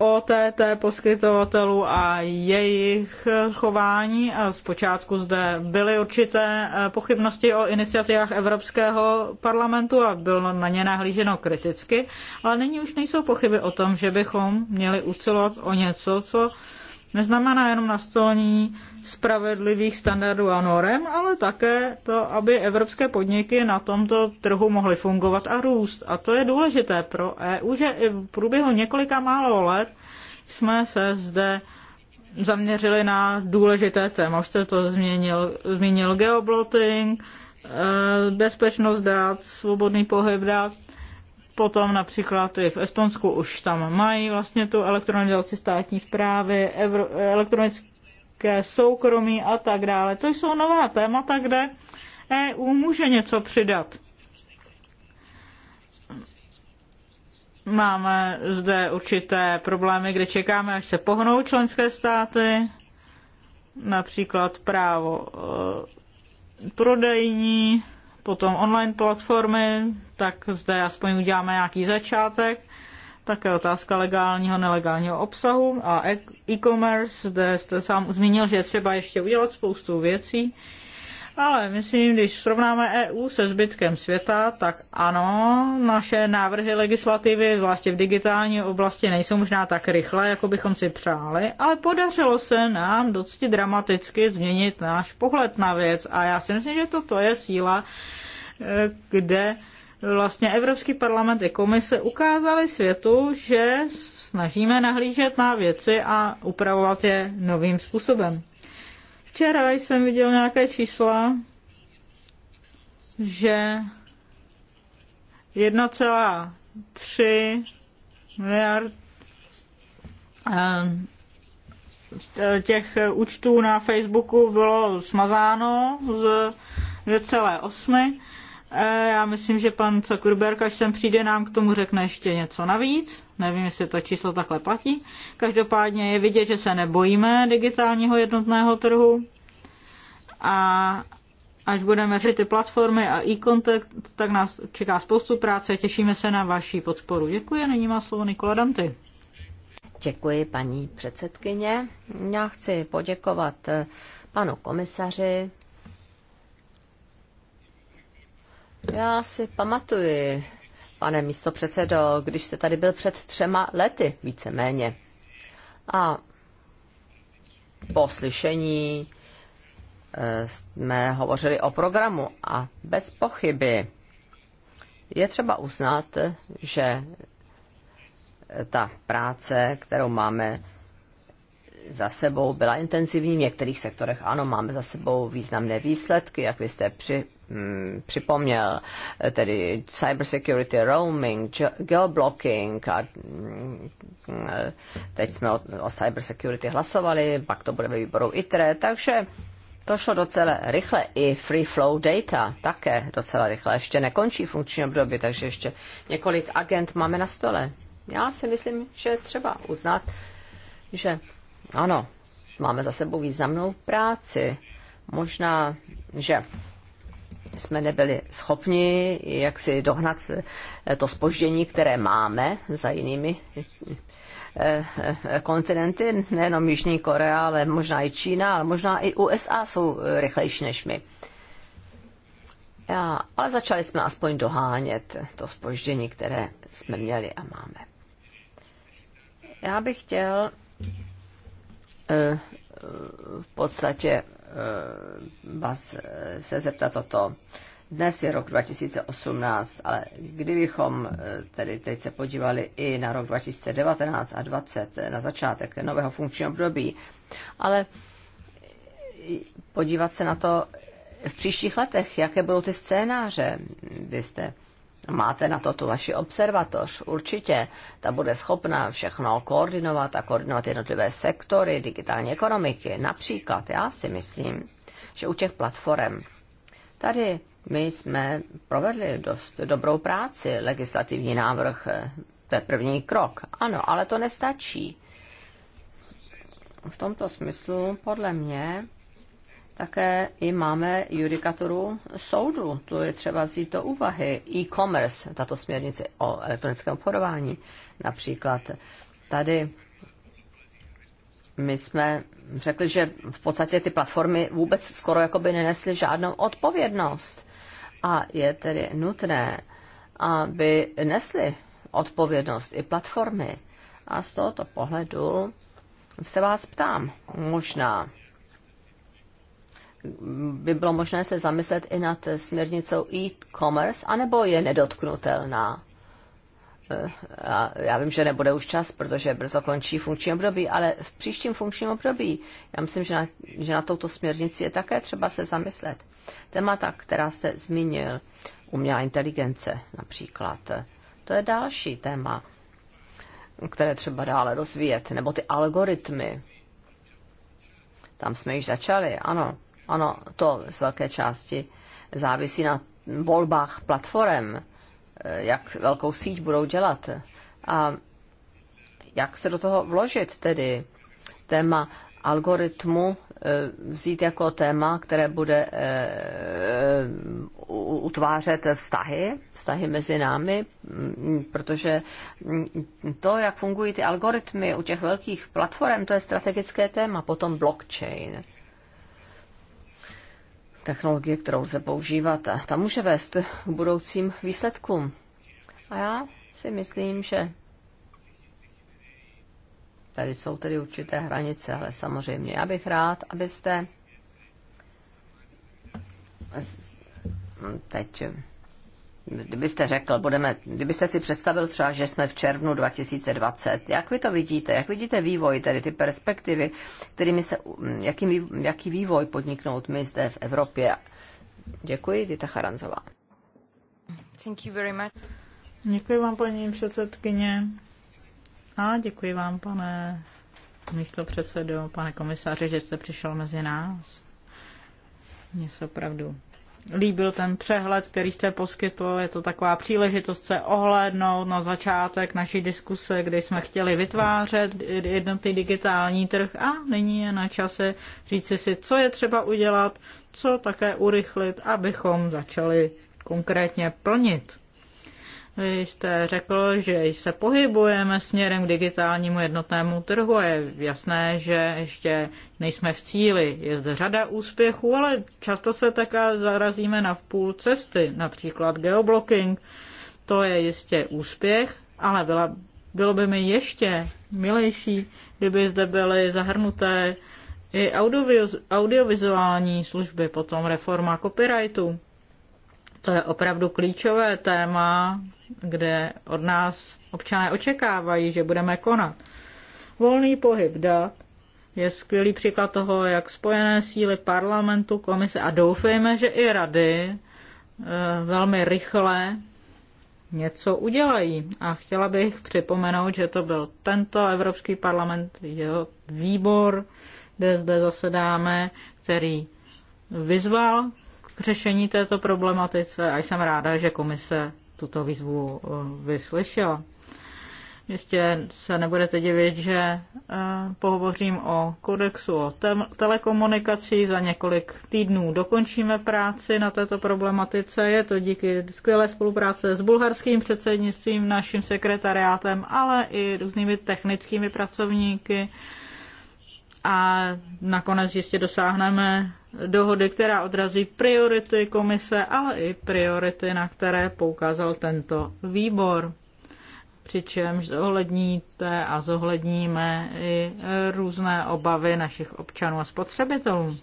OTT poskytovatelů a jejich chování. A zpočátku zde byly určité eh, pochybnosti o iniciativách Evropského parlamentu a bylo na ně nahlíženo kriticky, ale nyní už nejsou pochyby o tom, že bychom měli ucelovat o něco, co neznamená jenom nastolení spravedlivých standardů a norem, ale také to, aby evropské podniky na tomto trhu mohly fungovat a růst. A to je důležité pro EU, že i v průběhu několika málo let jsme se zde zaměřili na důležité téma. Už jste to změnil, zmínil geobloting, eh, bezpečnost dát, svobodný pohyb dát Potom například i v Estonsku už tam mají vlastně tu elektronizaci státní zprávy, evro, elektronické soukromí a tak dále. To jsou nová témata, kde EU může něco přidat. Máme zde určité problémy, kde čekáme, až se pohnou členské státy, například právo eh, prodejní, potom online platformy, tak zde aspoň uděláme nějaký začátek. Také otázka legálního, nelegálního obsahu a e-commerce, zde jste sám zmínil, že je třeba ještě udělat spoustu věcí. Ale myslím, když srovnáme EU se zbytkem světa, tak ano, naše návrhy legislativy, zvláště v digitální oblasti, nejsou možná tak rychle, jako bychom si přáli, ale podařilo se nám docti dramaticky změnit náš pohled na věc a já si myslím, že toto je síla, eh, kde vlastně Evropský parlament i komise ukázali světu, že snažíme nahlížet na věci a upravovat je novým způsobem. Včera jsem viděl nějaké čísla, že 1,3 miliard eh, těch účtů na Facebooku bylo smazáno z 2,8 E, já myslím, že pan Zuckerberg, až sem přijde, nám k tomu řekne ještě něco navíc. Nevím, jestli to číslo takhle platí. Každopádně je vidět, že se nebojíme digitálního jednotného trhu. A až budeme řešit ty platformy a e-contact, tak nás čeká spoustu práce. Těšíme se na vaši podporu. Děkuji, nyní má slovo Nikola Danty. Děkuji, paní předsedkyně. Já chci poděkovat panu komisaři Já si pamatuji, pane místopředsedo, když jste tady byl před třema lety, víceméně. A po slyšení eh, jsme hovořili o programu a bez pochyby je třeba uznat, že ta práce, kterou máme za sebou byla intenzivní, v některých sektorech ano, máme za sebou významné výsledky, jak vy jste při, mm, připomněl, tedy cybersecurity, roaming, geoblocking a mm, teď jsme o, o cybersecurity hlasovali, pak to bude ve výboru ITRE, takže to šlo docela rychle. I free flow data také docela rychle. Ještě nekončí funkční období, takže ještě několik agent máme na stole. Já si myslím, že třeba uznat, že ano, máme za sebou významnou práci. Možná, že jsme nebyli schopni jak si dohnat eh, to spoždění, které máme za jinými eh, eh, kontinenty, nejenom Jižní Korea, ale možná i Čína, ale možná i USA jsou rychlejší než my. Já, ale začali jsme aspoň dohánět to spoždění, které jsme měli a máme. Já bych chtěl v podstatě eh, vás se zeptat toto. Dnes je rok 2018, ale kdybychom eh, tedy teď se podívali i na rok 2019 a 2020, eh, na začátek nového funkčního období, ale podívat se na to v příštích letech, jaké budou ty scénáře, byste Máte na to tu vaši observatoř, určitě. Ta bude schopna všechno koordinovat a koordinovat jednotlivé sektory digitální ekonomiky. Například já si myslím, že u těch platform tady my jsme provedli dost dobrou práci. Legislativní návrh, eh, to je první krok. Ano, ale to nestačí. V tomto smyslu, podle mě, také i máme judikaturu soudu, to je třeba vzít do úvahy. E-commerce, tato směrnice o elektronickém obchodování například. Tady my jsme řekli, že v podstatě ty platformy vůbec skoro jako by nenesly žádnou odpovědnost. A je tedy nutné, aby nesly odpovědnost i platformy. A z tohoto pohledu se vás ptám, možná by bylo možné se zamyslet i nad směrnicou e-commerce, anebo je nedotknutelná. Já, eh, já vím, že nebude už čas, protože brzo končí funkční období, ale v příštím funkčním období, já myslím, že na, že na touto směrnici je také třeba se zamyslet. Témata, která jste zmínil, umělá inteligence například, to je další téma, které třeba dále rozvíjet, nebo ty algoritmy. Tam jsme již začali, ano. Ano, to z velké části závisí na volbách platform, eh, jak velkou síť budou dělat a jak se do toho vložit tedy téma algoritmu eh, vzít jako téma, které bude eh, utvářet vztahy, vztahy mezi námi, mm, protože mm, to, jak fungují ty algoritmy u těch velkých platform, to je strategické téma, potom blockchain technologie, kterou lze používat, a ta může vést k budoucím výsledkům. A já si myslím, že tady jsou tedy určité hranice, ale samozřejmě já bych rád, abyste teď kdybyste řekl, budeme, kdybyste si představil třeba, že jsme v červnu 2020, jak vy to vidíte? Jak vidíte vývoj, tedy ty perspektivy, kterými se, jaký, jaký vývoj podniknout my zde v Evropě? Děkuji, Dita Charanzová. Thank you very much. Děkuji vám, paní předsedkyně. A děkuji vám, pane místo předsedo, pane komisaři, že jste přišel mezi nás. Mně se opravdu líbil ten přehled, který jste poskytl. Je to taková příležitost se ohlédnout na začátek naší diskuse, kdy jsme chtěli vytvářet jednotný digitální trh a nyní je na čase říci si, co je třeba udělat, co také urychlit, abychom začali konkrétně plnit. Vy jste řekl, že se pohybujeme směrem k digitálnímu jednotnému trhu a je jasné, že ještě nejsme v cíli. Je zde řada úspěchů, ale často se také zarazíme na půl cesty, například geoblocking. To je jistě úspěch, ale byla, bylo by mi ještě milejší, kdyby zde byly zahrnuté i audiovizuální služby, potom reforma copyrightu. To je opravdu klíčové téma, kde od nás občané očekávají, že budeme konat. Volný pohyb dat je skvělý příklad toho, jak spojené síly parlamentu, komise a doufejme, že i rady eh, velmi rychle něco udělají. A chtěla bych připomenout, že to byl tento Evropský parlament, jeho výbor, kde zde zasedáme, který vyzval k řešení této problematice a jsem ráda, že komise tuto výzvu eh, vyslyšela. Jistě se nebudete divit, že eh, pohovořím o kodexu o te- telekomunikací. Za několik týdnů dokončíme práci na této problematice. Je to díky skvělé spolupráce s bulharským předsednictvím, naším sekretariátem, ale i různými technickými pracovníky. A nakonec jistě dosáhneme dohody, která odrazí priority komise, ale i priority, na které poukázal tento výbor. Přičemž zohledníte a zohledníme i různé obavy našich občanů a spotřebitelů.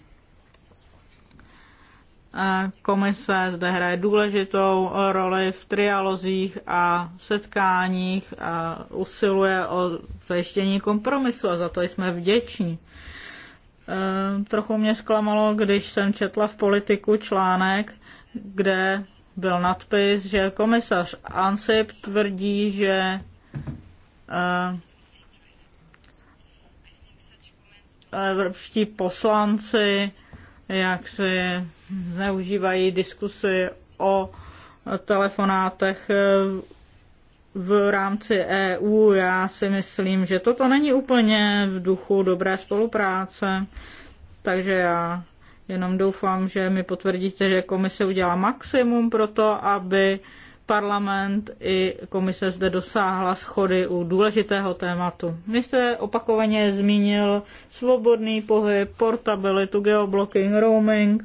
Komise zde hraje důležitou roli v trialozích a setkáních a usiluje o zajištění kompromisu a za to jsme vděční. Ehm, trochu mě zklamalo, když jsem četla v politiku článek, kde byl nadpis, že komisař Ansip tvrdí, že ehm, evropští poslanci jak si zneužívají diskusy o telefonátech v rámci EU. Já si myslím, že toto není úplně v duchu dobré spolupráce, takže já jenom doufám, že mi potvrdíte, že komise udělá maximum pro to, aby parlament i komise zde dosáhla schody u důležitého tématu. Vy jste opakovaně zmínil svobodný pohyb, portabilitu, geoblocking, roaming.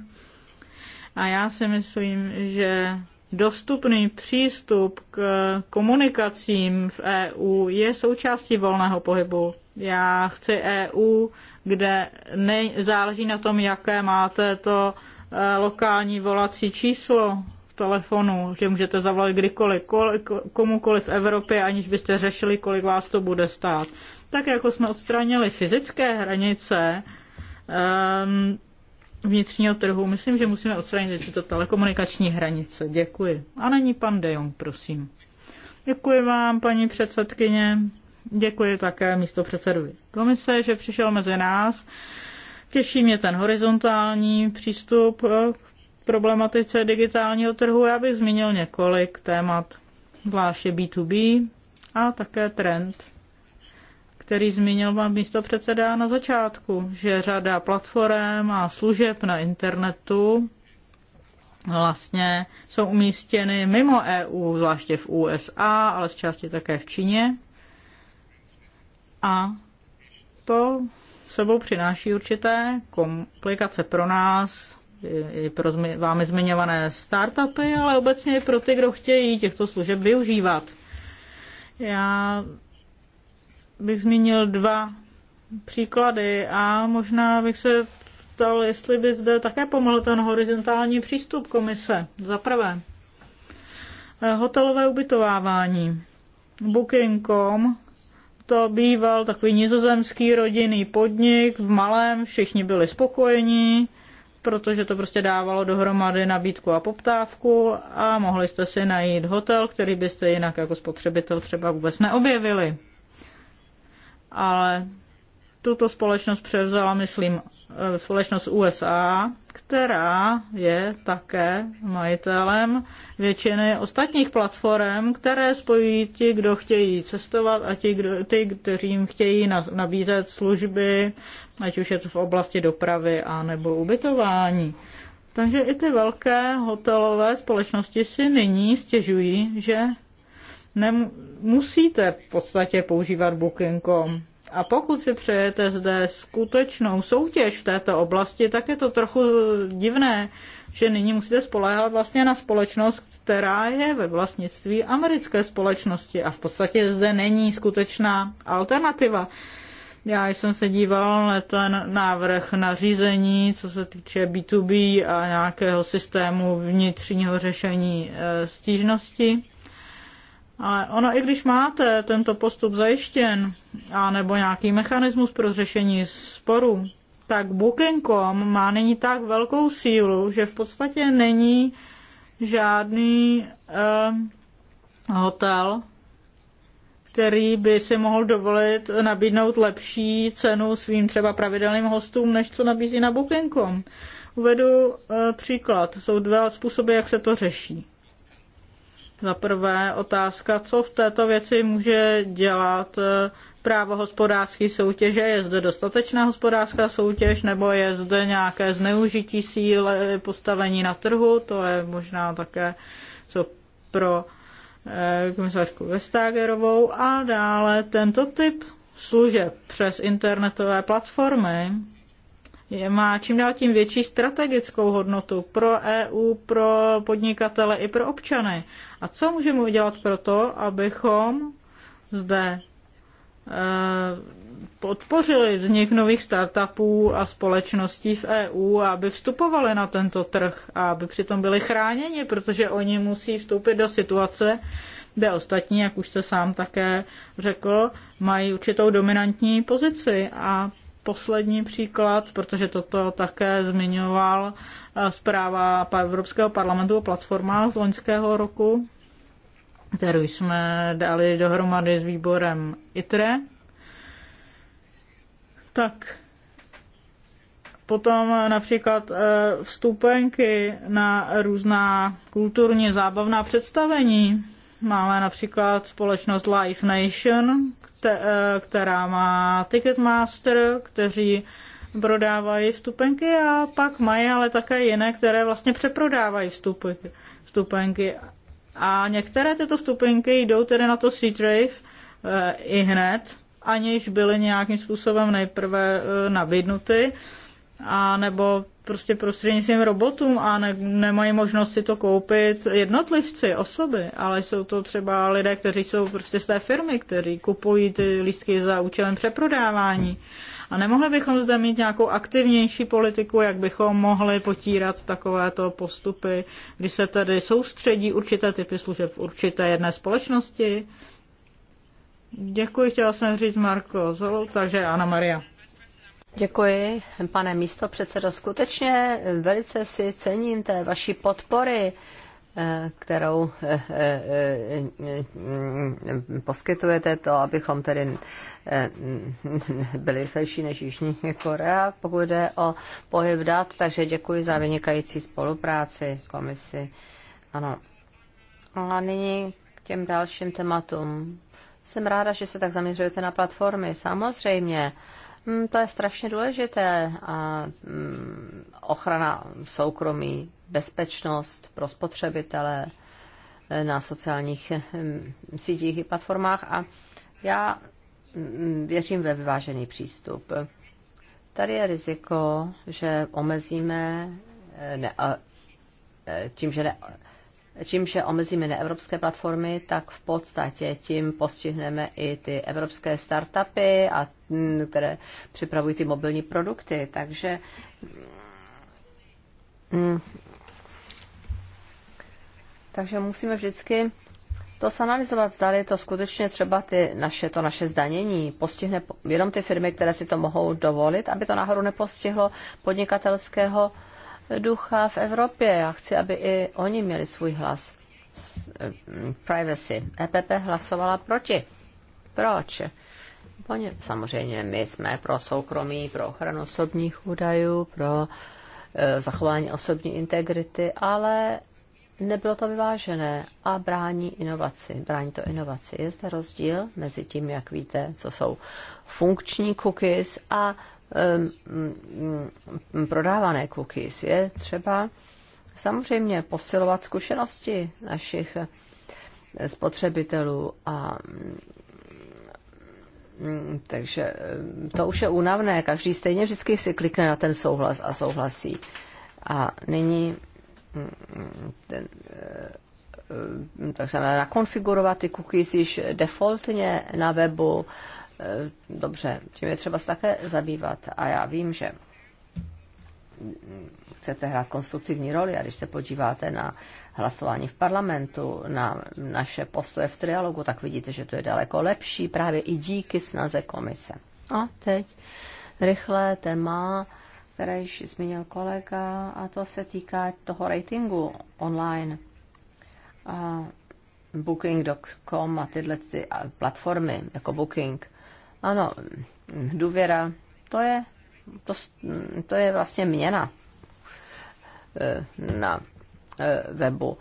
A já si myslím, že dostupný přístup k komunikacím v EU je součástí volného pohybu. Já chci EU, kde ne, záleží na tom, jaké máte to eh, lokální volací číslo v telefonu, že můžete zavolat kdykoliv, kol, komukoliv v Evropě, aniž byste řešili, kolik vás to bude stát. Tak jako jsme odstranili fyzické hranice, ehm, vnitřního trhu. Myslím, že musíme odstranit tyto telekomunikační hranice. Děkuji. A není pan De Jong, prosím. Děkuji vám, paní předsedkyně. Děkuji také místo předsedovi komise, že přišel mezi nás. Těší mě ten horizontální přístup eh, k problematice digitálního trhu. Já bych zmínil několik témat, zvláště B2B a také trend který zmínil vám místo předseda na začátku, že řada platform a služeb na internetu vlastně jsou umístěny mimo EU, zvláště v USA, ale z části také v Číně. A to sebou přináší určité komplikace pro nás, i pro vámi zmiňované startupy, ale obecně i pro ty, kdo chtějí těchto služeb využívat. Já bych zmínil dva příklady a možná bych se ptal, jestli by zde také pomohl ten horizontální přístup komise. Za prvé, eh, hotelové ubytovávání. Booking.com to býval takový nizozemský rodinný podnik v malém, všichni byli spokojení, protože to prostě dávalo dohromady nabídku a poptávku a mohli jste si najít hotel, který byste jinak jako spotřebitel třeba vůbec neobjevili ale tuto společnost převzala, myslím, eh, společnost USA, která je také majitelem většiny ostatních platform, které spojují ti, kdo chtějí cestovat a ti, kdo, ty, kteří jim chtějí nabízet služby, ať už je to v oblasti dopravy a nebo ubytování. Takže i ty velké hotelové společnosti si nyní stěžují, že nemusíte v podstatě používat Booking.com. A pokud si přejete zde skutečnou soutěž v této oblasti, tak je to trochu divné, že nyní musíte spolehat vlastně na společnost, která je ve vlastnictví americké společnosti a v podstatě zde není skutečná alternativa. Já jsem se díval na ten návrh na řízení, co se týče B2B a nějakého systému vnitřního řešení eh, stížnosti. Ale ono, i když máte tento postup zajištěn, a nebo nějaký mechanismus pro řešení sporů, tak Booking.com má nyní tak velkou sílu, že v podstatě není žádný eh, hotel, který by si mohl dovolit nabídnout lepší cenu svým třeba pravidelným hostům, než co nabízí na Booking.com. Uvedu eh, příklad. Jsou dva způsoby, jak se to řeší. Za prvé otázka, co v této věci může dělat eh, právo hospodářské soutěže? Je zde dostatečná hospodářská soutěž nebo je zde nějaké zneužití síly, postavení na trhu? To je možná také co pro eh, komisařku Vestagerovou. A dále tento typ služeb přes internetové platformy má čím dál tím větší strategickou hodnotu pro EU, pro podnikatele i pro občany. A co můžeme udělat pro to, abychom zde e, podpořili vznik nových startupů a společností v EU, aby vstupovali na tento trh a aby přitom byli chráněni, protože oni musí vstoupit do situace, kde ostatní, jak už jste sám také řekl, mají určitou dominantní pozici a poslední příklad, protože toto také zmiňoval eh, zpráva Evropského parlamentu o platformách z loňského roku, kterou jsme dali dohromady s výborem ITRE. Tak potom eh, například eh, vstupenky na různá kulturně zábavná představení. Máme například společnost Live Nation, Eh, která má Ticketmaster, kteří prodávají vstupenky a pak mají ale také jiné, které vlastně přeprodávají vstupenky. vstupenky. A některé tyto vstupenky jdou tedy na to C-Trave eh, i hned, aniž byly nějakým způsobem nejprve eh, nabídnuty a nebo prostě prostřednictvím robotům a ne, nemají možnost si to koupit jednotlivci, osoby, ale jsou to třeba lidé, kteří jsou prostě z té firmy, kteří kupují ty lístky za účelem přeprodávání. A nemohli bychom zde mít nějakou aktivnější politiku, jak bychom mohli potírat takovéto postupy, kdy se tady soustředí určité typy služeb v určité jedné společnosti. Děkuji, chtěla jsem říct Marko Zolou, takže Ana Maria. Děkuji, pane místo předsedo. Skutečně velice si cením té vaší podpory, eh, kterou eh, eh, poskytujete to, abychom tedy byli rychlejší než Jižní Korea, pokud jde o pohyb dat. Takže děkuji za vynikající spolupráci komisi. Ano. No a nyní k těm dalším tématům. Jsem ráda, že se tak zaměřujete na platformy. Samozřejmě. Mm, to je strašně důležité. A mm, ochrana soukromí, bezpečnost pro spotřebitele eh, na sociálních mm, sítích i platformách. A já věřím ve vyvážený přístup. Tady je riziko, že omezíme eh, ne, eh, tím, že ne, Čím, že omezíme neevropské platformy, tak v podstatě tím postihneme i ty evropské startupy, a, mm, které připravují ty mobilní produkty. Takže mm, takže musíme vždycky to sanalizovat, zda to skutečně třeba ty naše, to naše zdanění postihne jenom ty firmy, které si to mohou dovolit, aby to náhodou nepostihlo podnikatelského ducha v Evropě. Já chci, aby i oni měli svůj hlas. Eh, mm, privacy. EPP hlasovala proti. Proč? Poně, samozřejmě my jsme pro soukromí, pro ochranu osobních údajů, pro e, zachování osobní integrity, ale nebylo to vyvážené a brání inovaci. Brání to inovaci. Je zde rozdíl mezi tím, jak víte, co jsou funkční cookies a Ehm, prodávané cookies. Je třeba samozřejmě posilovat zkušenosti našich spotřebitelů a mm, takže ehm, to už je únavné. Každý stejně vždycky si klikne na ten souhlas a souhlasí. A nyní mm, ten, ehm, tak znamená nakonfigurovat ty cookies již defaultně na webu Eh, dobře, tím je třeba se také zabývat. A já vím, že chcete hrát konstruktivní roli a když se podíváte na hlasování v parlamentu, na naše postoje v trialogu, tak vidíte, že to je daleko lepší právě i díky snaze komise. A teď rychlé téma, které již zmínil kolega, a to se týká toho ratingu online. A Booking.com a tyhle ty platformy jako Booking. Ano, důvěra, to je, to, to je vlastně měna eh, na eh, webu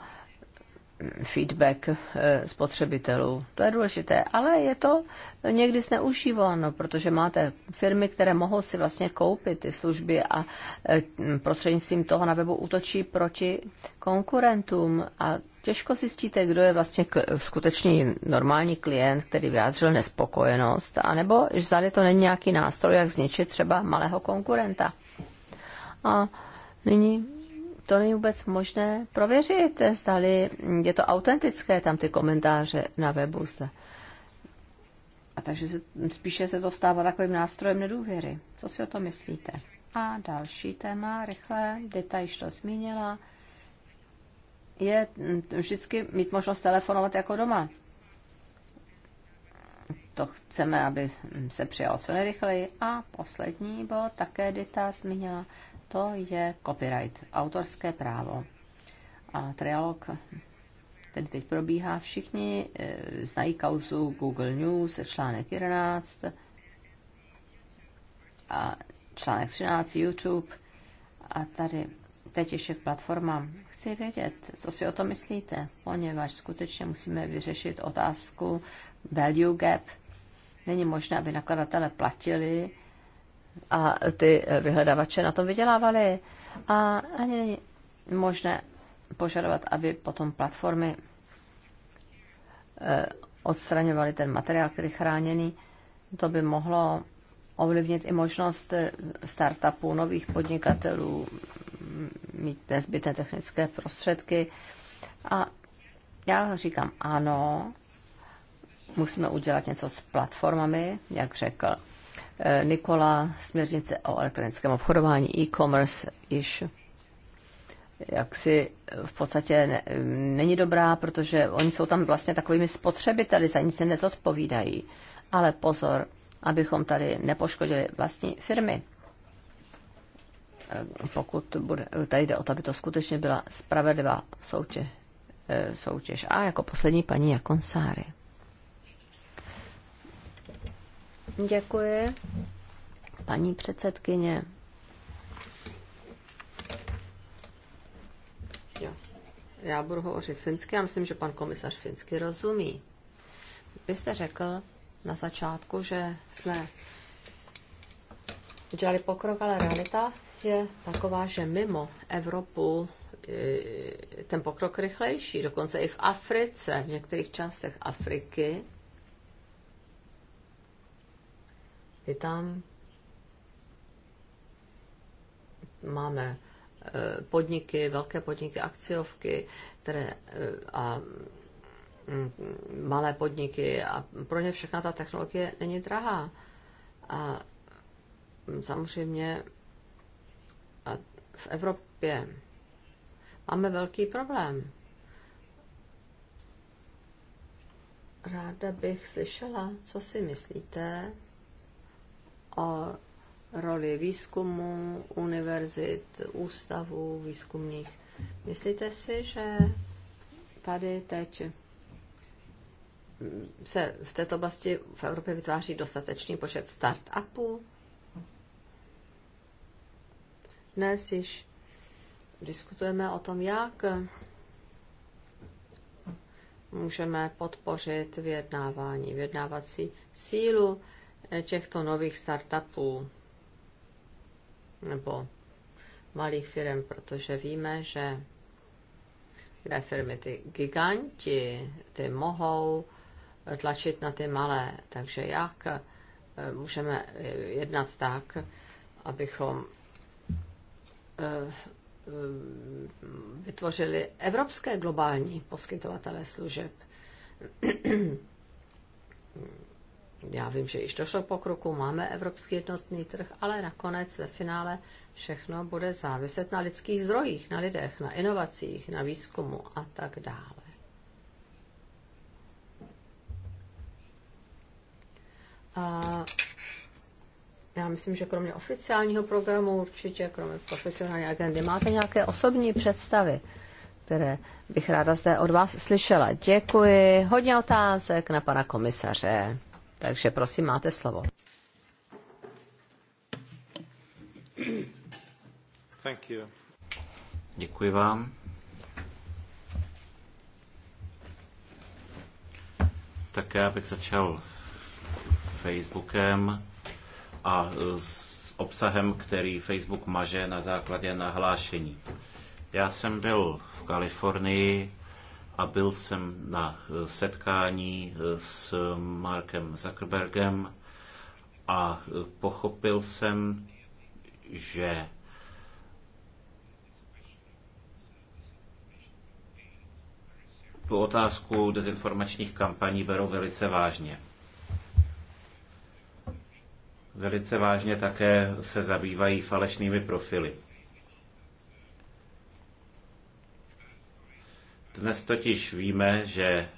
feedback eh, spotřebitelů. To je důležité, ale je to někdy zneužíváno, protože máte firmy, které mohou si vlastně koupit ty služby a eh, prostřednictvím toho na webu útočí proti konkurentům a těžko zjistíte, kdo je vlastně skutečný normální klient, který vyjádřil nespokojenost, anebo že tady to není nějaký nástroj, jak zničit třeba malého konkurenta. A nyní to není vůbec možné prověřit, zdali je to autentické, tam ty komentáře na webu. Zda. A takže se, spíše se to stává takovým nástrojem nedůvěry. Co si o to myslíte? A další téma, rychle, Dita již to zmínila, je vždycky mít možnost telefonovat jako doma. To chceme, aby se přijalo co nejrychleji. A poslední bod, také Dita zmínila, to je copyright, autorské právo. A trialog ten teď probíhá. Všichni eh, znají kauzu Google News, článek 11 a článek 13 YouTube. A tady teď ještě k platformám. Chci vědět, co si o to myslíte, poněvadž skutečně musíme vyřešit otázku value gap. Není možné, aby nakladatele platili a ty vyhledavače na tom vydělávaly. A ani není možné požadovat, aby potom platformy eh, odstraňovaly ten materiál, který je chráněný. To by mohlo ovlivnit i možnost eh, startupů, nových podnikatelů, mm, mít nezbytné technické prostředky. A já říkám ano, musíme udělat něco s platformami, jak řekl Eh, Nikola, směrnice o elektronickém obchodování, e-commerce, již eh, jaksi eh, v podstatě ne, mm, není dobrá, protože oni jsou tam vlastně takovými spotřebiteli, za nic se nezodpovídají. Ale pozor, abychom tady nepoškodili vlastní firmy. Pokud bude, tady jde o to, aby to skutečně byla spravedlivá soutěž. soutěž. A jako poslední paní Jakonsáry. Děkuji. Paní předsedkyně. Já budu hovořit finsky, já myslím, že pan komisař finsky rozumí. Vy jste řekl na začátku, že jsme udělali pokrok, ale realita je taková, že mimo Evropu e, ten pokrok rychlejší, dokonce i v Africe, v některých částech Afriky je tam máme eh, podniky, velké podniky, akciovky, které eh, a mm, malé podniky a pro ně všechna ta technologie není drahá. A mm, samozřejmě a v Evropě máme velký problém. Ráda bych slyšela, co si myslíte o roli výzkumu, univerzit, ústavů výzkumních. Myslíte si, že tady teď se v této oblasti v Evropě vytváří dostatečný počet start-upů? Dnes již diskutujeme o tom, jak můžeme podpořit vyjednávání, vyjednávací sílu těchto nových startupů nebo malých firm, protože víme, že kde firmy, ty giganti, ty mohou tlačit na ty malé. Takže jak eh, můžeme eh, jednat tak, abychom eh, vytvořili evropské globální poskytovatele služeb já vím, že již došlo pokroku, máme evropský jednotný trh, ale nakonec ve finále všechno bude záviset na lidských zdrojích, na lidech, na inovacích, na výzkumu a tak dále. A já myslím, že kromě oficiálního programu, určitě kromě profesionální agendy, máte nějaké osobní představy, které bych ráda zde od vás slyšela. Děkuji. Hodně otázek na pana komisaře. Takže prosím, máte slovo. Thank you. Děkuji vám. Tak já bych začal Facebookem a s obsahem, který Facebook maže na základě nahlášení. Já jsem byl v Kalifornii a byl jsem na eh, setkání eh, s Markem Zuckerbergem a eh, pochopil jsem, že tu otázku dezinformačních kampaní berou velice vážně. Velice vážně také se zabývají falešnými profily. Dnes totiž víme, že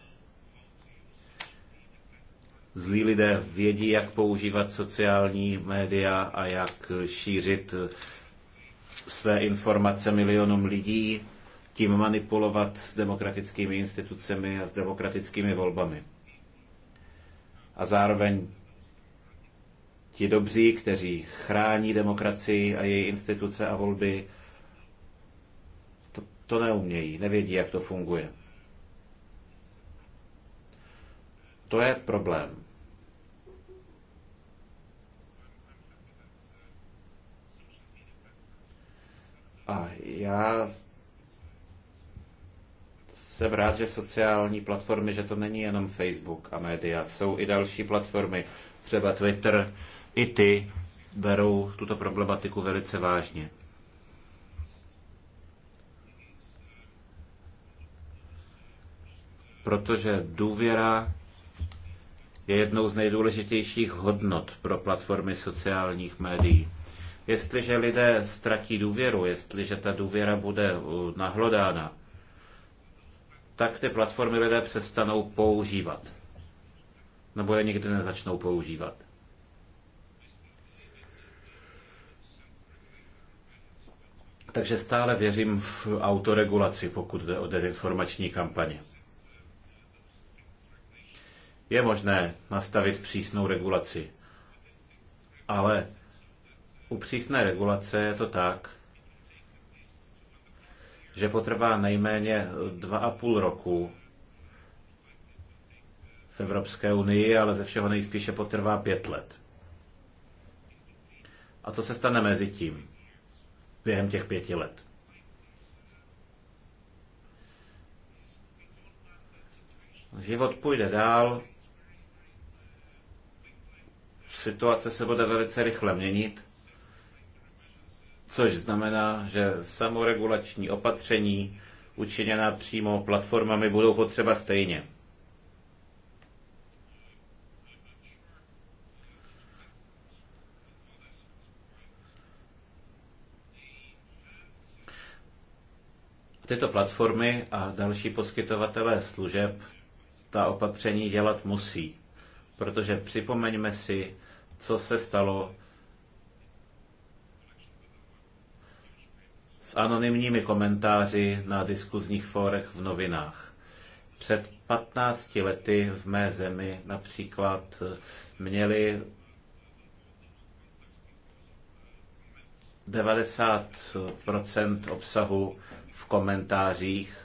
zlí lidé vědí, jak používat sociální média a jak šířit své informace milionům lidí, tím manipulovat s demokratickými institucemi a s demokratickými volbami. A zároveň ti dobří, kteří chrání demokracii a její instituce a volby, to neumějí, nevědí, jak to funguje. To je problém. A já jsem rád, že sociální platformy, že to není jenom Facebook a média, jsou i další platformy, třeba Twitter, i ty berou tuto problematiku velice vážně. protože důvěra je jednou z nejdůležitějších hodnot pro platformy sociálních médií. Jestliže lidé ztratí důvěru, jestliže ta důvěra bude uh, nahlodána, tak ty platformy lidé přestanou používat. Nebo je nikdy nezačnou používat. Takže stále věřím v autoregulaci, pokud jde o dezinformační kampaně. Je možné nastavit přísnou regulaci, ale u přísné regulace je to tak, že potrvá nejméně dva a půl roku v Evropské unii, ale ze všeho nejspíše potrvá pět let. A co se stane mezi tím, během těch pěti let? Život půjde dál situace se bude velice rychle měnit, což znamená, že samoregulační opatření učiněná přímo platformami budou potřeba stejně. Tyto platformy a další poskytovatelé služeb ta opatření dělat musí protože připomeňme si, co se stalo s anonymními komentáři na diskuzních fórech v novinách. Před 15 lety v mé zemi například měli 90% obsahu v komentářích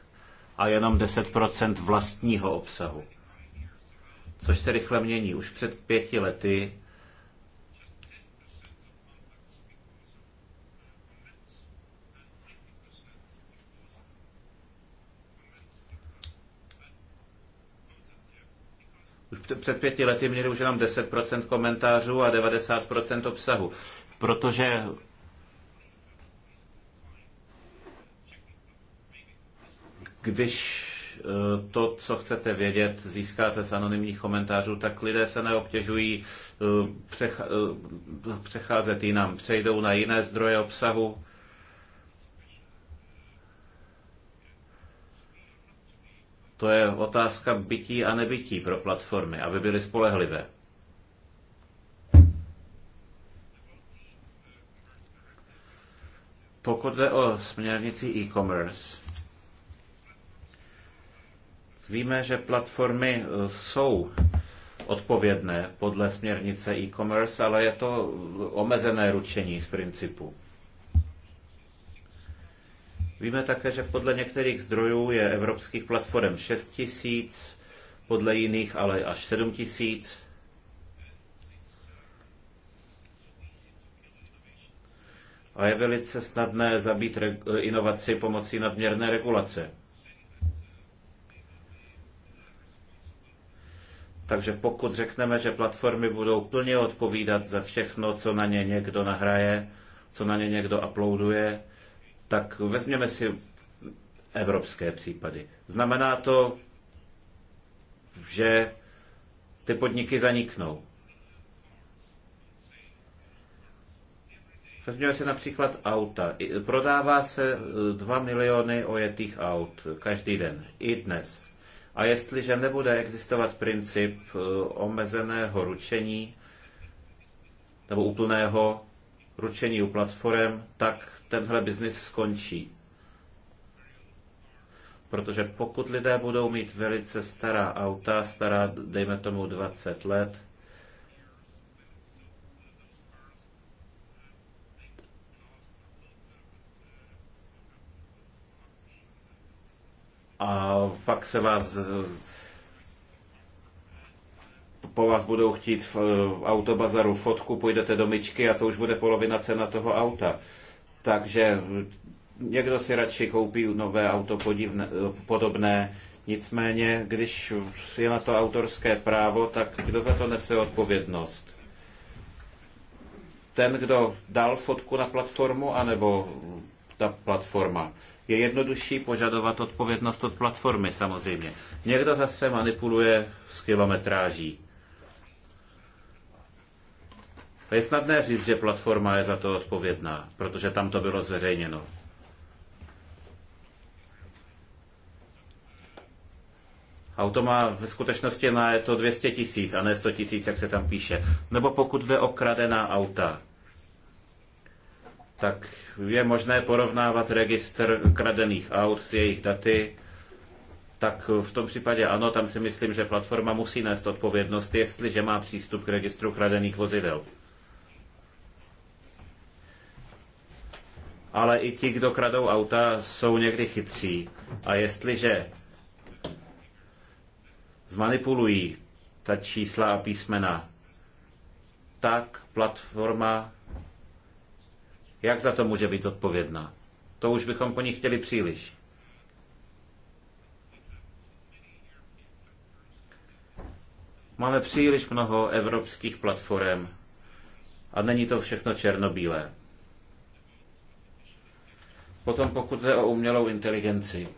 a jenom 10% vlastního obsahu což se rychle mění. Už před pěti lety Už před pěti lety měli už jenom 10% komentářů a 90% obsahu, protože když Eh, to, co chcete vědět, získáte z anonymních komentářů, tak lidé se neobtěžují eh, eh, přecházet jinam, přejdou na jiné zdroje obsahu. To je otázka bytí a nebytí pro platformy, aby byly spolehlivé. Pokud jde o směrnici e-commerce, Víme, že platformy eh, jsou odpovědné podle směrnice e-commerce, ale je to omezené ručení z principu. Víme také, že podle některých zdrojů je evropských platform 6 tisíc, podle jiných ale až 7 tisíc. A je velice snadné zabít eh, inovaci pomocí nadměrné regulace. Takže pokud řekneme, že platformy budou plně odpovídat za všechno, co na ně někdo nahraje, co na ně někdo uploaduje, tak vezměme si evropské případy. Znamená to, že ty podniky zaniknou. Vezměme si například auta. Prodává se 2 e, miliony ojetých aut každý den, i dnes. A jestliže nebude existovat princip eh, omezeného ručení nebo úplného ručení u platform, tak tenhle biznis skončí. Protože pokud lidé budou mít velice stará auta, stará, dejme tomu 20 let, pak se vás po vás budou chtít v eh, autobazaru fotku, půjdete do myčky a to už bude polovina cena toho auta. Takže někdo si radši koupí nové auto podivne, podobné, nicméně, když je na to autorské právo, tak kdo za to nese odpovědnost? Ten, kdo dal fotku na platformu, anebo ta platforma? je jednodušší požadovat odpovědnost od platformy samozřejmě. Někdo zase manipuluje s kilometráží. Je snadné říct, že platforma je za to odpovědná, protože tam to bylo zveřejněno. Auto má ve skutečnosti na to 200 tisíc a ne 100 tisíc, jak se tam píše. Nebo pokud jde o kradená auta, tak je možné porovnávat registr kradených aut s jejich daty, tak v tom případě ano, tam si myslím, že platforma musí nést odpovědnost, jestliže má přístup k registru kradených vozidel. Ale i ti, kdo kradou auta, jsou někdy chytří. A jestliže zmanipulují ta čísla a písmena, tak platforma jak za to může být odpovědná? To už bychom po ní chtěli příliš. Máme příliš mnoho evropských platform a není to všechno černobílé. Potom pokud jde o umělou inteligenci.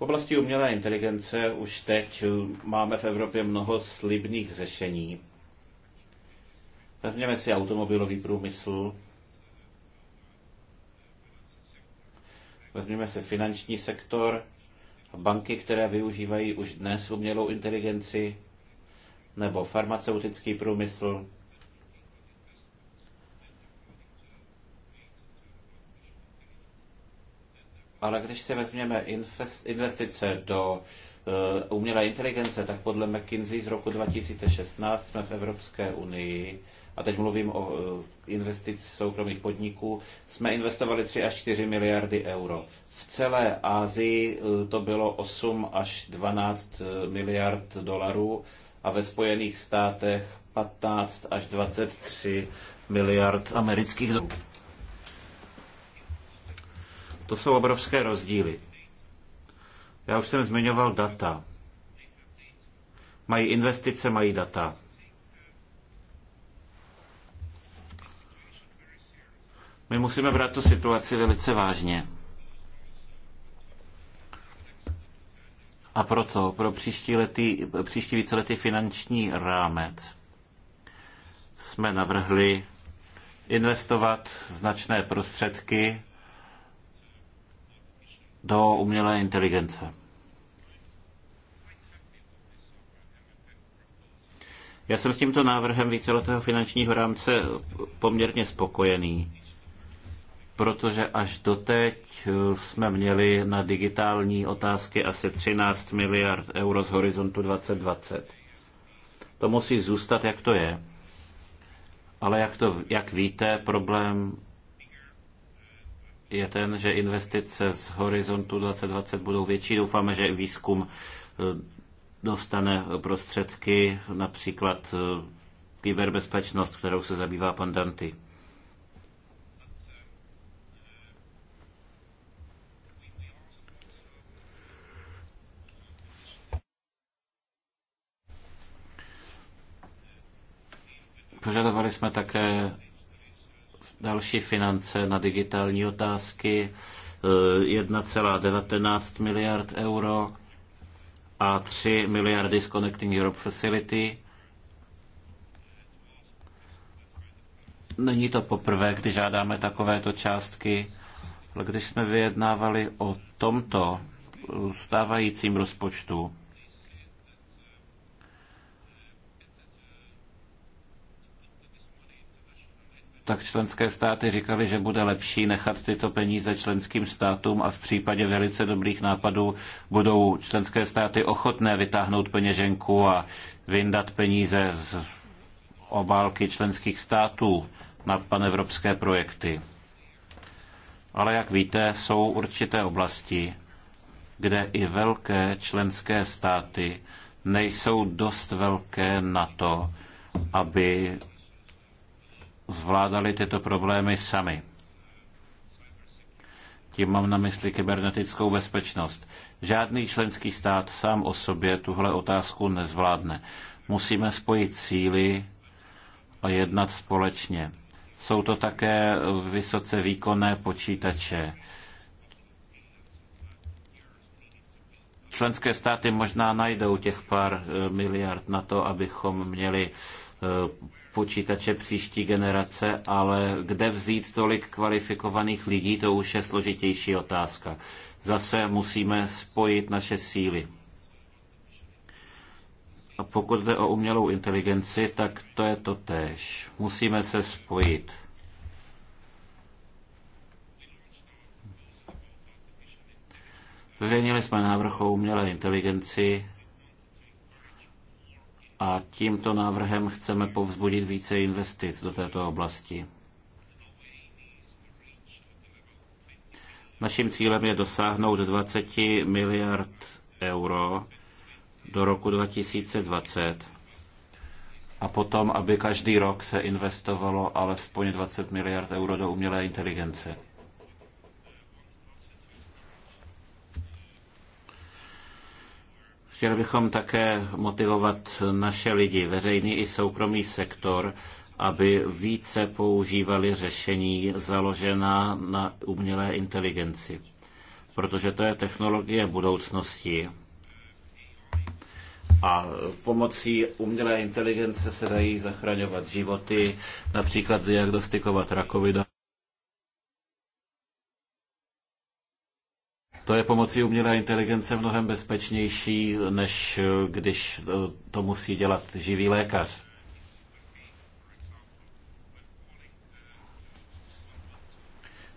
V oblasti umělé inteligence už teď eh, máme v Evropě mnoho slibných řešení. Vezměme si automobilový průmysl, vezměme si finanční sektor, banky, které využívají už dnes umělou inteligenci, nebo farmaceutický průmysl, Ale když si vezměme investice do eh, umělé inteligence, tak podle McKinsey z roku 2016 jsme v Evropské unii, a teď mluvím o eh, investic soukromých podniků, jsme investovali 3 až 4 miliardy euro. V celé Asii eh, to bylo 8 až 12 miliard dolarů a ve Spojených státech 15 až 23 miliard amerických dolarů. To jsou obrovské rozdíly. Já už jsem zmiňoval data. Mají investice, mají data. My musíme brát tu situaci velice vážně. A proto pro příští, lety, příští víceletý finanční rámec jsme navrhli investovat značné prostředky do umělé inteligence. Já jsem s tímto návrhem víceletého finančního rámce poměrně spokojený, protože až doteď jsme měli na digitální otázky asi 13 miliard euro z horizontu 2020. To musí zůstat, jak to je. Ale jak, to, jak víte, problém je ten, že investice z horizontu 2020 budou větší. Doufáme, že výzkum eh, dostane eh, prostředky, například eh, kyberbezpečnost, kterou se zabývá pan Danty. Požadovali jsme také Další finance na digitální otázky 1,19 eh, miliard euro a 3 miliardy z Connecting Europe Facility. Není to poprvé, když žádáme takovéto částky, ale když jsme vyjednávali o tomto eh, stávajícím rozpočtu, tak členské státy říkali, že bude lepší nechat tyto peníze členským státům a v případě velice dobrých nápadů budou členské státy ochotné vytáhnout peněženku a vyndat peníze z obálky členských států na panevropské projekty. Ale jak víte, jsou určité oblasti, kde i velké členské státy nejsou dost velké na to, aby zvládali tyto problémy sami. Tím mám na mysli kybernetickou bezpečnost. Žádný členský stát sám o sobě tuhle otázku nezvládne. Musíme spojit síly a jednat společně. Jsou to také vysoce výkonné počítače členské státy možná najdou těch pár eh, miliard na to, abychom měli eh, počítače příští generace, ale kde vzít tolik kvalifikovaných lidí, to už je složitější otázka. Zase musíme spojit naše síly. A pokud jde o umělou inteligenci, tak to je to též. Musíme se spojit. Zveřejnili jsme návrh o umělé inteligenci a tímto návrhem chceme povzbudit více investic do této oblasti. Naším cílem je dosáhnout 20 miliard euro do roku 2020 a potom, aby každý rok se investovalo alespoň 20 miliard euro do umělé inteligence. Chtěli bychom také motivovat naše lidi, veřejný i soukromý sektor, aby více používali řešení založená na umělé inteligenci, protože to je technologie budoucnosti. A pomocí umělé inteligence se dají zachraňovat životy, například diagnostikovat rakovinu To je pomocí umělé inteligence mnohem bezpečnější, než eh, když eh, to musí dělat živý lékař.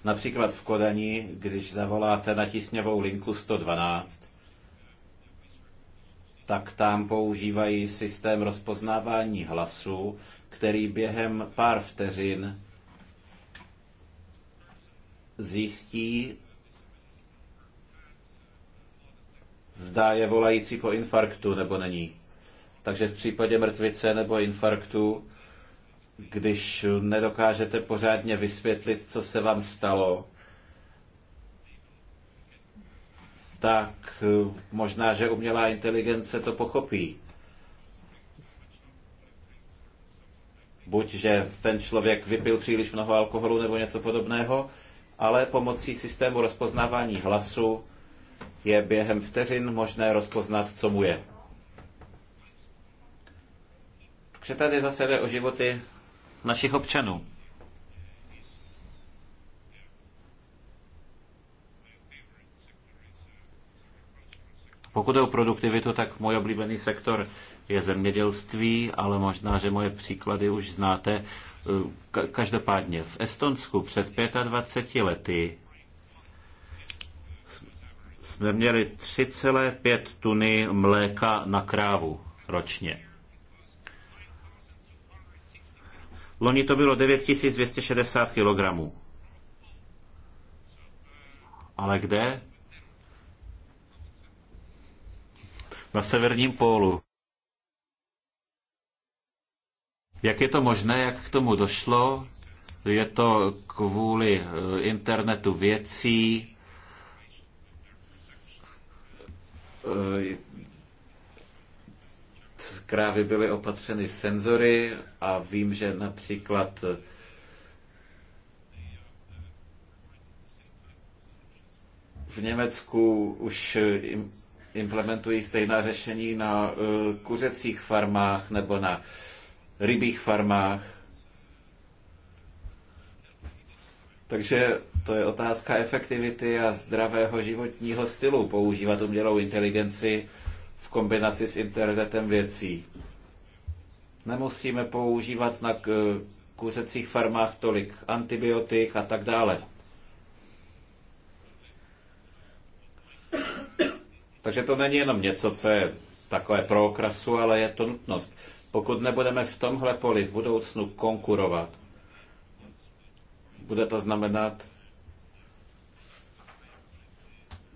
Například v Kodani, když zavoláte na tisňovou linku 112, tak tam používají systém rozpoznávání hlasu, který během pár vteřin zjistí, zda je volající po infarktu nebo není. Takže v případě mrtvice nebo infarktu, když nedokážete pořádně vysvětlit, co se vám stalo, tak možná, že umělá inteligence to pochopí. Buď, že ten člověk vypil příliš mnoho alkoholu nebo něco podobného, ale pomocí systému rozpoznávání hlasu je během vteřin možné rozpoznat, co mu je. Takže tady zase jde o životy našich občanů. Pokud je o produktivitu, tak můj oblíbený sektor je zemědělství, ale možná, že moje příklady už znáte. Každopádně v Estonsku před 25 lety jsme měli 3,5 tuny mléka na krávu ročně. Loni to bylo 9260 kg. Ale kde? Na severním pólu. Jak je to možné, jak k tomu došlo? Je to kvůli eh, internetu věcí, Eh, krávy byly opatřeny senzory a vím, že například eh, v Německu už eh, implementují stejná řešení na kuřecích farmách nebo na rybích farmách. Takže to je otázka efektivity a zdravého životního stylu používat umělou inteligenci v kombinaci s internetem věcí. Nemusíme používat na kuřecích farmách tolik antibiotik a tak dále. Takže to není jenom něco, co je takové pro okrasu, ale je to nutnost. Pokud nebudeme v tomhle poli v budoucnu konkurovat, bude to znamenat,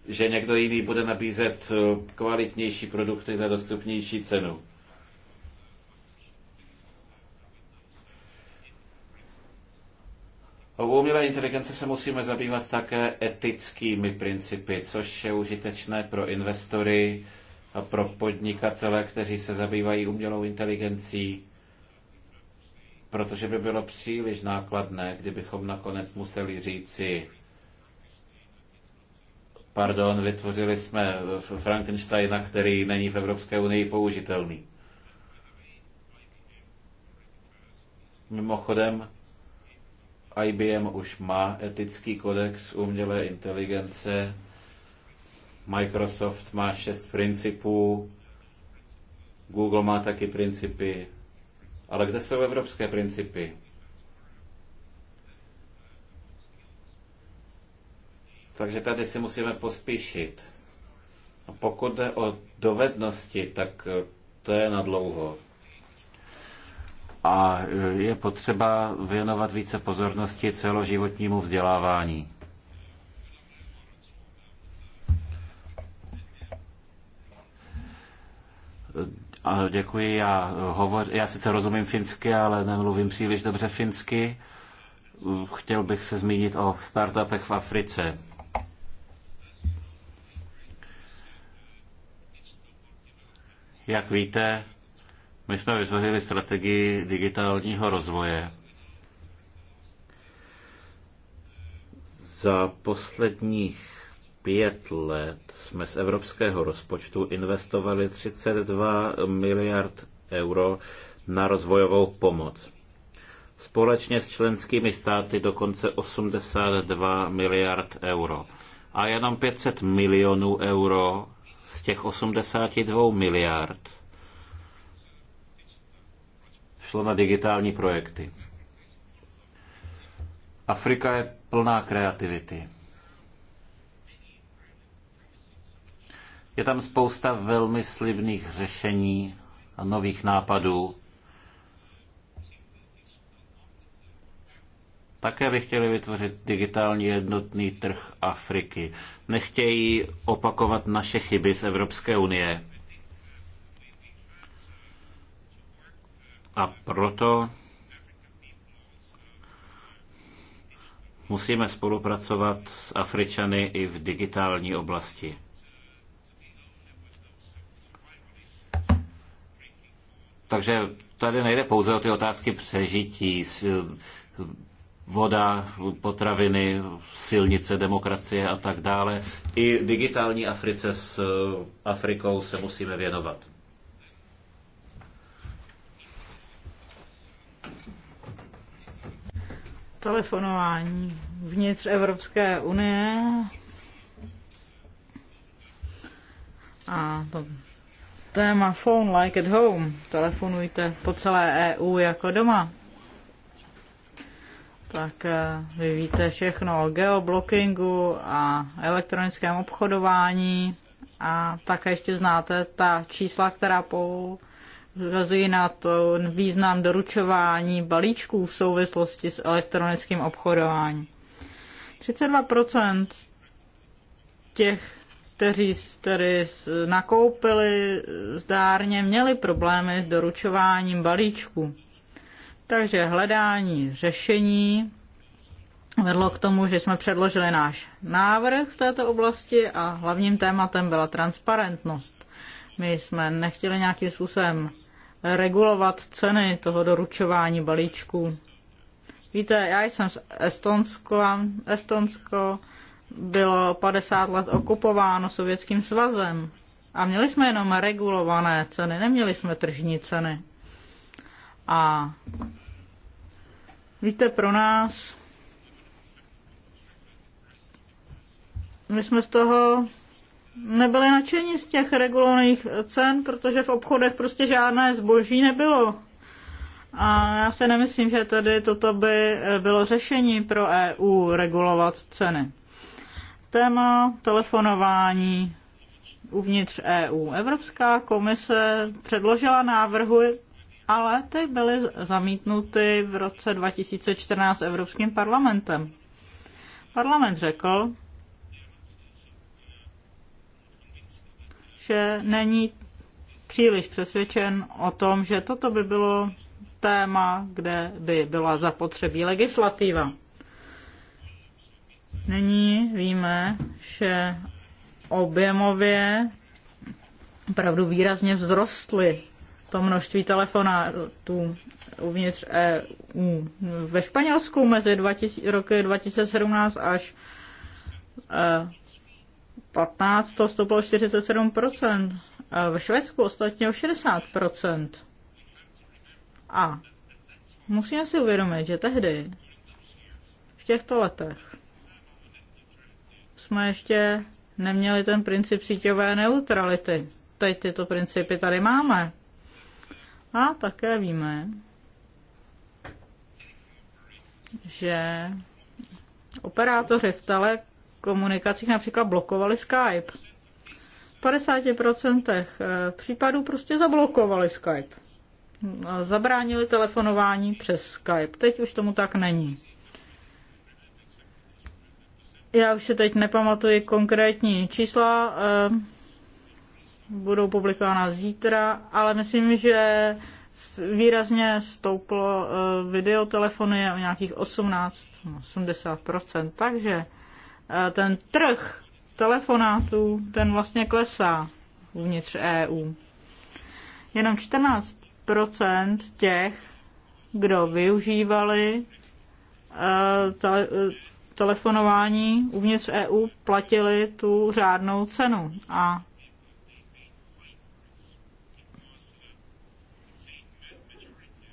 že někdo jiný bude nabízet eh, kvalitnější produkty za dostupnější cenu. O umělé inteligence se musíme zabývat také etickými principy, což je užitečné pro investory a pro podnikatele, kteří se zabývají umělou inteligencí, protože by bylo příliš nákladné, kdybychom nakonec museli říci, Pardon, vytvořili jsme Frankensteina, který není v Evropské unii použitelný. Mimochodem, IBM už má etický kodex umělé inteligence, Microsoft má šest principů, Google má taky principy. Ale kde jsou evropské principy? Takže tady si musíme pospíšit. A pokud jde o dovednosti, tak eh, to je na dlouho. A eh, je potřeba věnovat více pozornosti celoživotnímu vzdělávání. A děkuji. Já, hovoř, já sice rozumím finsky, ale nemluvím příliš dobře finsky. Chtěl bych se zmínit o startupech v Africe. Jak víte, my jsme vytvořili strategii digitálního rozvoje. Za posledních pět let jsme z evropského rozpočtu investovali 32 miliard euro na rozvojovou pomoc. Společně s členskými státy dokonce 82 miliard euro. A jenom 500 milionů euro z těch 82 miliard šlo na digitální projekty. Afrika je plná kreativity. Je tam spousta velmi slibných řešení a nových nápadů, Také by chtěli vytvořit digitální jednotný trh Afriky. Nechtějí opakovat naše chyby z Evropské unie. A proto musíme spolupracovat s Afričany i v digitální oblasti. Takže tady nejde pouze o ty otázky přežití voda, potraviny, silnice, demokracie a tak dále. I digitální Africe s eh, Afrikou se musíme věnovat. telefonování vnitř Evropské unie a to téma phone like at home, telefonujte po celé EU jako doma tak eh, vy víte všechno o geoblockingu a elektronickém obchodování a také ještě znáte ta čísla, která poukazují na to význam doručování balíčků v souvislosti s elektronickým obchodováním. 32% těch, kteří tedy nakoupili zdárně, měli problémy s doručováním balíčků. Takže hledání řešení vedlo k tomu, že jsme předložili náš návrh v této oblasti a hlavním tématem byla transparentnost. My jsme nechtěli nějakým způsobem regulovat ceny toho doručování balíčků. Víte, já jsem z Estonska, Estonsko bylo 50 let okupováno Sovětským svazem a měli jsme jenom regulované ceny, neměli jsme tržní ceny. A víte, pro nás, my jsme z toho nebyli nadšení z těch regulovaných cen, protože v obchodech prostě žádné zboží nebylo. A já si nemyslím, že tady toto by bylo řešení pro EU regulovat ceny. Téma telefonování uvnitř EU. Evropská komise předložila návrhy ale ty byly zamítnuty v roce 2014 Evropským parlamentem. Parlament řekl, že není příliš přesvědčen o tom, že toto by bylo téma, kde by byla zapotřebí legislativa. Nyní víme, že objemově opravdu výrazně vzrostly to množství telefonátů uvnitř EU. Ve Španělsku mezi 2000, roky 2017 až 15 eh, to stoupilo 47%, ve Švédsku ostatně o 60%. A musíme si uvědomit, že tehdy, v těchto letech, jsme ještě neměli ten princip síťové neutrality. Teď tyto principy tady máme. A také víme, že operátoři v telekomunikacích například blokovali Skype. V 50% eh, případů prostě zablokovali Skype. Zabránili telefonování přes Skype. Teď už tomu tak není. Já už se teď nepamatuji konkrétní čísla. Eh, budou publikována zítra, ale myslím, že výrazně stouplo eh, videotelefonie o nějakých 18, 80%, takže eh, ten trh telefonátů, ten vlastně klesá uvnitř EU. Jenom 14% těch, kdo využívali eh, telefonování uvnitř EU, platili tu řádnou cenu. A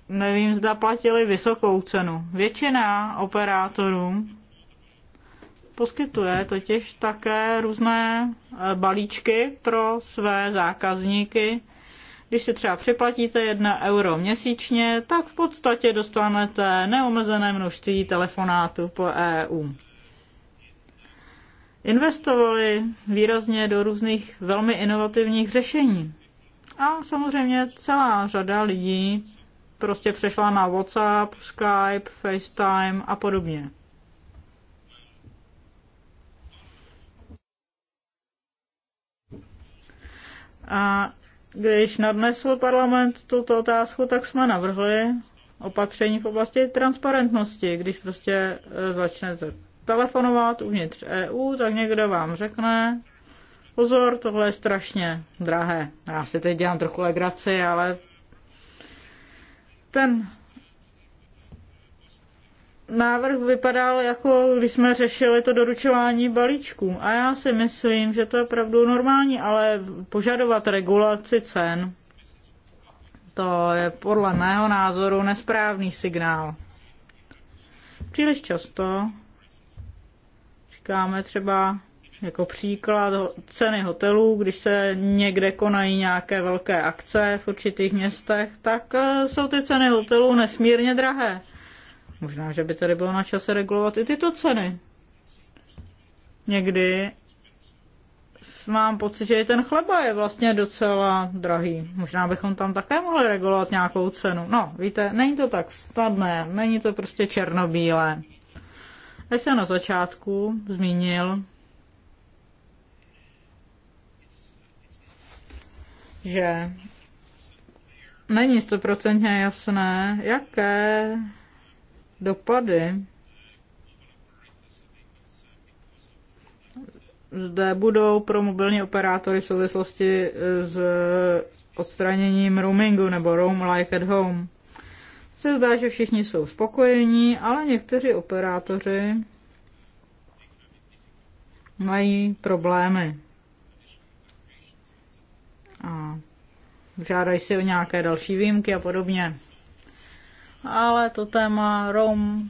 nevím, zda platili vysokou cenu. Většina operátorů poskytuje totiž také různé eh, balíčky pro své zákazníky. Když si třeba připlatíte 1 euro měsíčně, tak v podstatě dostanete neomezené množství telefonátů po EU. Investovali výrazně do různých velmi inovativních řešení. A samozřejmě celá řada lidí prostě přešla na WhatsApp, Skype, FaceTime a podobně. A když nadnesl parlament tuto otázku, tak jsme navrhli opatření v oblasti transparentnosti. Když prostě e, začnete telefonovat uvnitř EU, tak někdo vám řekne, pozor, tohle je strašně drahé. Já si teď dělám trochu legraci, ale ten návrh vypadal jako, když jsme řešili to doručování balíčků. A já si myslím, že to je opravdu normální, ale požadovat regulaci cen, to je podle mého názoru nesprávný signál. Příliš často říkáme třeba jako příklad ceny hotelů, když se někde konají nějaké velké akce v určitých městech, tak eh, jsou ty ceny hotelů nesmírně drahé. Možná, že by tady bylo na čase regulovat i tyto ceny. Někdy mám pocit, že i ten chleba je vlastně docela drahý. Možná bychom tam také mohli regulovat nějakou cenu. No, víte, není to tak snadné, není to prostě černobílé. Já jsem na začátku zmínil, že není stoprocentně jasné, jaké dopady zde budou pro mobilní operátory v souvislosti s odstraněním roamingu nebo roam like at home. Se zdá, že všichni jsou spokojení, ale někteří operátoři mají problémy a žádají si o nějaké další výjimky a podobně. Ale to téma Rome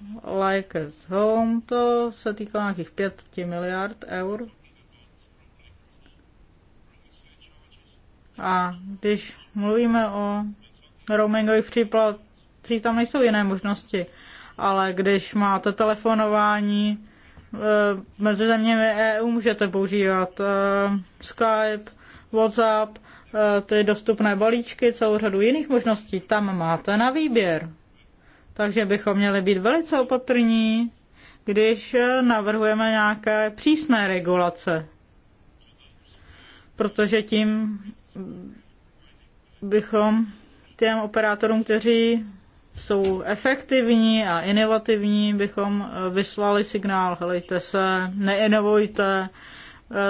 like at home, to se týká nějakých 5 miliard eur. A když mluvíme o roamingových příplatcích, tam nejsou jiné možnosti. Ale když máte telefonování e, mezi zeměmi EU, můžete používat e, Skype, WhatsApp, Eh, ty dostupné balíčky, celou řadu jiných možností. Tam máte na výběr. Takže bychom měli být velice opatrní, když navrhujeme nějaké přísné regulace. Protože tím bychom těm operátorům, kteří jsou efektivní a inovativní, bychom eh, vyslali signál, helejte se, neinovujte,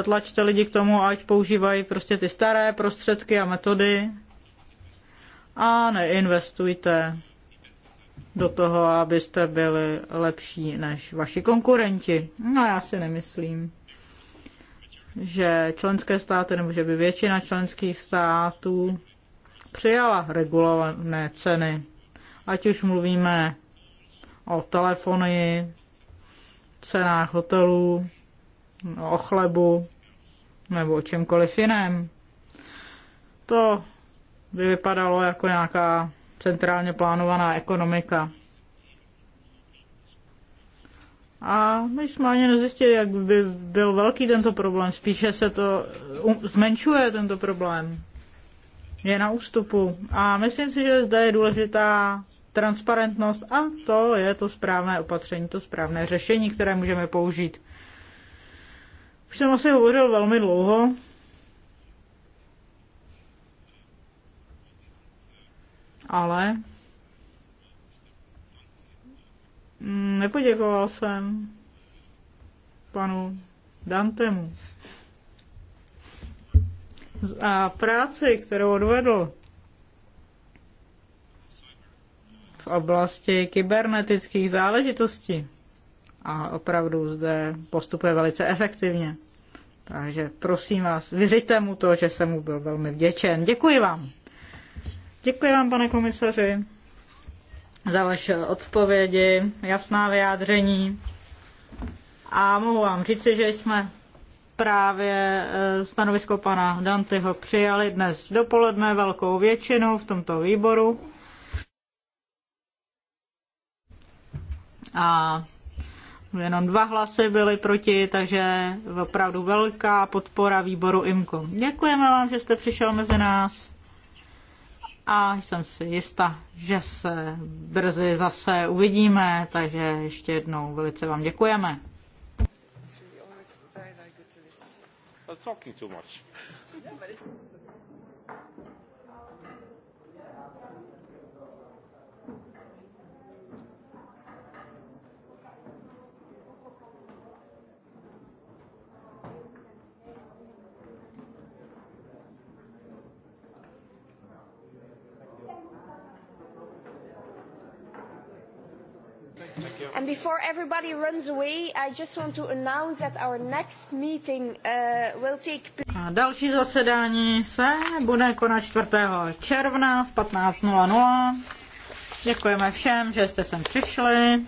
tlačte lidi k tomu, ať používají prostě ty staré prostředky a metody a neinvestujte do toho, abyste byli lepší než vaši konkurenti. No já si nemyslím, že členské státy nebo že by většina členských států přijala regulované ceny. Ať už mluvíme o telefonii, cenách hotelů, o chlebu nebo o čemkoliv jiném. To by vypadalo jako nějaká centrálně plánovaná ekonomika. A my jsme ani nezjistili, jak by byl velký tento problém. Spíše se to zmenšuje, tento problém. Je na ústupu. A myslím si, že zde je důležitá transparentnost a to je to správné opatření, to správné řešení, které můžeme použít. Už jsem asi hovořil velmi dlouho. Ale mm, nepoděkoval jsem panu Dantemu a práci, kterou odvedl v oblasti kybernetických záležitostí. A opravdu zde postupuje velice efektivně. Takže prosím vás, vyřiďte mu to, že jsem mu byl velmi vděčen. Děkuji vám. Děkuji vám, pane komisaři, za vaše odpovědi, jasná vyjádření. A mohu vám říci, že jsme právě eh, stanovisko pana Danteho přijali dnes dopoledne velkou většinou v tomto výboru. A jenom dva hlasy byly proti, takže opravdu velká podpora výboru IMKO. Děkujeme vám, že jste přišel mezi nás a jsem si jista, že se brzy zase uvidíme, takže ještě jednou velice vám děkujeme. talking too much. And before everybody runs away, I just want to announce that our next meeting uh, will take place. Další zasedání se bude konat 4. června v 15.00. Děkujeme všem, že jste sem přišli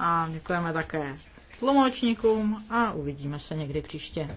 a děkujeme také tlumočníkům a uvidíme se někdy příště.